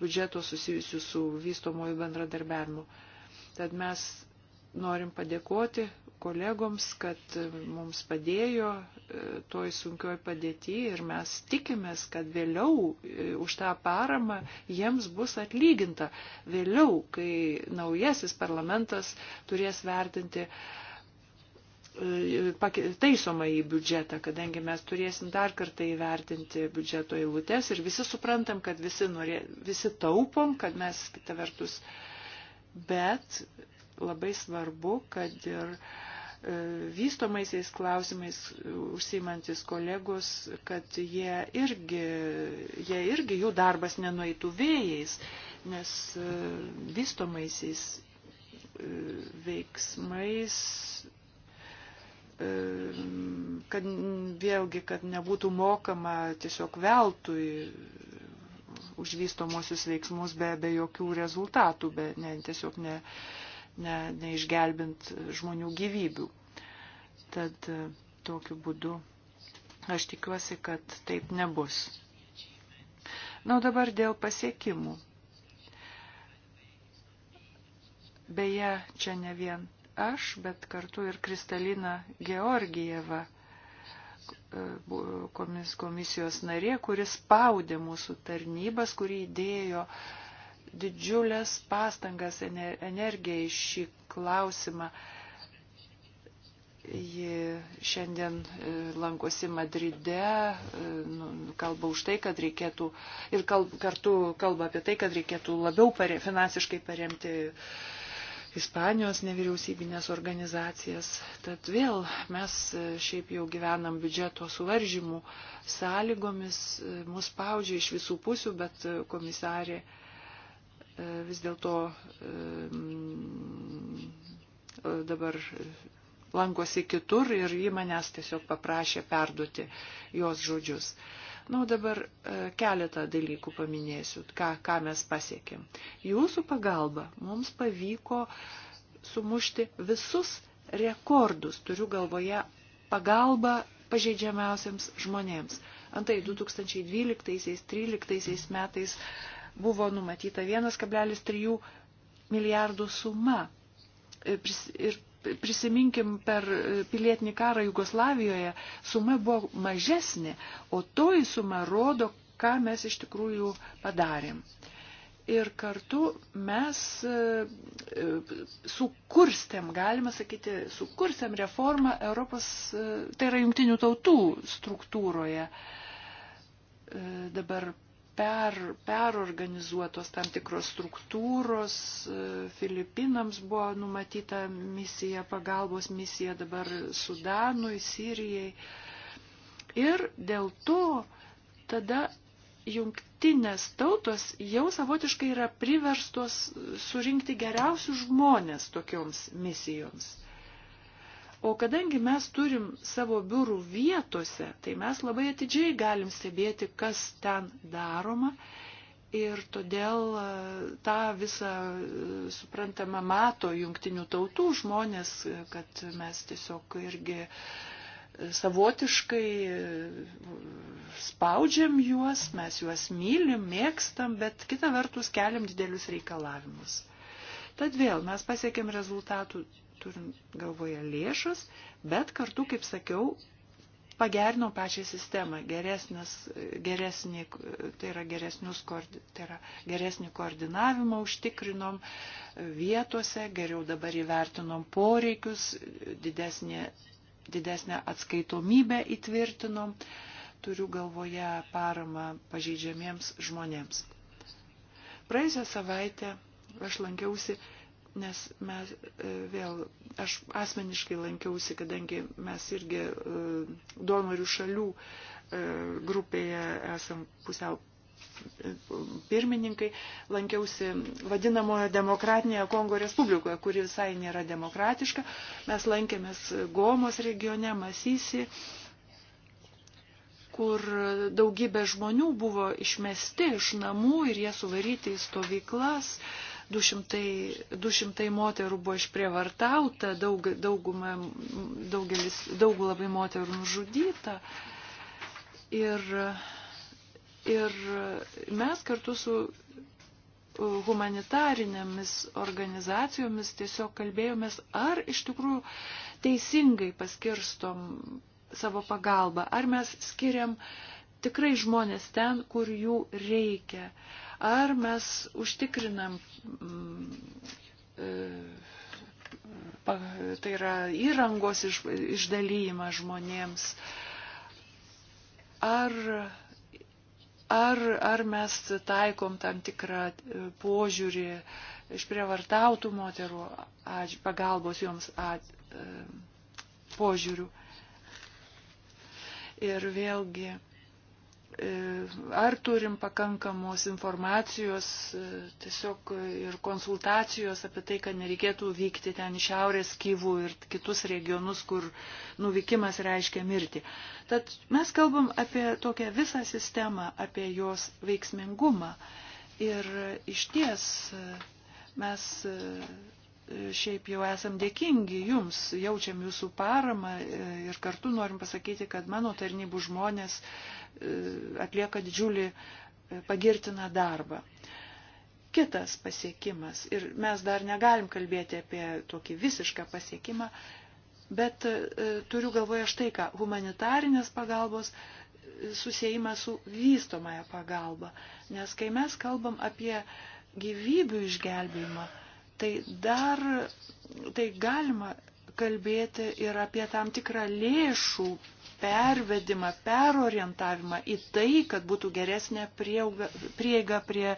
biudžeto susijusių su vystomoju bendradarbiavimu. Tad mes norim padėkoti kolegoms, kad e, mums padėjo toj sunkioj padėti ir mes tikimės, kad vėliau už tą paramą jiems bus atlyginta. Vėliau, kai naujasis parlamentas turės vertinti uh, taisoma į biudžetą, kadangi mes turėsim dar kartą įvertinti biudžeto eilutes ir visi suprantam, kad visi, norė, visi taupom, kad mes kitą vertus, bet labai svarbu, kad ir e, vystomaisiais klausimais užsimantis kolegos, kad jie irgi, jie irgi jų darbas nenueitų vėjais, nes e, vystomaisiais e, veiksmais kad vėlgi, kad nebūtų mokama tiesiog veltui užvystomosius veiksmus be, be jokių rezultatų, be, ne, tiesiog ne, ne, neišgelbint žmonių gyvybių. Tad e, tokiu būdu aš tikiuosi, kad taip nebus. Na, o dabar dėl pasiekimų. Beje, čia ne vien aš, bet kartu ir Kristalina Georgieva, e, komisijos narė, kuris spaudė mūsų tarnybas, kurį įdėjo didžiulės pastangas energiją į šį klausimą. Ji šiandien e, lankosi Madride, e, nu, kalba už tai, kad reikėtų ir kalb, kartu kalba apie tai, kad reikėtų labiau pare, finansiškai paremti uh, Ispanijos nevyriausybinės organizacijas. Tad vėl mes e, šiaip jau gyvenam biudžeto suvaržymų sąlygomis, e, mus spaudžia iš visų pusių, bet e, komisarė vis dėlto dabar lankosi kitur ir ji manęs tiesiog paprašė perduoti jos žodžius. Na, nu, dabar e, keletą dalykų paminėsiu, ką, ką mes pasiekėm. Jūsų pagalba mums pavyko sumušti visus rekordus, turiu galvoje pagalbą pažeidžiamiausiams žmonėms. Antai 2012-2013 metais buvo numatyta 1,3 milijardų suma ir prisiminkim per e, pilietinį karą Jugoslavijoje suma buvo mažesnė, o toji suma rodo, ką mes iš tikrųjų padarėm. Ir kartu mes e, e, sukurstėm, galima sakyti, sukurstėm reformą Europos, tai yra jungtinių tautų struktūroje. Dabar per, perorganizuotos tam tikros struktūros, e, Filipinams buvo numatyta misija, pagalbos misija dabar Sudanui, Sirijai. Ir dėl to tada jungtinės tautos jau savotiškai yra priverstos surinkti geriausius žmonės tokioms misijoms. O kadangi mes turim savo biurų vietose, tai mes labai atidžiai galim stebėti, kas ten daroma. Ir todėl e, tą visą, e, suprantama, mato jungtinių tautų žmonės, e, kad mes tiesiog irgi savotiškai spaudžiam juos, mes juos mylim, mėgstam, bet kita vertus keliam didelius reikalavimus. Tad vėl mes pasiekėm rezultatų turim galvoje lėšas, bet kartu, kaip sakiau, pagerino pačią sistemą, geresnis, geresnį, tai yra, geresnius, tai yra geresnį koordinavimą užtikrinom vietose, geriau dabar įvertinom poreikius, didesnė, didesnę atskaitomybę įtvirtinom, turiu galvoje paramą pažeidžiamiems žmonėms. Praėjusią savaitę aš lankiausi nes mes e, vėl, aš asmeniškai lankiausi, kadangi mes irgi e, donorių šalių e, grupėje esam pusiau pirmininkai, lankiausi vadinamojo demokratinėje Kongo Respublikoje, kuri visai nėra demokratiška. Mes lankėmės Gomos regione, Masysi, kur daugybė žmonių buvo išmesti iš namų ir jie suvaryti į stovyklas. Uh, 200, 200 moterų buvo išprievartauta, daug, dauguma, daugelis, daug labai moterų nužudyta. Ir, ir mes kartu su humanitarinėmis organizacijomis tiesiog kalbėjomės, ar iš tikrųjų teisingai paskirstom savo pagalbą, ar mes skiriam tikrai žmonės ten, kur jų reikia. Uh, Ar mes užtikrinam, mm, e, e, tai yra įrangos išdalyjimą žmonėms, ar ar, ar mes taikom tam tikrą e, požiūrį išprievartautų moterų atž, pagalbos joms at, požiūrių. Ir vėlgi ar turim pakankamos informacijos e, tiesiog ir konsultacijos apie tai, kad nereikėtų vykti ten į šiaurės Kyvų ir kitus regionus, kur nuvykimas reiškia mirtį. Tad mes kalbam apie tokią visą sistemą, apie jos veiksmingumą. Ir iš ties e, mes e, šiaip jau esam dėkingi jums, jaučiam jūsų paramą ir kartu norim pasakyti, kad mano tarnybų žmonės E, atlieka didžiulį e, pagirtiną darbą. Kitas pasiekimas, ir mes dar negalim kalbėti apie tokį visišką pasiekimą, bet e, turiu galvoje štai ką, humanitarinės pagalbos susijimas su vystomąją pagalbą. Nes kai mes kalbam apie gyvybių išgelbėjimą, tai dar tai galima kalbėti ir apie tam tikrą lėšų pervedimą, perorientavimą į tai, kad būtų geresnė prieiga prie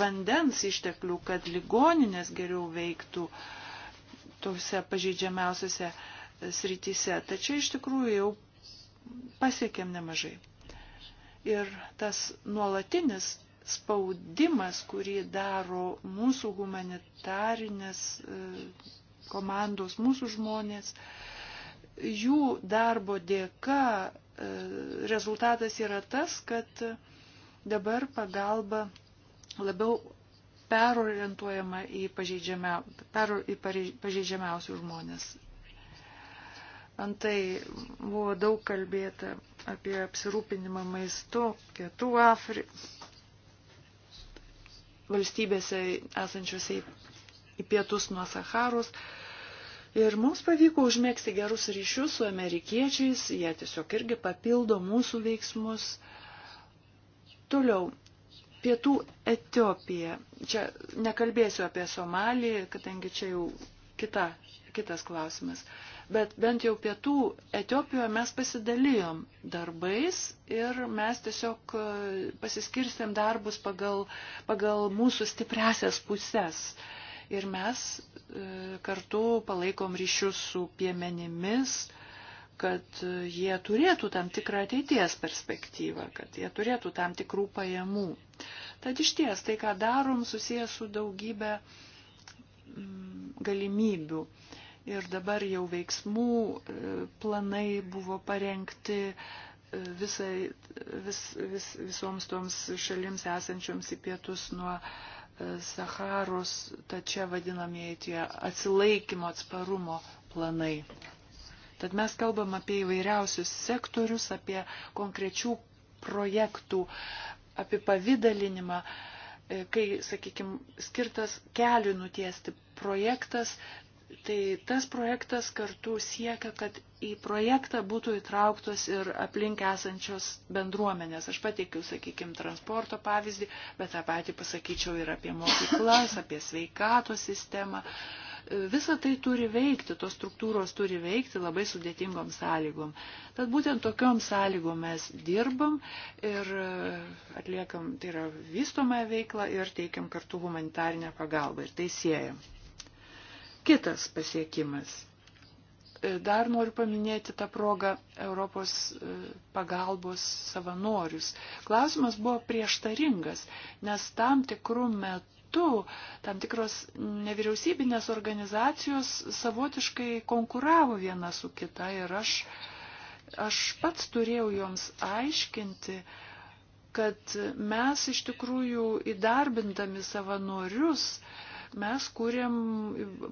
vandens išteklių, kad ligoninės geriau veiktų tose pažeidžiamiausiose srityse. Tačiau iš tikrųjų jau pasiekėm nemažai. Ir tas nuolatinis spaudimas, kurį daro mūsų humanitarinės e, komandos, mūsų žmonės, jų darbo dėka e, rezultatas yra tas, kad dabar pagalba labiau perorientuojama į, pažeidžiamia, per, į pažeidžiamiausių žmonės. Antai buvo daug kalbėta apie apsirūpinimą maistu pietų Afri... valstybėse esančiose į pietus nuo Saharos. Ir mums pavyko užmėgsti gerus ryšius su amerikiečiais, jie tiesiog irgi papildo mūsų veiksmus. Toliau, pietų Etiopija. Čia nekalbėsiu apie Somalį, kadangi čia jau kita, kitas klausimas. Bet bent jau pietų Etiopijoje mes pasidalijom darbais ir mes tiesiog e, pasiskirstėm darbus pagal, pagal mūsų stipresias pusės. Uh, ir mes e, kartu palaikom ryšius su piemenimis, kad e, jie turėtų tam tikrą ateities perspektyvą, kad jie turėtų tam tikrų pajamų. Tad iš ties tai, ką darom, susijęs su daugybė mm, galimybių. Ir dabar jau veiksmų e, planai buvo parengti visai, vis, vis, visoms toms šalims esančioms į pietus nuo uh, Saharos, tačia vadinamieji tie atsilaikymo atsparumo planai. Tad mes kalbam apie įvairiausius sektorius, apie konkrečių projektų apipavydalinimą, e, kai, sakykime, skirtas kelių nutiesti projektas, Tai tas projektas kartu siekia, kad į projektą būtų įtrauktos ir aplink esančios bendruomenės. Aš pateikiau, sakykime, transporto pavyzdį, bet tą patį pasakyčiau ir apie mokyklas, apie sveikato sistemą. Visa tai turi veikti, tos struktūros turi veikti labai sudėtingom sąlygom. Tad būtent tokiom sąlygom mes dirbam ir e, atliekam, tai yra vystomąją veiklą ir teikiam kartu humanitarinę pagalbą ir tai siejam kitas pasiekimas. E, dar noriu paminėti tą progą Europos e, pagalbos savanorius. Klausimas buvo prieštaringas, nes tam tikrų metų metu tam tikros nevyriausybinės organizacijos savotiškai konkuravo viena su kita ir aš, aš pats turėjau joms aiškinti, kad mes iš tikrųjų įdarbindami savanorius mes kūrėm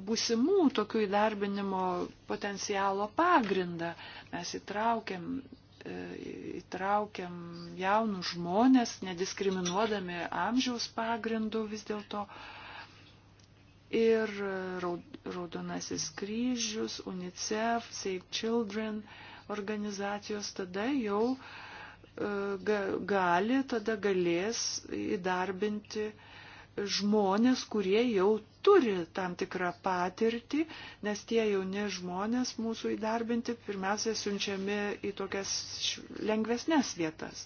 būsimų tokių įdarbinimo potencialo pagrindą. Mes įtraukėm, e, įtraukėm jaunus žmonės, nediskriminuodami amžiaus pagrindų vis dėlto. Ir Raudonasis kryžius, UNICEF, Save Children organizacijos tada jau e, gali, tada galės įdarbinti uh, žmonės, kurie jau turi tam tikrą patirtį, nes tie jauni žmonės mūsų įdarbinti pirmiausia siunčiami į tokias lengvesnės vietas.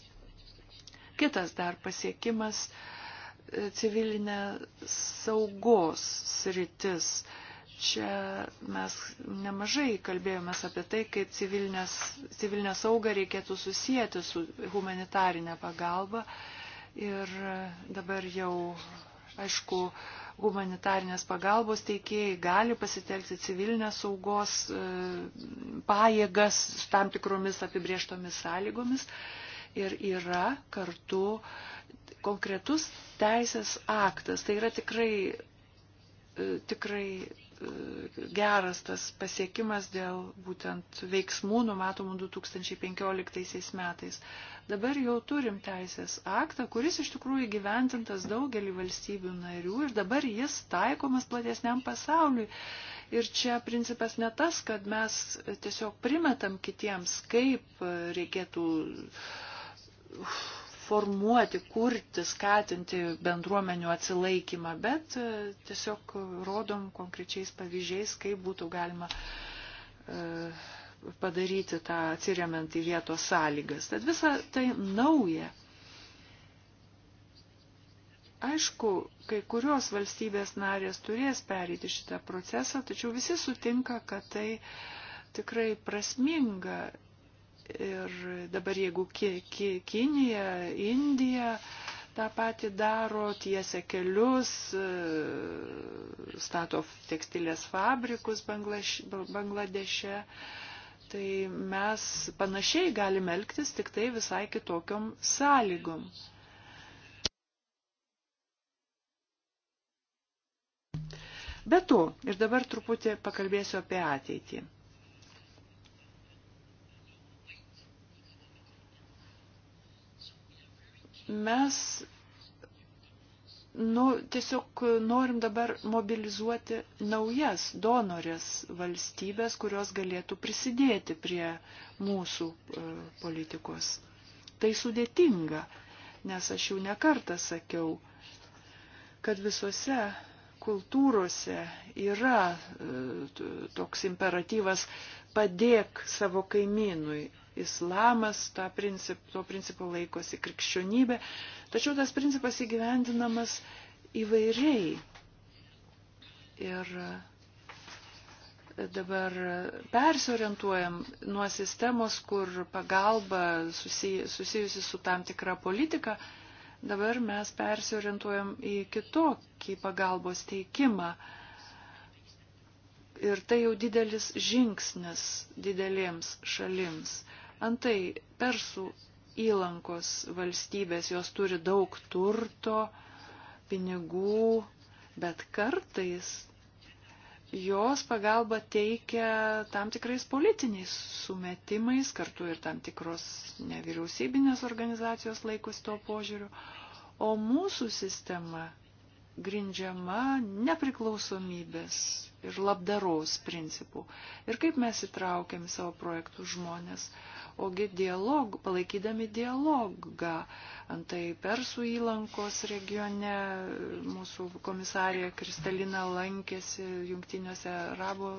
Kitas dar pasiekimas e, civilinė saugos sritis. Čia mes nemažai kalbėjomės apie tai, kaip civilinę saugą reikėtų susijęti su humanitarinė pagalba. Ir dabar jau Aišku, humanitarnės pagalbos teikėjai gali pasitelkti civilinės saugos e, pajėgas tam tikromis apibrieštomis sąlygomis. Ir yra kartu konkretus teisės aktas. Tai yra tikrai, e, tikrai e, geras tas pasiekimas dėl būtent veiksmų numatomų 2015 metais. Dabar jau turim teisės aktą, kuris iš tikrųjų gyventintas daugelį valstybių narių ir dabar jis taikomas platesniam pasauliui. Ir čia principas ne tas, kad mes tiesiog primetam kitiems, kaip reikėtų formuoti, kurti, skatinti bendruomenių atsilaikymą, bet tiesiog rodom konkrečiais pavyzdžiais, kaip būtų galima uh, padaryti tą atsiriamant į vietos sąlygas. Tad visa tai nauja. Aišku, kai kurios valstybės narės turės perėti šitą procesą, tačiau visi sutinka, kad tai tikrai prasminga. Ir dabar jeigu ki, ki, Kinija, Indija, tą patį daro, tiesia kelius, stato tekstilės fabrikus Bangladeše. Tai mes panašiai galime elgtis, tik tai visai kitokiom sąlygom. Be to, ir dabar truputį pakalbėsiu apie ateitį. Mes nu, tiesiog norim dabar mobilizuoti naujas donorės valstybės, kurios galėtų prisidėti prie mūsų e, politikos. Tai sudėtinga, nes aš jau nekartą sakiau, kad visose kultūrose yra e, toks imperatyvas padėk savo kaimynui, islamas tą princip, to principo laikosi krikščionybė, tačiau tas principas įgyvendinamas įvairiai. Ir e, dabar persiorientuojam nuo sistemos, kur pagalba susijusi su tam tikra politika, dabar mes persiorientuojam į kitokį pagalbos teikimą. Ir tai jau didelis žingsnis didelėms šalims. Antai, persų įlankos valstybės, jos turi daug turto, pinigų, bet kartais jos pagalba teikia tam tikrais politiniais sumetimais, kartu ir tam tikros nevyriausybinės organizacijos laikosi to požiūriu, o mūsų sistema grindžiama nepriklausomybės ir labdaros principų. Ir kaip mes įtraukiam savo projektų žmonės. Uh, ogi dialog, palaikydami dialogą. Antai Persų įlankos regione mūsų komisarė Kristalina lankėsi Junktiniuose Arabo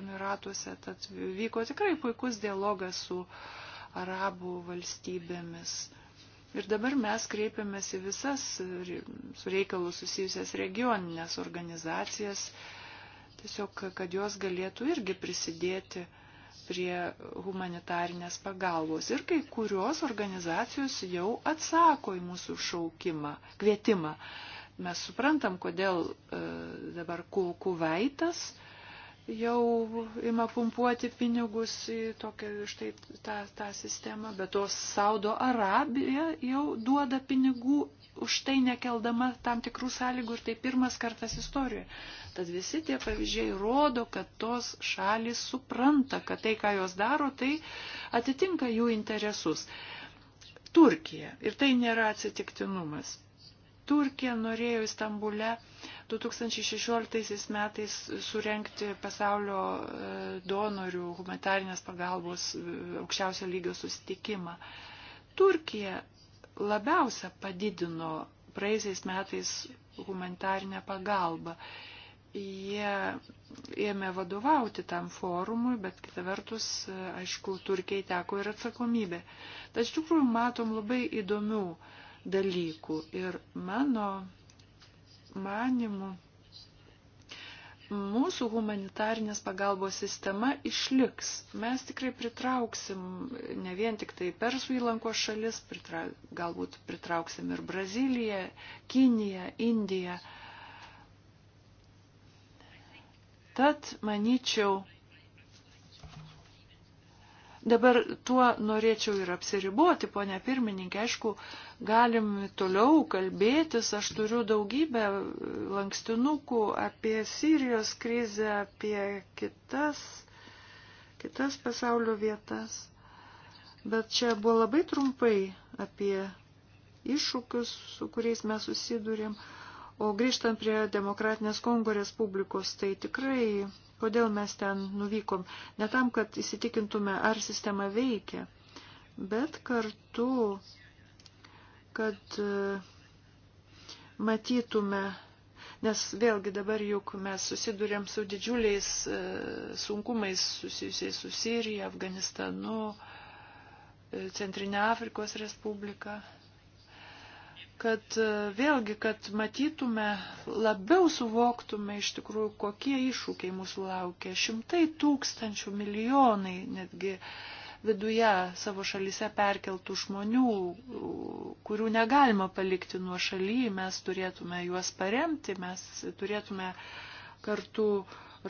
Emiratuose, tad vyko tikrai puikus dialogas su Arabų valstybėmis. Ir dabar mes kreipiamės į visas su reikalu susijusias regioninės organizacijas, tiesiog kad jos galėtų irgi prisidėti uh, prie humanitarinės pagalbos. Ir kai kurios organizacijos jau atsako į mūsų šaukimą, kvietimą. Mes suprantam, kodėl e, dabar kuvaitas jau ima pumpuoti pinigus į tokią štai tą, tą sistemą, bet tos Saudo Arabija jau duoda pinigų už tai nekeldama tam tikrų sąlygų ir tai pirmas kartas istorijoje. Tad visi tie pavyzdžiai rodo, kad tos šalis supranta, kad tai, ką jos daro, tai atitinka jų interesus. Turkija. Ir tai nėra atsitiktinumas. Turkija norėjo Istambule 2016 metais surenkti pasaulio e, donorių humanitarinės pagalbos e, aukščiausio lygio susitikimą. Turkija labiausia padidino praeisiais metais humanitarinę pagalbą. Jie ėmė vadovauti tam forumui, bet kita vertus, aišku, Turkiai teko ir atsakomybė. Tačiau iš tikrųjų matom labai įdomių dalykų ir mano manimu mūsų humanitarnės pagalbos sistema išliks. Mes tikrai pritrauksim ne vien tik tai Persų įlankos šalis, pritra, galbūt pritrauksim ir Braziliją, Kiniją, Indiją. Tad, manyčiau, Dabar tuo norėčiau ir apsiriboti, ponia pirmininkė, aišku, galim toliau kalbėtis, aš turiu daugybę lankstinukų apie Sirijos krizę, apie kitas, kitas pasaulio vietas. Bet čia buvo labai trumpai apie iššūkius, su kuriais mes susidurėm. O grįžtant prie Demokratinės Kongo Respublikos, tai tikrai Kodėl mes ten nuvykom? Ne tam, kad įsitikintume, ar sistema veikia, bet kartu, kad e, matytume, nes vėlgi dabar juk mes susidurėm su didžiuliais e, sunkumais susijusiais su Sirija, Afganistanu, e, Centrinė Afrikos Respublika kad e, vėlgi, kad matytume, labiau suvoktume iš tikrųjų, kokie iššūkiai mūsų laukia. Šimtai tūkstančių, milijonai netgi viduje savo šalyse perkeltų žmonių, kurių negalima palikti nuo šaly, mes turėtume juos paremti, mes turėtume kartu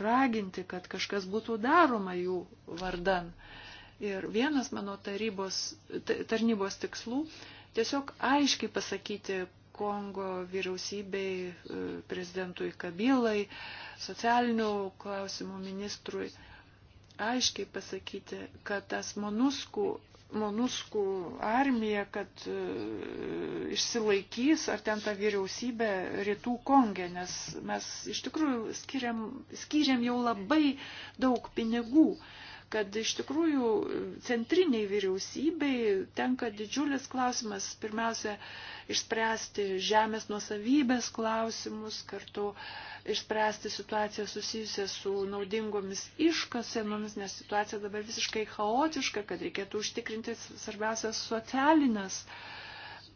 raginti, kad kažkas būtų daroma jų vardan. Ir vienas mano tarybos, tarnybos tikslų tiesiog aiškiai pasakyti Kongo vyriausybei, e, prezidentui Kabilai, socialinių klausimų ministrui, aiškiai pasakyti, kad tas monuskų, monuskų armija, kad e, išsilaikys ar ten ta vyriausybė rytų Kongė, nes mes iš tikrųjų skiriam, skiriam jau labai daug pinigų kad iš tikrųjų centriniai vyriausybei tenka didžiulis klausimas pirmiausia išspręsti žemės nuosavybės klausimus, kartu išspręsti situaciją susijusią su naudingomis iškasenomis, nes situacija dabar visiškai chaotiška, kad reikėtų užtikrinti svarbiausias socialinės uh,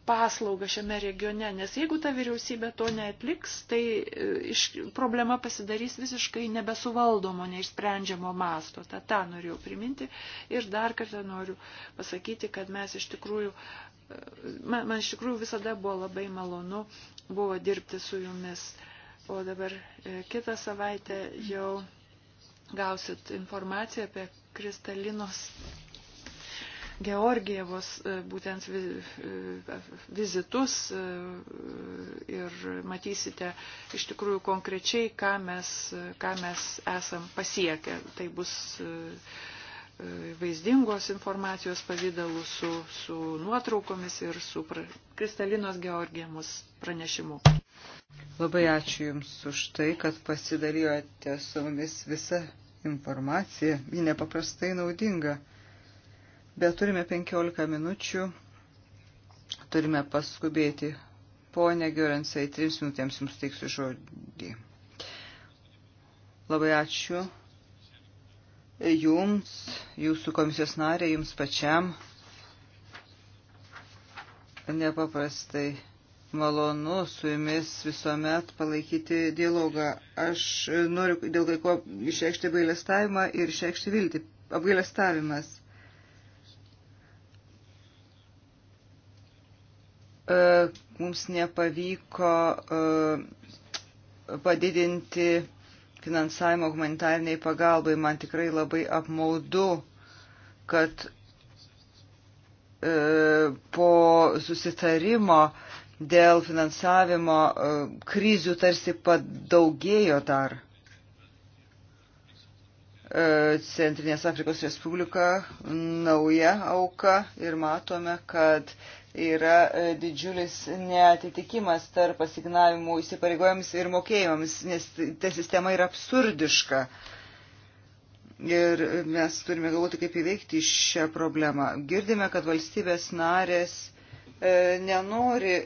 paslaugą šiame regione, nes jeigu ta vyriausybė to neatliks, tai e, iš, problema pasidarys visiškai nebesuvaldomo, neišsprendžiamo masto. Ta, tą norėjau priminti ir dar kartą noriu pasakyti, kad mes iš tikrųjų, e, man, man iš tikrųjų visada buvo labai malonu buvo dirbti su jumis. O dabar e, kitą savaitę jau gausit informaciją apie Kristalinos Georgievos e, būtent e, vizitus e, ir matysite iš tikrųjų konkrečiai, ką mes, ką mes esam pasiekę. Tai bus vaizdingos informacijos pavydalų su, su nuotraukomis ir su pra, Kristalinos Georgiemus pranešimu. Labai ačiū Jums už tai, kad pasidalijote su mumis visą informaciją. Ji nepaprastai naudinga bet turime 15 minučių, turime paskubėti. Pone Giorensai, trims minutėms jums teiksiu žodį. Labai ačiū jums, jūsų komisijos narė, jums pačiam. Nepaprastai malonu su jumis visuomet palaikyti dialogą. Aš noriu dėl kai ko išreikšti apgailestavimą ir išreikšti viltį. Apgailestavimas. E, mums nepavyko e, padidinti finansavimo humanitariniai pagalbai. Man tikrai labai apmaudu, kad e, po susitarimo dėl finansavimo krizių tarsi padaugėjo dar. Centrinės Afrikos Respublika nauja auka ir matome, kad yra e, didžiulis neatitikimas tarp asignavimų įsipareigojams ir mokėjimams, nes ta sistema yra absurdiška. Ir mes turime galvoti, kaip įveikti šią problemą. Girdime, kad valstybės narės E, nenori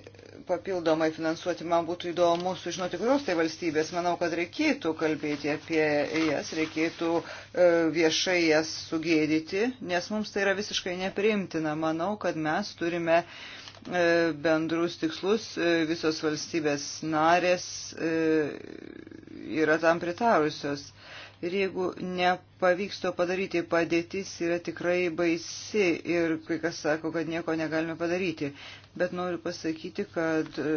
papildomai finansuoti. Man būtų įdomu sužinoti, kurios tai valstybės. Manau, kad reikėtų kalbėti apie jas, reikėtų e, viešai jas sugėdyti, nes mums tai yra visiškai nepriimtina. Manau, kad mes turime e, bendrus tikslus, visos valstybės narės yra tam pritarusios. Ir jeigu nepavyks to padaryti, padėtis yra tikrai baisi ir kai kas sako, kad nieko negalime padaryti. Bet noriu pasakyti, kad e,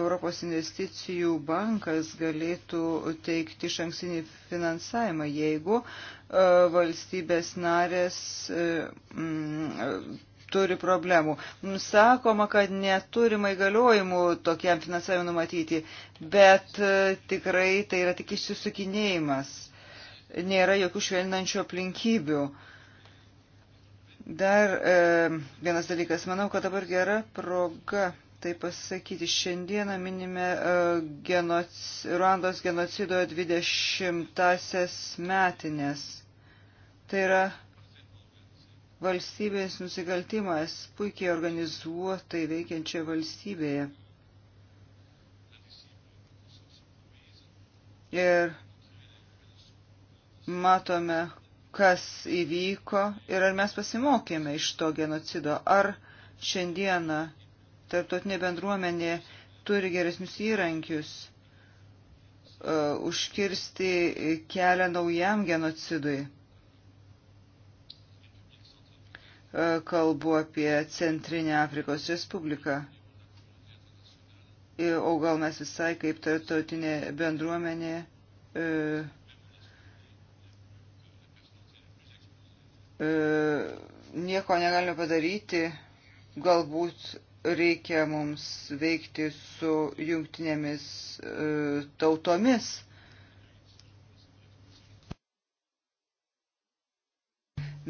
Europos investicijų bankas galėtų teikti šanksinį finansavimą, jeigu e, valstybės narės e, mm, turi problemų. Sakoma, kad neturima įgaliojimų tokiam finansavimui numatyti, bet tikrai tai yra tik išsisukinėjimas nėra jokių švelninančių aplinkybių. Dar e, vienas dalykas, manau, kad dabar gera proga tai pasakyti. Šiandieną minime e, genoc, Ruandos genocido 20-asias metinės. Tai yra valstybės nusikaltimas puikiai organizuotai veikiančioje valstybėje. Ir matome, kas įvyko ir ar mes pasimokėme iš to genocido, ar šiandieną tarptautinė bendruomenė turi geresnius įrankius uh, užkirsti kelią naujam genocidui. Uh, kalbu apie Centrinę Afrikos Respubliką. E, o gal mes visai kaip tarptautinė bendruomenė uh, E, nieko negalime padaryti, galbūt reikia mums veikti su jungtinėmis e, tautomis.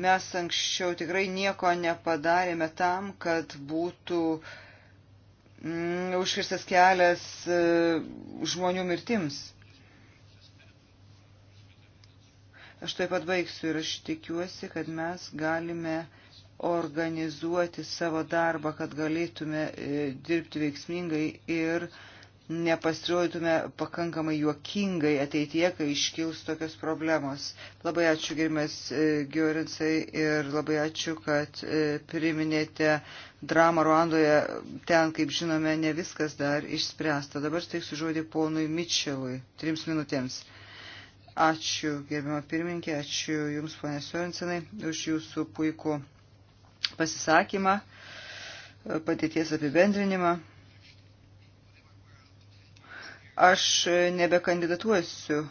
Mes anksčiau tikrai nieko nepadarėme tam, kad būtų mm, užkirstas kelias e, žmonių mirtims. Aš taip pat baigsiu ir aš tikiuosi, kad mes galime organizuoti savo darbą, kad galėtume e, dirbti veiksmingai ir nepasirodytume pakankamai juokingai ateitie, kai iškils tokios problemos. Labai ačiū, gerimės e, Giorinsai, ir labai ačiū, kad e, priminėte dramą Ruandoje. Ten, kaip žinome, ne viskas dar išspręsta. Dabar steiksiu žodį ponui Mitchellui. Trims minutėms. Ačiū, gerbimo pirmininkė, ačiū Jums, ponė Sorensenai, už Jūsų puikų pasisakymą, patirties apibendrinimą. Aš nebekandidatuosiu,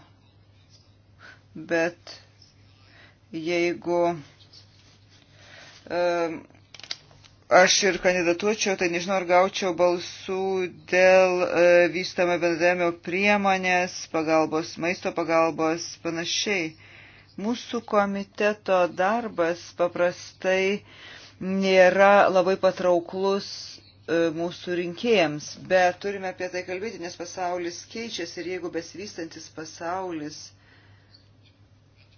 bet jeigu um, aš ir kandidatuočiau, tai nežinau, ar gaučiau balsų dėl e, vystamo bendravimo priemonės, pagalbos, maisto pagalbos, panašiai. Mūsų komiteto darbas paprastai nėra labai patrauklus e, mūsų rinkėjams, bet turime apie tai kalbėti, nes pasaulis keičiasi ir jeigu besivystantis pasaulis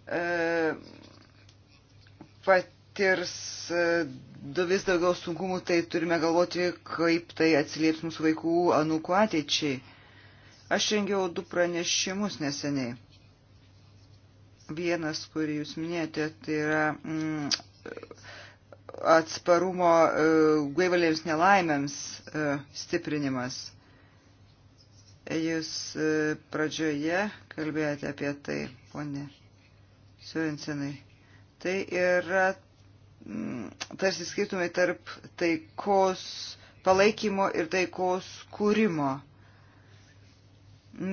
e, pat patirs e, vis daugiau sunkumų, tai turime galvoti, kaip tai atsilieps mūsų vaikų anūkų ateičiai. Aš rengiau du pranešimus neseniai. Vienas, kurį jūs minėjote, tai yra mm, atsparumo uh, gaivalėms nelaimėms uh, stiprinimas. Jūs uh, pradžioje kalbėjote apie tai, ponė Suinsenai. Tai yra Mm, tarsi skirtumai tarp taikos palaikymo ir taikos kūrimo.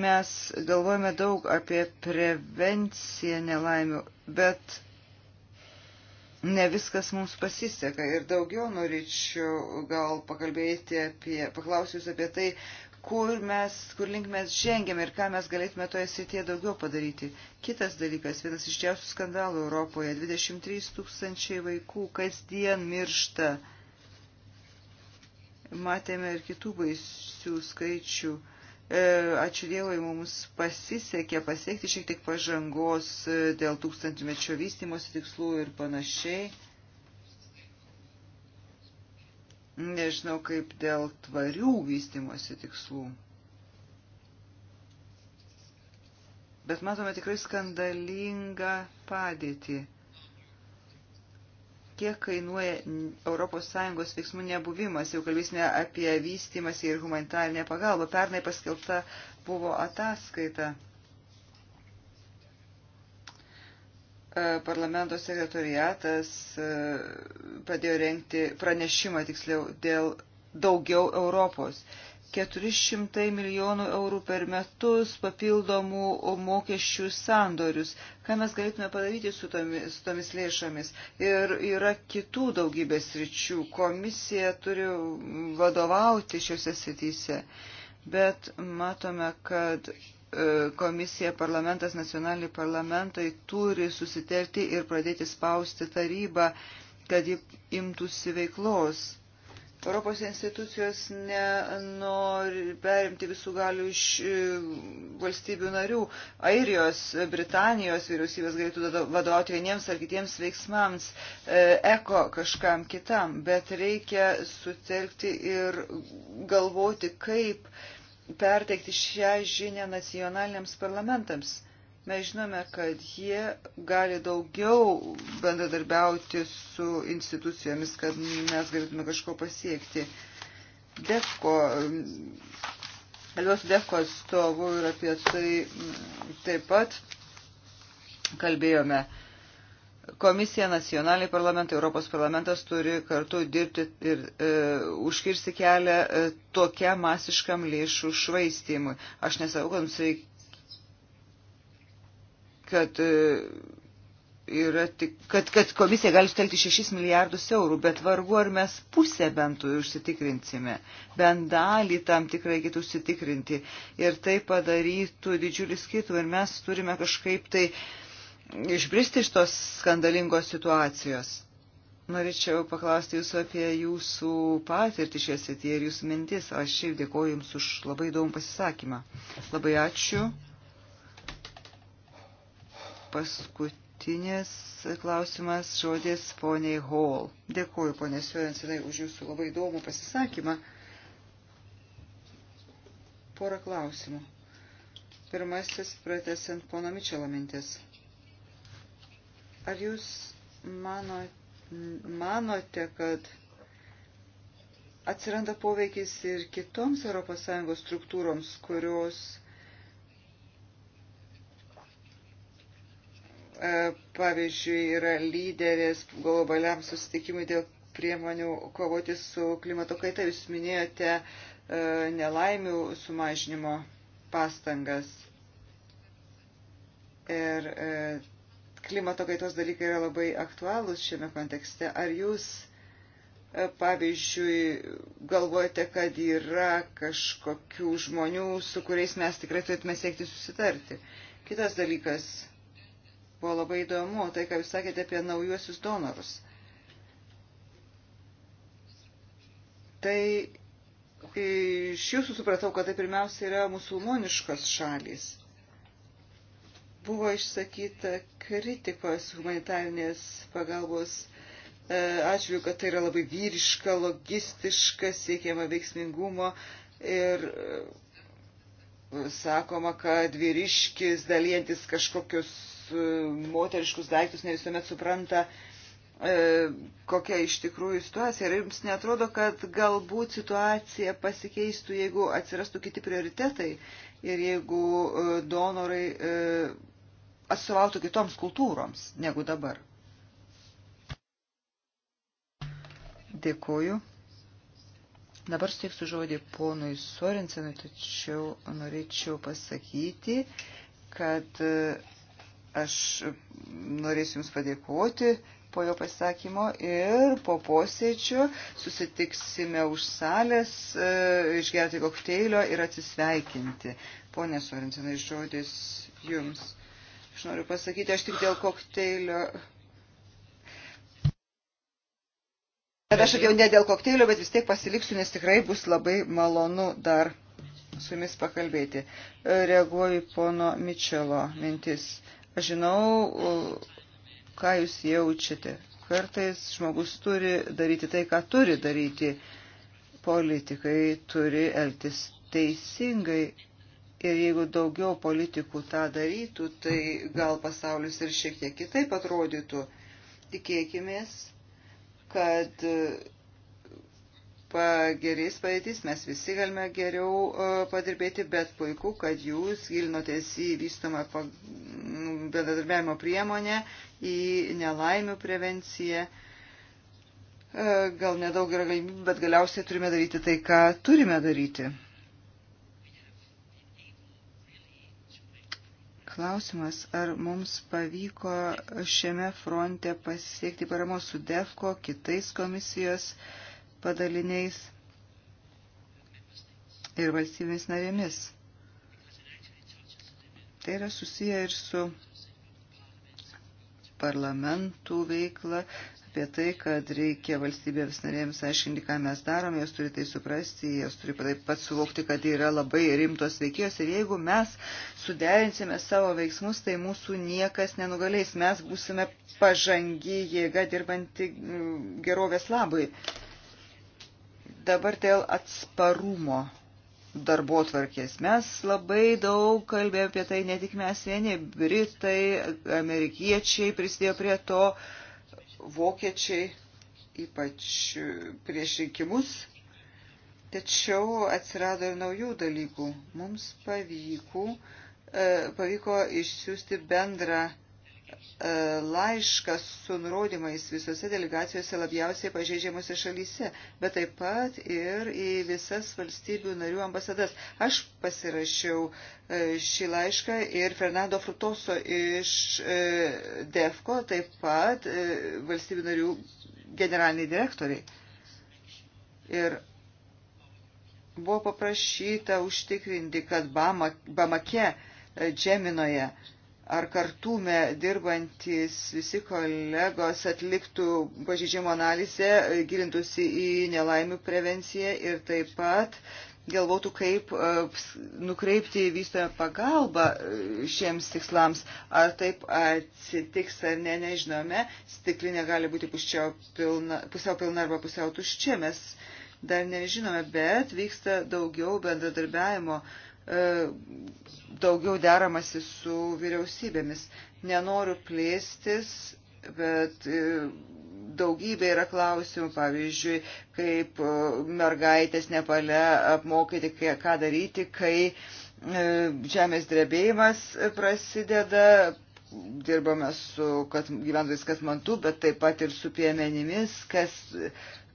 Mes galvojame daug apie prevenciją nelaimių, bet ne viskas mums pasiseka. Ir daugiau norėčiau gal pakalbėti apie, paklausius apie tai, kur, mes, kur link mes žengėme ir ką mes galėtume toje srityje daugiau padaryti. Kitas dalykas, vienas iš džiausių skandalų Europoje, 23 tūkstančiai vaikų kasdien miršta. Matėme ir kitų baisių skaičių. E, ačiū Dievui, mums pasisekė pasiekti šiek tiek pažangos e, dėl tūkstantmečio vystimosi tikslų ir panašiai. Nežinau, kaip dėl tvarių vystimosi tikslų. Bet matome tikrai skandalingą padėtį. Kiek kainuoja ES veiksmų nebuvimas, jau kalbėsime apie vystimąsi ir humanitarinę pagalbą. Pernai paskelbta buvo ataskaita E, parlamento sekretoriatas e, padėjo renkti pranešimą tiksliau dėl daugiau Europos. 400 milijonų eurų per metus papildomų mokesčių sandorius. Ką mes galėtume padaryti su tomis, su tomis lėšomis? Ir yra kitų daugybės ryčių. Komisija turi vadovauti šiuose srityse. Bet matome, kad E, komisija, parlamentas, nacionaliniai parlamentai turi susitelti ir pradėti spausti tarybą, kad ji imtųsi veiklos. Europos institucijos nenori perimti visų galių iš e, valstybių narių. Airijos, Britanijos vyriausybės galėtų vadovauti vieniems ar kitiems veiksmams, e, eko kažkam kitam, bet reikia sutelkti ir galvoti, kaip uh, perteikti šią žinę nacionaliniams parlamentams. Mes žinome, kad jie gali daugiau bendradarbiauti su institucijomis, kad mes galėtume kažko pasiekti. DEFCO, Elvos DEFCO atstovų ir apie tai taip pat kalbėjome. Uh, Komisija, nacionaliniai parlamentai, Europos parlamentas turi kartu dirbti ir e, užkirsti kelią e, tokia masiškam lėšų švaistimui. Aš nesakau, kad mums reikia, kad, e, yra tik, kad, kad komisija gali sutelkti 6 milijardus eurų, bet vargu ar mes pusę bent užsitikrinsime, bent dalį tam tikrai reikėtų užsitikrinti. Ir tai padarytų didžiulį skirtumą ir mes turime kažkaip tai. E, išbristi iš tos skandalingos situacijos. Norėčiau paklausti jūsų apie jūsų patirtį šioje srityje ir jūsų mintis. Aš šiaip dėkoju jums už labai įdomų pasisakymą. Labai ačiū. Paskutinis klausimas žodis poniai Hall. Dėkoju, ponė Sverinsinai, už jūsų labai įdomų pasisakymą. Porą klausimų. Pirmasis, pratesiant pono Mičelo mintis. Ar jūs mano, manote, kad atsiranda poveikis ir kitoms ES struktūroms, kurios e, pavyzdžiui yra lyderės globaliam susitikimui dėl priemonių kovoti su klimato kaita. Jūs minėjote e, nelaimių sumažinimo pastangas. Ir e, klimato kaitos dalykai yra labai aktualūs šiame kontekste. Ar jūs, e, pavyzdžiui, galvojate, kad yra kažkokių žmonių, su kuriais mes tikrai turėtume siekti susitarti? Kitas dalykas buvo labai įdomu, tai ką jūs sakėte apie naujuosius donorus. Tai iš jūsų supratau, kad tai pirmiausia yra musulmoniškos šalys. Buvo išsakyta kritikos humanitarinės pagalbos e, atžvilgiu, kad tai yra labai vyriška, logistiška, siekiama veiksmingumo ir e, sakoma, kad vyriškis dalyjantis kažkokius e, moteriškus daiktus ne visuomet supranta, kokia iš tikrųjų situacija. Ir jums netrodo, kad galbūt situacija pasikeistų, jeigu atsirastų kiti prioritetai ir jeigu donorai atstovautų kitoms kultūroms negu dabar. Dėkuoju. Dabar steiksiu žodį ponui Sorensenui, tačiau norėčiau pasakyti, kad e, aš norėsiu Jums padėkoti po jo pasakymo ir po posėdžio susitiksime už salės, e, išgerti kokteilio ir atsisveikinti. Pone Sorensenai, žodis Jums. Aš noriu pasakyti, aš tik dėl kokteilio. Bet aš atėjau ne dėl kokteilio, bet vis tiek pasiliksiu, nes tikrai bus labai malonu dar su jumis pakalbėti. Reaguoju pono Mičelo mintis. Aš žinau, ką jūs jaučiate. Kartais žmogus turi daryti tai, ką turi daryti. Politikai turi elgtis teisingai Ir jeigu daugiau politikų tą darytų, tai gal pasaulis ir šiek tiek kitaip atrodytų. Tikėkimės, kad e, pagerės padėtis, mes visi galime geriau e, padirbėti, bet puiku, kad jūs gilinotės į vystomą nu, bendradarbiavimo priemonę, į nelaimių prevenciją. E, gal nedaug yra galimybių, bet galiausiai turime daryti tai, ką turime daryti. klausimas, ar mums pavyko šiame fronte pasiekti paramos su DEFCO, kitais komisijos padaliniais ir valstybėmis narėmis. Tai yra susiję ir su parlamentų veikla apie tai, kad reikia valstybėms narėms aiškinti, ką mes darome, jos turi tai suprasti, jos turi taip pat suvokti, kad yra labai rimtos veikėjos ir jeigu mes suderinsime savo veiksmus, tai mūsų niekas nenugalės, mes būsime pažangi jėga dirbanti mm, gerovės labai. Dabar dėl atsparumo darbo tvarkės. Mes labai daug kalbėjome apie tai, ne tik mes vieni, britai, amerikiečiai prisidėjo prie to, uh, vokiečiai, ypač prieš rinkimus. Tačiau atsirado ir naujų dalykų. Mums pavyko, e, pavyko išsiųsti bendrą E, laiškas su nurodymais visose delegacijose labiausiai pažeidžiamose šalyse, bet taip pat ir į visas valstybių narių ambasadas. Aš pasirašiau e, šį laišką ir Fernando Frutoso iš e, DEFCO, taip pat valstybių narių generaliniai direktoriai. Ir buvo paprašyta užtikrinti, kad Bamake, Džeminoje, Bama ar kartume dirbantis visi kolegos atliktų pažydžiamo analizę, gilintųsi į nelaimių prevenciją ir taip pat galvotų, kaip e, nukreipti vystoją pagalbą e, šiems tikslams. Ar taip atsitiks ar ne, nežinome. Stiklinė gali būti pilna, pusiau pilna arba pusiau tuščia, mes dar nežinome, bet vyksta daugiau bendradarbiavimo. Uh, E, daugiau deramasi su vyriausybėmis. Nenoriu plėstis, bet e, daugybė yra klausimų, pavyzdžiui, kaip e, mergaitės Nepale apmokyti, ką daryti, kai žemės drebėjimas prasideda. Dirbame su gyventojais Katmantu, bet taip pat ir su piemenimis, kas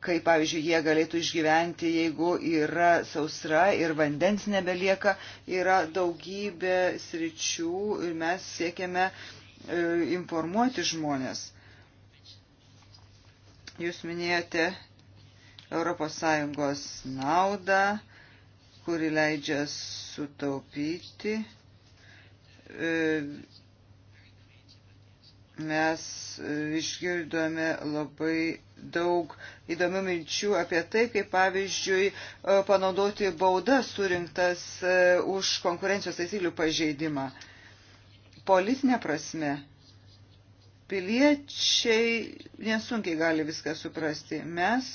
kaip, pavyzdžiui, jie galėtų išgyventi, jeigu yra sausra ir vandens nebelieka, yra daugybė sričių ir mes siekiame e, informuoti žmonės. Jūs minėjote ES naudą, kuri leidžia sutaupyti e, mes išgirdome labai daug įdomių minčių apie tai, kaip pavyzdžiui e, panaudoti baudas surinktas e, už konkurencijos taisyklių pažeidimą. Politinė prasme, piliečiai nesunkiai gali viską suprasti. Mes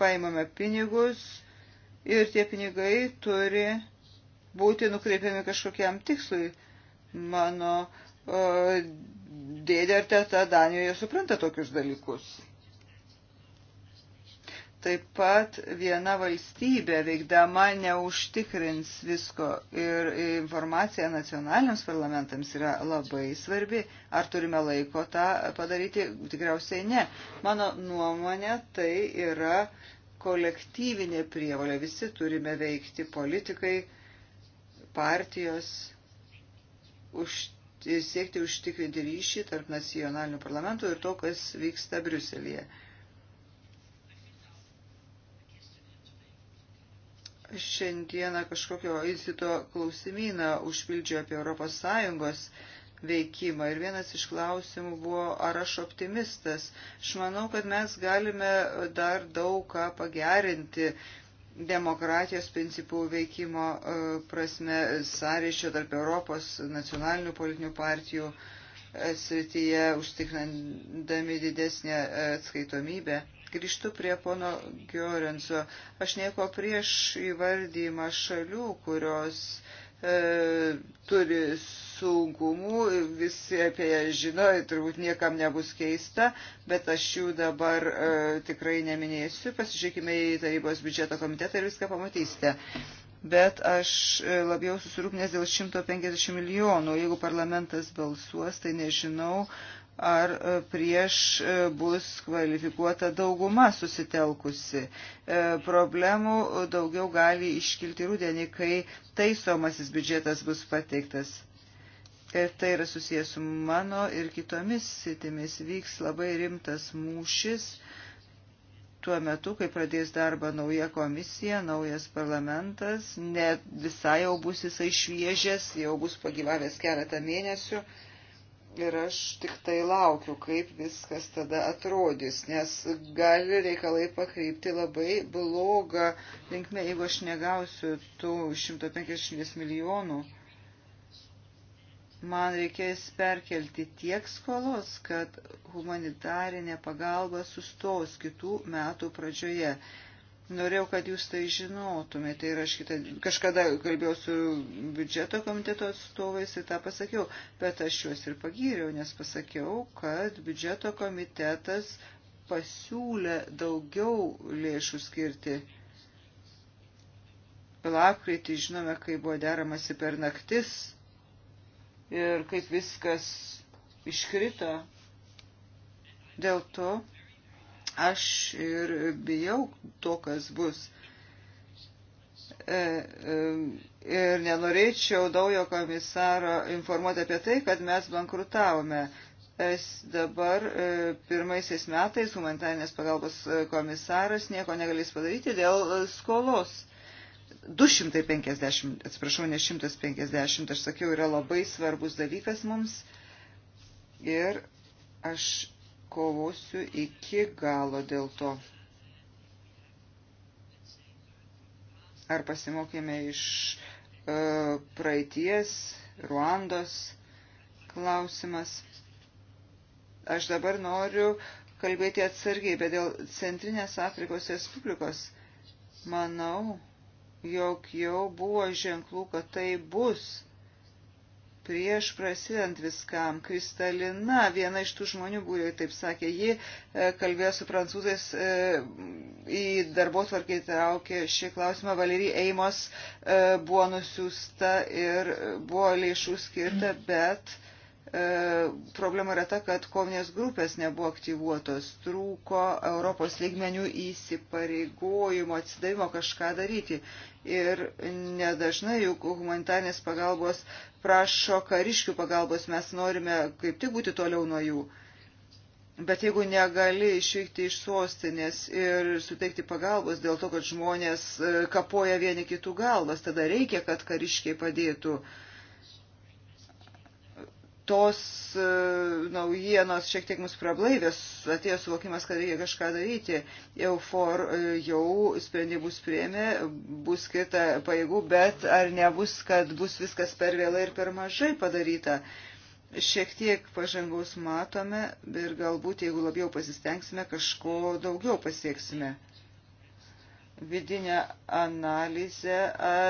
paimame pinigus ir tie pinigai turi būti nukreipiami kažkokiam tikslui. Mano o, e, dėdė ar teta Danijoje supranta tokius dalykus. Taip pat viena valstybė veikdama neužtikrins visko ir informacija nacionaliniams parlamentams yra labai svarbi. Ar turime laiko tą padaryti? Tikriausiai ne. Mano nuomonė tai yra kolektyvinė prievalė. Visi turime veikti politikai, partijos, už, siekti užtikrinti ryšį tarp nacionalinių parlamentų ir to, kas vyksta Briuselėje. šiandieną kažkokio instituto klausimyną užpildžiau apie ES veikimą. Ir vienas iš klausimų buvo, ar aš optimistas. Aš manau, kad mes galime dar daug ką pagerinti demokratijos principų veikimo e, prasme, sąryšio tarp Europos nacionalinių politinių partijų e, srityje, užtikrindami didesnę e, atskaitomybę grįžtu prie pono Giorenso. Aš nieko prieš įvardymą šalių, kurios e, turi saugumų, visi apie ją žino, turbūt niekam nebus keista, bet aš jų dabar e, tikrai neminėsiu. Pasižiūrėkime į tarybos biudžeto komitetą ir viską pamatysite bet aš e, labiau susirūpnęs dėl 150 milijonų. Jeigu parlamentas balsuos, tai nežinau, ar e, prieš e, bus kvalifikuota dauguma susitelkusi. E, problemų daugiau gali iškilti rudenį, kai taisomasis biudžetas bus pateiktas. Ir tai yra susijęs su mano ir kitomis sitimis. Vyks labai rimtas mūšis tuo metu, kai pradės darbą nauja komisija, naujas parlamentas, net visai jau bus jisai šviežės, jau bus pagyvavęs keletą mėnesių. Uh, Ir aš tik tai laukiu, kaip viskas tada atrodys, nes gali reikalai pakreipti labai blogą linkmę, jeigu aš negausiu tų 150 milijonų. Man reikės perkelti tiek skolos, kad humanitarinė pagalba sustos kitų metų pradžioje. Norėjau, kad jūs tai žinotumėte ir aš kitą, kažkada kalbėjau su biudžeto komiteto atstovais ir tą pasakiau, bet aš juos ir pagyriau, nes pasakiau, kad biudžeto komitetas pasiūlė daugiau lėšų skirti. Lapkritį žinome, kai buvo deramasi per naktis ir kaip viskas iškrito. Dėl to Aš ir bijau to, kas bus. E, e, ir nenorėčiau daujo komisaro informuoti apie tai, kad mes bankrutavome. Es dabar e, pirmaisiais metais humanitarinės pagalbos komisaras nieko negalės padaryti dėl skolos. 250, atsiprašau, ne 150, aš sakiau, yra labai svarbus dalykas mums. Ir aš kovosiu iki galo dėl to. Ar pasimokėme iš e, praeities, Ruandos klausimas. Aš dabar noriu kalbėti atsargiai, bet dėl Centrinės Afrikos Respublikos manau, jog jau buvo ženklų, kad tai bus prieš prasidant viskam. Kristalina, viena iš tų žmonių būrė, taip sakė, ji e, kalbėjo su prancūzais, e, į darbo tvarkį traukė šį klausimą. Valerijai Eimos e, buvo nusiųsta ir buvo lėšų skirta, bet E, problema yra ta, kad kovinės grupės nebuvo aktyvuotos, trūko Europos lygmenių įsipareigojimo, atsidavimo kažką daryti. Ir nedažnai juk humanitarnės pagalbos prašo kariškių pagalbos, mes norime kaip tik būti toliau nuo jų. Bet jeigu negali išvykti iš sostinės ir suteikti pagalbos dėl to, kad žmonės e, kapoja vieni kitų galvas, tada reikia, kad kariškiai padėtų. Uh, tos e, naujienos šiek tiek mus prablaivės, atėjo suvokimas, kad reikia kažką daryti. EUFOR e, jau sprendimus priėmė, bus skirta pajėgų, bet ar nebus, kad bus viskas per vėlai ir per mažai padaryta. Šiek tiek pažangaus matome ir galbūt, jeigu labiau pasistengsime, kažko daugiau pasieksime vidinę analizę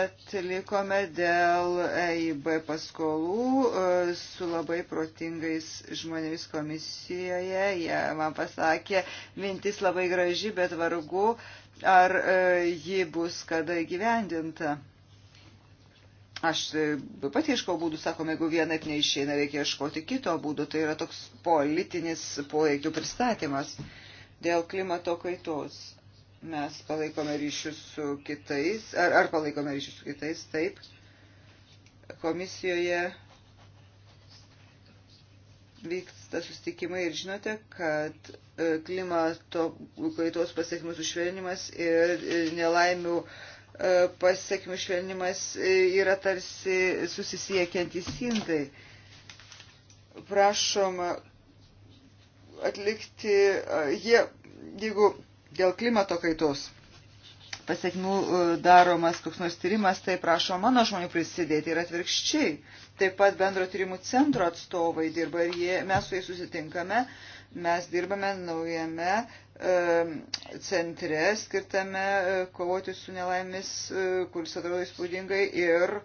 atlikome dėl EIB paskolų e, su labai protingais žmonėmis komisijoje. Jie man pasakė, mintis labai graži, bet vargu, ar e, ji bus kada gyvendinta. Aš e, pat ieškau būdų, sakom, jeigu vienaip neišeina, reikia ieškoti kito būdo. Tai yra toks politinis poreikių pristatymas dėl klimato kaitos mes palaikome ryšius su kitais, ar, ar palaikome ryšius su kitais, taip. Komisijoje vyksta sustikimai ir žinote, kad e, klimato kaitos pasiekmių sušvelnimas ir e, nelaimių e, pasiekmių švelnimas yra tarsi susisiekiantys indai. Prašoma atlikti, jie, jeigu dėl klimato kaitos pasiekmių e, daromas koks nors tyrimas, tai prašo mano žmonių prisidėti ir atvirkščiai. Taip pat bendro tyrimų centro atstovai dirba ir jie, mes su jais susitinkame, mes dirbame naujame e, centre skirtame e, kovoti su nelaimės, kuris atrodo įspūdingai ir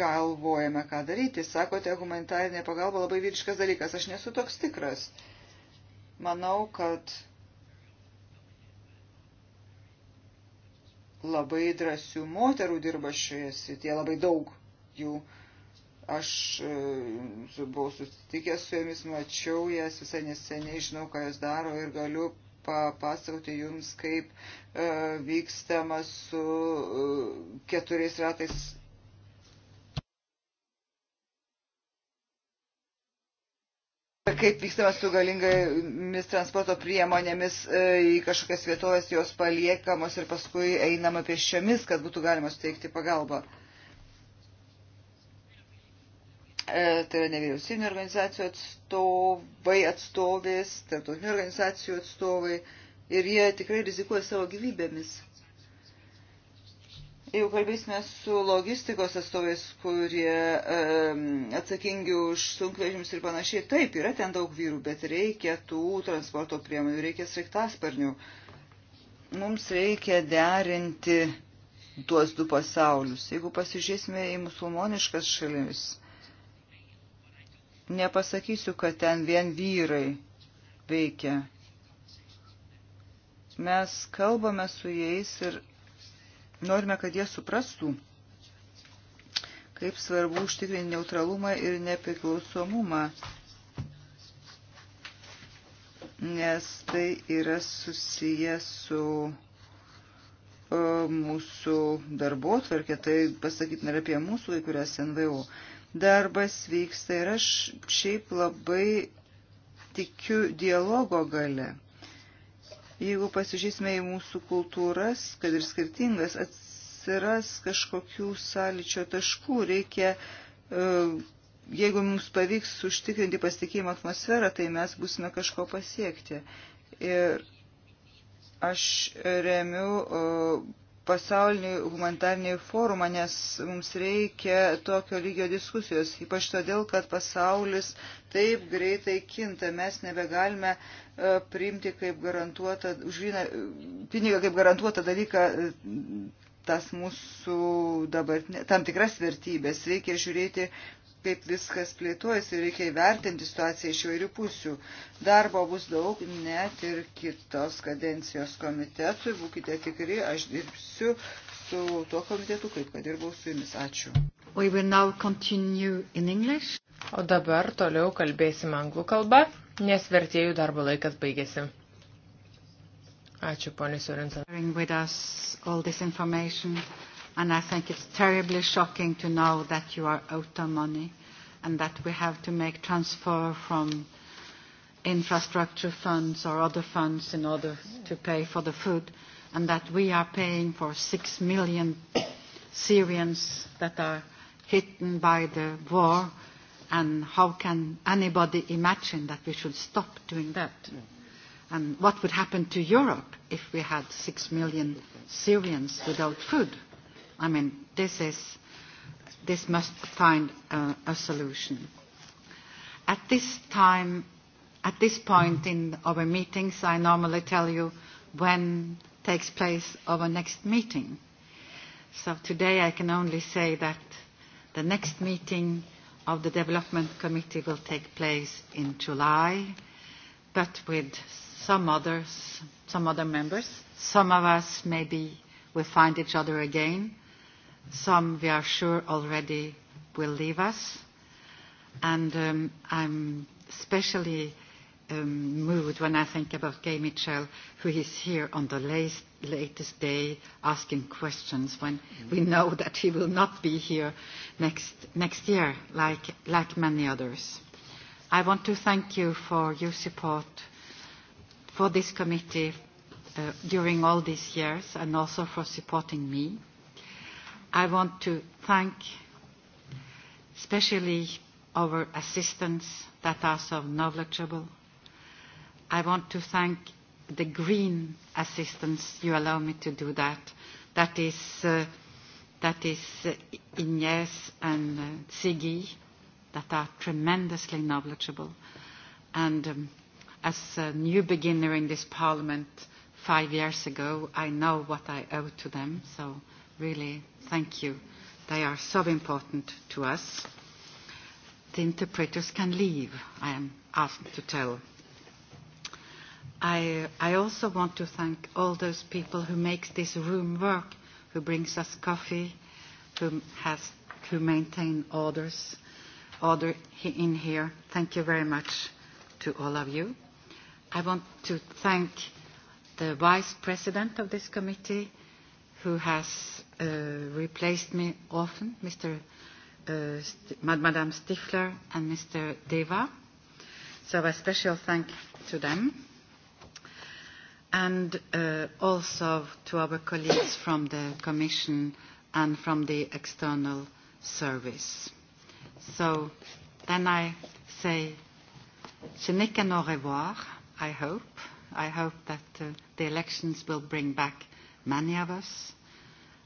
galvojame, ką daryti. Sakote, humanitarinė pagalba labai vyriškas dalykas. Aš nesu toks tikras. Manau, kad labai drąsių moterų dirba šioje srityje, labai daug jų. Aš e, su, buvau susitikęs su jomis, mačiau jas visai neseniai, žinau, ką jos daro ir galiu papasakoti jums, kaip e, vykstama su e, keturiais ratais Kaip vykstama su galingomis transporto priemonėmis e, į kažkokias vietovės, jos paliekamos ir paskui einama pėsčiomis, kad būtų galima suteikti pagalbą. E, tai yra nevyriausybinio organizacijų atstovai, atstovės, tarptautinių organizacijų atstovai ir jie tikrai rizikuoja savo gyvybėmis. Jeigu kalbėsime su logistikos atstovais, kurie um, atsakingi už sunkvežimus ir panašiai, taip, yra ten daug vyrų, bet reikia tų transporto priemonių, reikia sraigtasparnių. Mums reikia derinti tuos du pasaulius. Jeigu pasižiūrėsime į musulmoniškas šalimis, nepasakysiu, kad ten vien vyrai veikia. Mes kalbame su jais ir Norime, kad jie suprastų, kaip svarbu užtikrinti neutralumą ir nepriklausomumą, nes tai yra susiję su e, mūsų darbo tvarkė, tai pasakytume ir apie mūsų kai kurias NVO. Darbas vyksta ir aš šiaip labai tikiu dialogo gale. Jeigu pasižiūrėsime į mūsų kultūras, kad ir skirtingas, atsiras kažkokių sąlyčio taškų, reikia e, jeigu mums pavyks užtikrinti pasitikėjimo atmosferą, tai mes busime kažko pasiekti. Ir aš remiu e, pasaulinį humanitarnį forumą, nes mums reikia tokio lygio diskusijos, ypač todėl, kad pasaulis taip greitai kinta, mes nebegalime e, priimti kaip garantuotą, užvyną pinigą kaip garantuotą dalyką e, tas mūsų dabar, tam tikras vertybės, reikia žiūrėti kaip viskas plėtuojasi, reikia įvertinti situaciją iš įvairių pusių. Darbo bus daug, net ir kitos kadencijos komitetui. Būkite tikri, aš dirbsiu su tuo komitetu, kaip kad dirbau su jumis. Ačiū. O dabar toliau kalbėsim anglų kalbą, nes vertėjų darbo laikas baigėsi. Ačiū, ponė Sorinsa and I think it's terribly shocking to know that you are out of money and that we have to make transfer from infrastructure funds or other funds in order to pay for the food, and that we are paying for 6 million Syrians that are hit by the war, and how can anybody imagine that we should stop doing that? Yeah. And what would happen to Europe if we had 6 million Syrians without food? I mean, this, is, this must find uh, a solution. At this time, at this point in our meetings, I normally tell you when takes place our next meeting. So today I can only say that the next meeting of the Development Committee will take place in July, but with some others, some other members. Some of us maybe will find each other again. Some we are sure already will leave us. And um, I'm especially um, mood when I think about Gay Mitchell, who is here on the last, latest day asking questions when mm-hmm. we know that he will not be here next, next year, like, like many others. I want to thank you for your support for this committee uh, during all these years and also for supporting me. Uh, I want to thank especially our assistants that are so knowledgeable. I want to thank the green assistants, you allow me to do that. That is, uh, that is uh, Ines and uh, Sigi, that are tremendously knowledgeable. And um, as a new beginner in this parliament five years ago, I know what I owe to them, so really, thank you. They are so important to us. The interpreters can leave, I am asked to tell. I, I also want to thank all those people who make this room work, who brings us coffee, who, has, who maintain orders, order in here. Thank you very much to all of you. I want to thank the Vice President of this committee, who has uh, replaced me often, Mr. Uh, St- Madame Stifler and Mr. Deva. So a special thank to them. And uh, also to our colleagues from the Commission and from the External Service. So then I say, Chenik and au revoir, I hope. I hope that uh, the elections will bring back many of us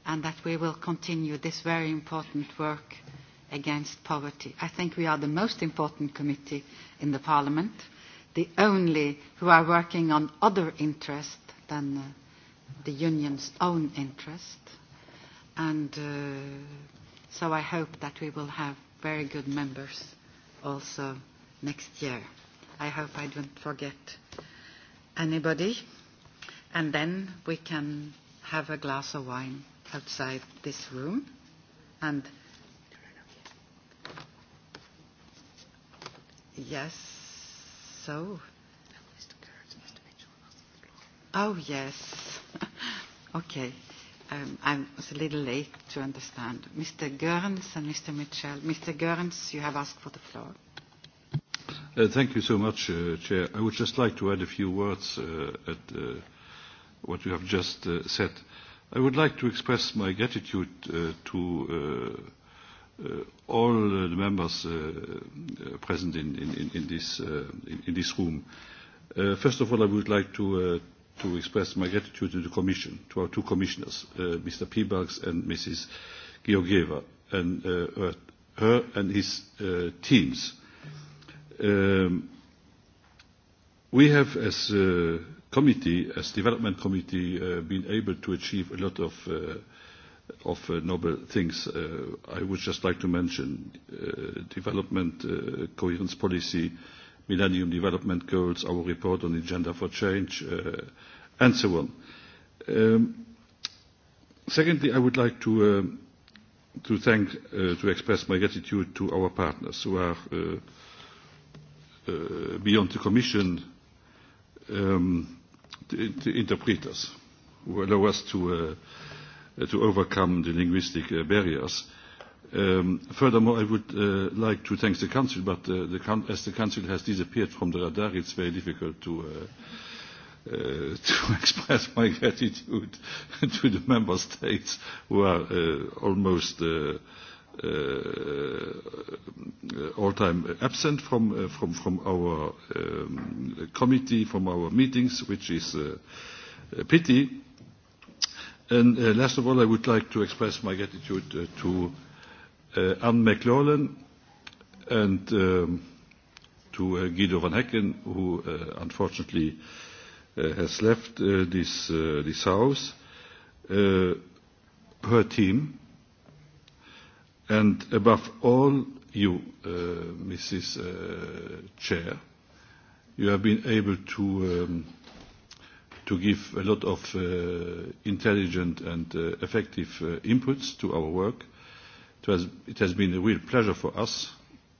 and that we will continue this very important work against poverty. I think we are the most important committee in the Parliament, the only who are working on other interests than uh, the Union's own interest. And uh, so I hope that we will have very good members also next year. I hope I don't forget anybody. And then we can have a glass of wine outside this room and yes so oh yes okay um, I was a little late to understand. Mr. Goerens and Mr. Mitchell. Mr. Goerens, you have asked for the floor. Uh, thank you so much, uh, Chair. I would just like to add a few words uh, at uh, what you have just uh, said. Uh, I would like to express my gratitude uh, to uh, uh, all uh, the members uh, uh, present in, in, in, this, uh, in, in this room. Uh, first of all, I would like to, uh, to express my gratitude to the Commission, to our two commissioners, uh, Mr. Piebalgs and Mrs. Georgieva, and uh, her, her and his uh, teams. Um, we have, as uh, committee, as development committee, uh, been able to achieve a lot of, uh, of uh, noble things. Uh, I would just like to mention uh, development uh, coherence policy, Millennium Development Goals, our report on the agenda for change, uh, and so on. Um, secondly, I would like to, um, uh, to thank, uh, to express my gratitude to our partners who are uh, uh, beyond the Commission um, interpreters who allow us to, uh, to overcome the linguistic uh, barriers. Um, furthermore, I would uh, like to thank the Council, but uh, the, as the Council has disappeared from the radar, it's very difficult to, uh, uh, to express my gratitude to the Member States who are uh, almost uh, Uh, uh, all-time absent from, uh, from, from our um, committee, from our meetings, which is a pity. And last of all, I would like to express my gratitude to Anne McLaughlin and um, to Guido van Hecken, who unfortunately has left this, this house, her team, And above all, you, uh, Mrs. Uh, Chair, you have been able to um, to give a lot of uh, intelligent and uh, effective uh, inputs to our work. It has, it has been a real pleasure for us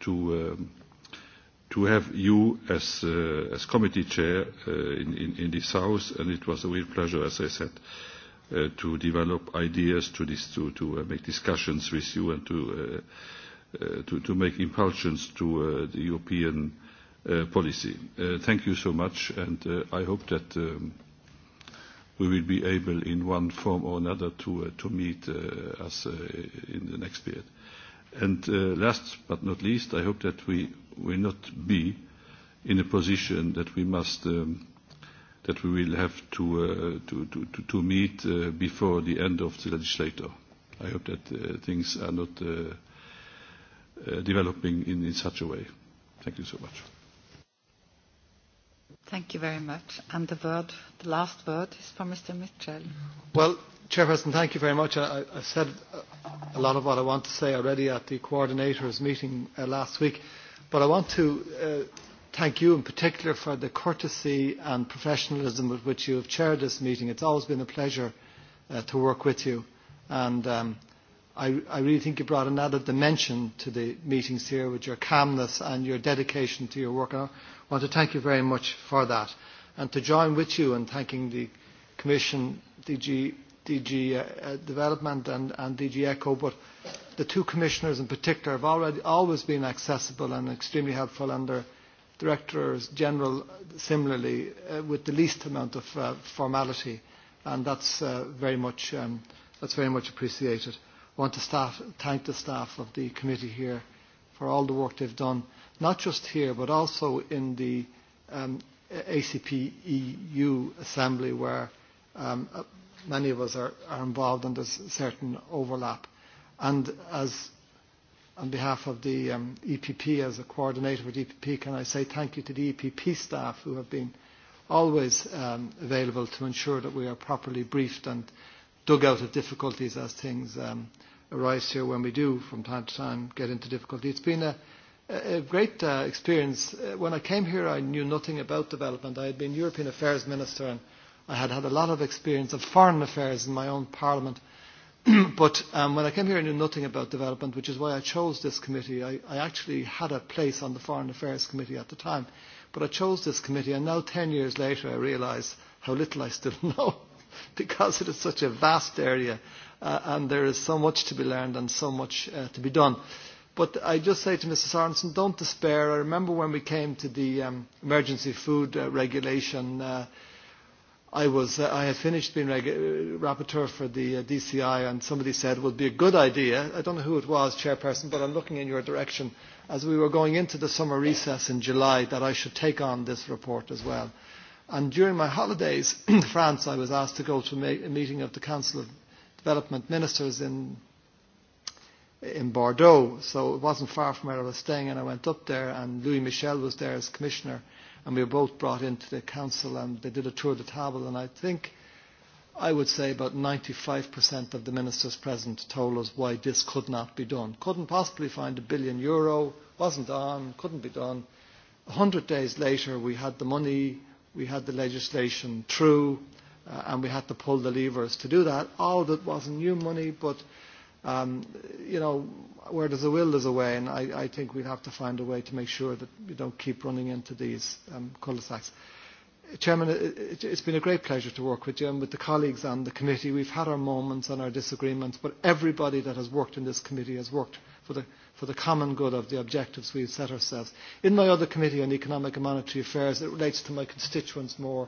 to um, to have you as uh, as committee chair uh, in, in in this house, and it was a real pleasure, as I said. Uh, uh, to develop ideas, to, dis to, to uh, make discussions with you and to, uh, uh, to, to make impulsions to uh, the European uh, policy. Uh, thank you so much, and uh, I hope that um, we will be able, in one form or another, to, uh, to meet uh, us uh, in the next period. And uh, last but not least, I hope that we will not be in a position that we must um, that we will have to, uh, to, to, to meet uh, before the end of the legislature. I hope that uh, things are not uh, uh, developing in, in such a way. Thank you so much. Thank you very much. And the word, the last word is for Mr. Mitchell. Well, Chairperson, thank you very much. I, I've said a lot of what I want to say already at the coordinators meeting uh, last week, but I want to uh, thank you in particular for the courtesy and professionalism with which you have chaired this meeting. It's always been a pleasure uh, to work with you. And um, I, I really think you brought another dimension to the meetings here with your calmness and your dedication to your work. And I want to thank you very much for that. And to join with you in thanking the Commission, DG, DG uh, uh, Development and, and DG ECHO, but the two commissioners in particular have already always been accessible and extremely helpful and they're directors general uh, similarly uh, with the least amount of uh, formality and that's uh, very much um, that's very much appreciated. I want to staff, thank the staff of the committee here for all the work they've done, not just here but also in the um, ACP EU assembly where um, uh, many of us are, are involved and there's certain overlap. And as on behalf of the um, EPP as a coordinator with EPP, can I say thank you to the EPP staff who have been always um, available to ensure that we are properly briefed and dug out of difficulties as things um, arise here when we do from time to time get into difficulty. It's been a, a great uh, experience. Uh, when I came here, I knew nothing about development. I had been European Affairs Minister and I had had a lot of experience of foreign affairs in my own parliament. Uh, but um, when I came here, I knew nothing about development, which is why I chose this committee. I, I actually had a place on the Foreign Affairs Committee at the time, but I chose this committee, and now 10 years later, I realise how little I still know because it is such a vast area uh, and there is so much to be learned and so much uh, to be done. But I just say to Mrs. Aronson, don't despair. I remember when we came to the um, emergency food uh, regulation. Uh, I, was, uh, I had finished being reg- uh, rapporteur for the uh, DCI, and somebody said it would be a good idea. I don't know who it was, Chairperson, but I'm looking in your direction as we were going into the summer recess in July that I should take on this report as well. And during my holidays in France, I was asked to go to a, a meeting of the Council of Development Ministers in, in Bordeaux. So it wasn't far from where I was staying, and I went up there, and Louis Michel was there as commissioner. Uh, and we were both brought into the council and they did a tour of the table and I think I would say about 95% of the ministers present told us why this could not be done. Couldn't possibly find a billion euro, wasn't on, couldn't be done. A hundred days later we had the money, we had the legislation through uh, and we had to pull the levers to do that. All that wasn't new money but um, you know, where there's a will, there's a way, and I, I think we'd have to find a way to make sure that we don't keep running into these um, cul-de-sacs. Chairman, it, it's been a great pleasure to work with you and with the colleagues on the committee. We've had our moments and our disagreements, but everybody that has worked in this committee has worked for the, for the common good of the objectives we've set ourselves. In my other committee on economic and monetary affairs, it relates to my constituents more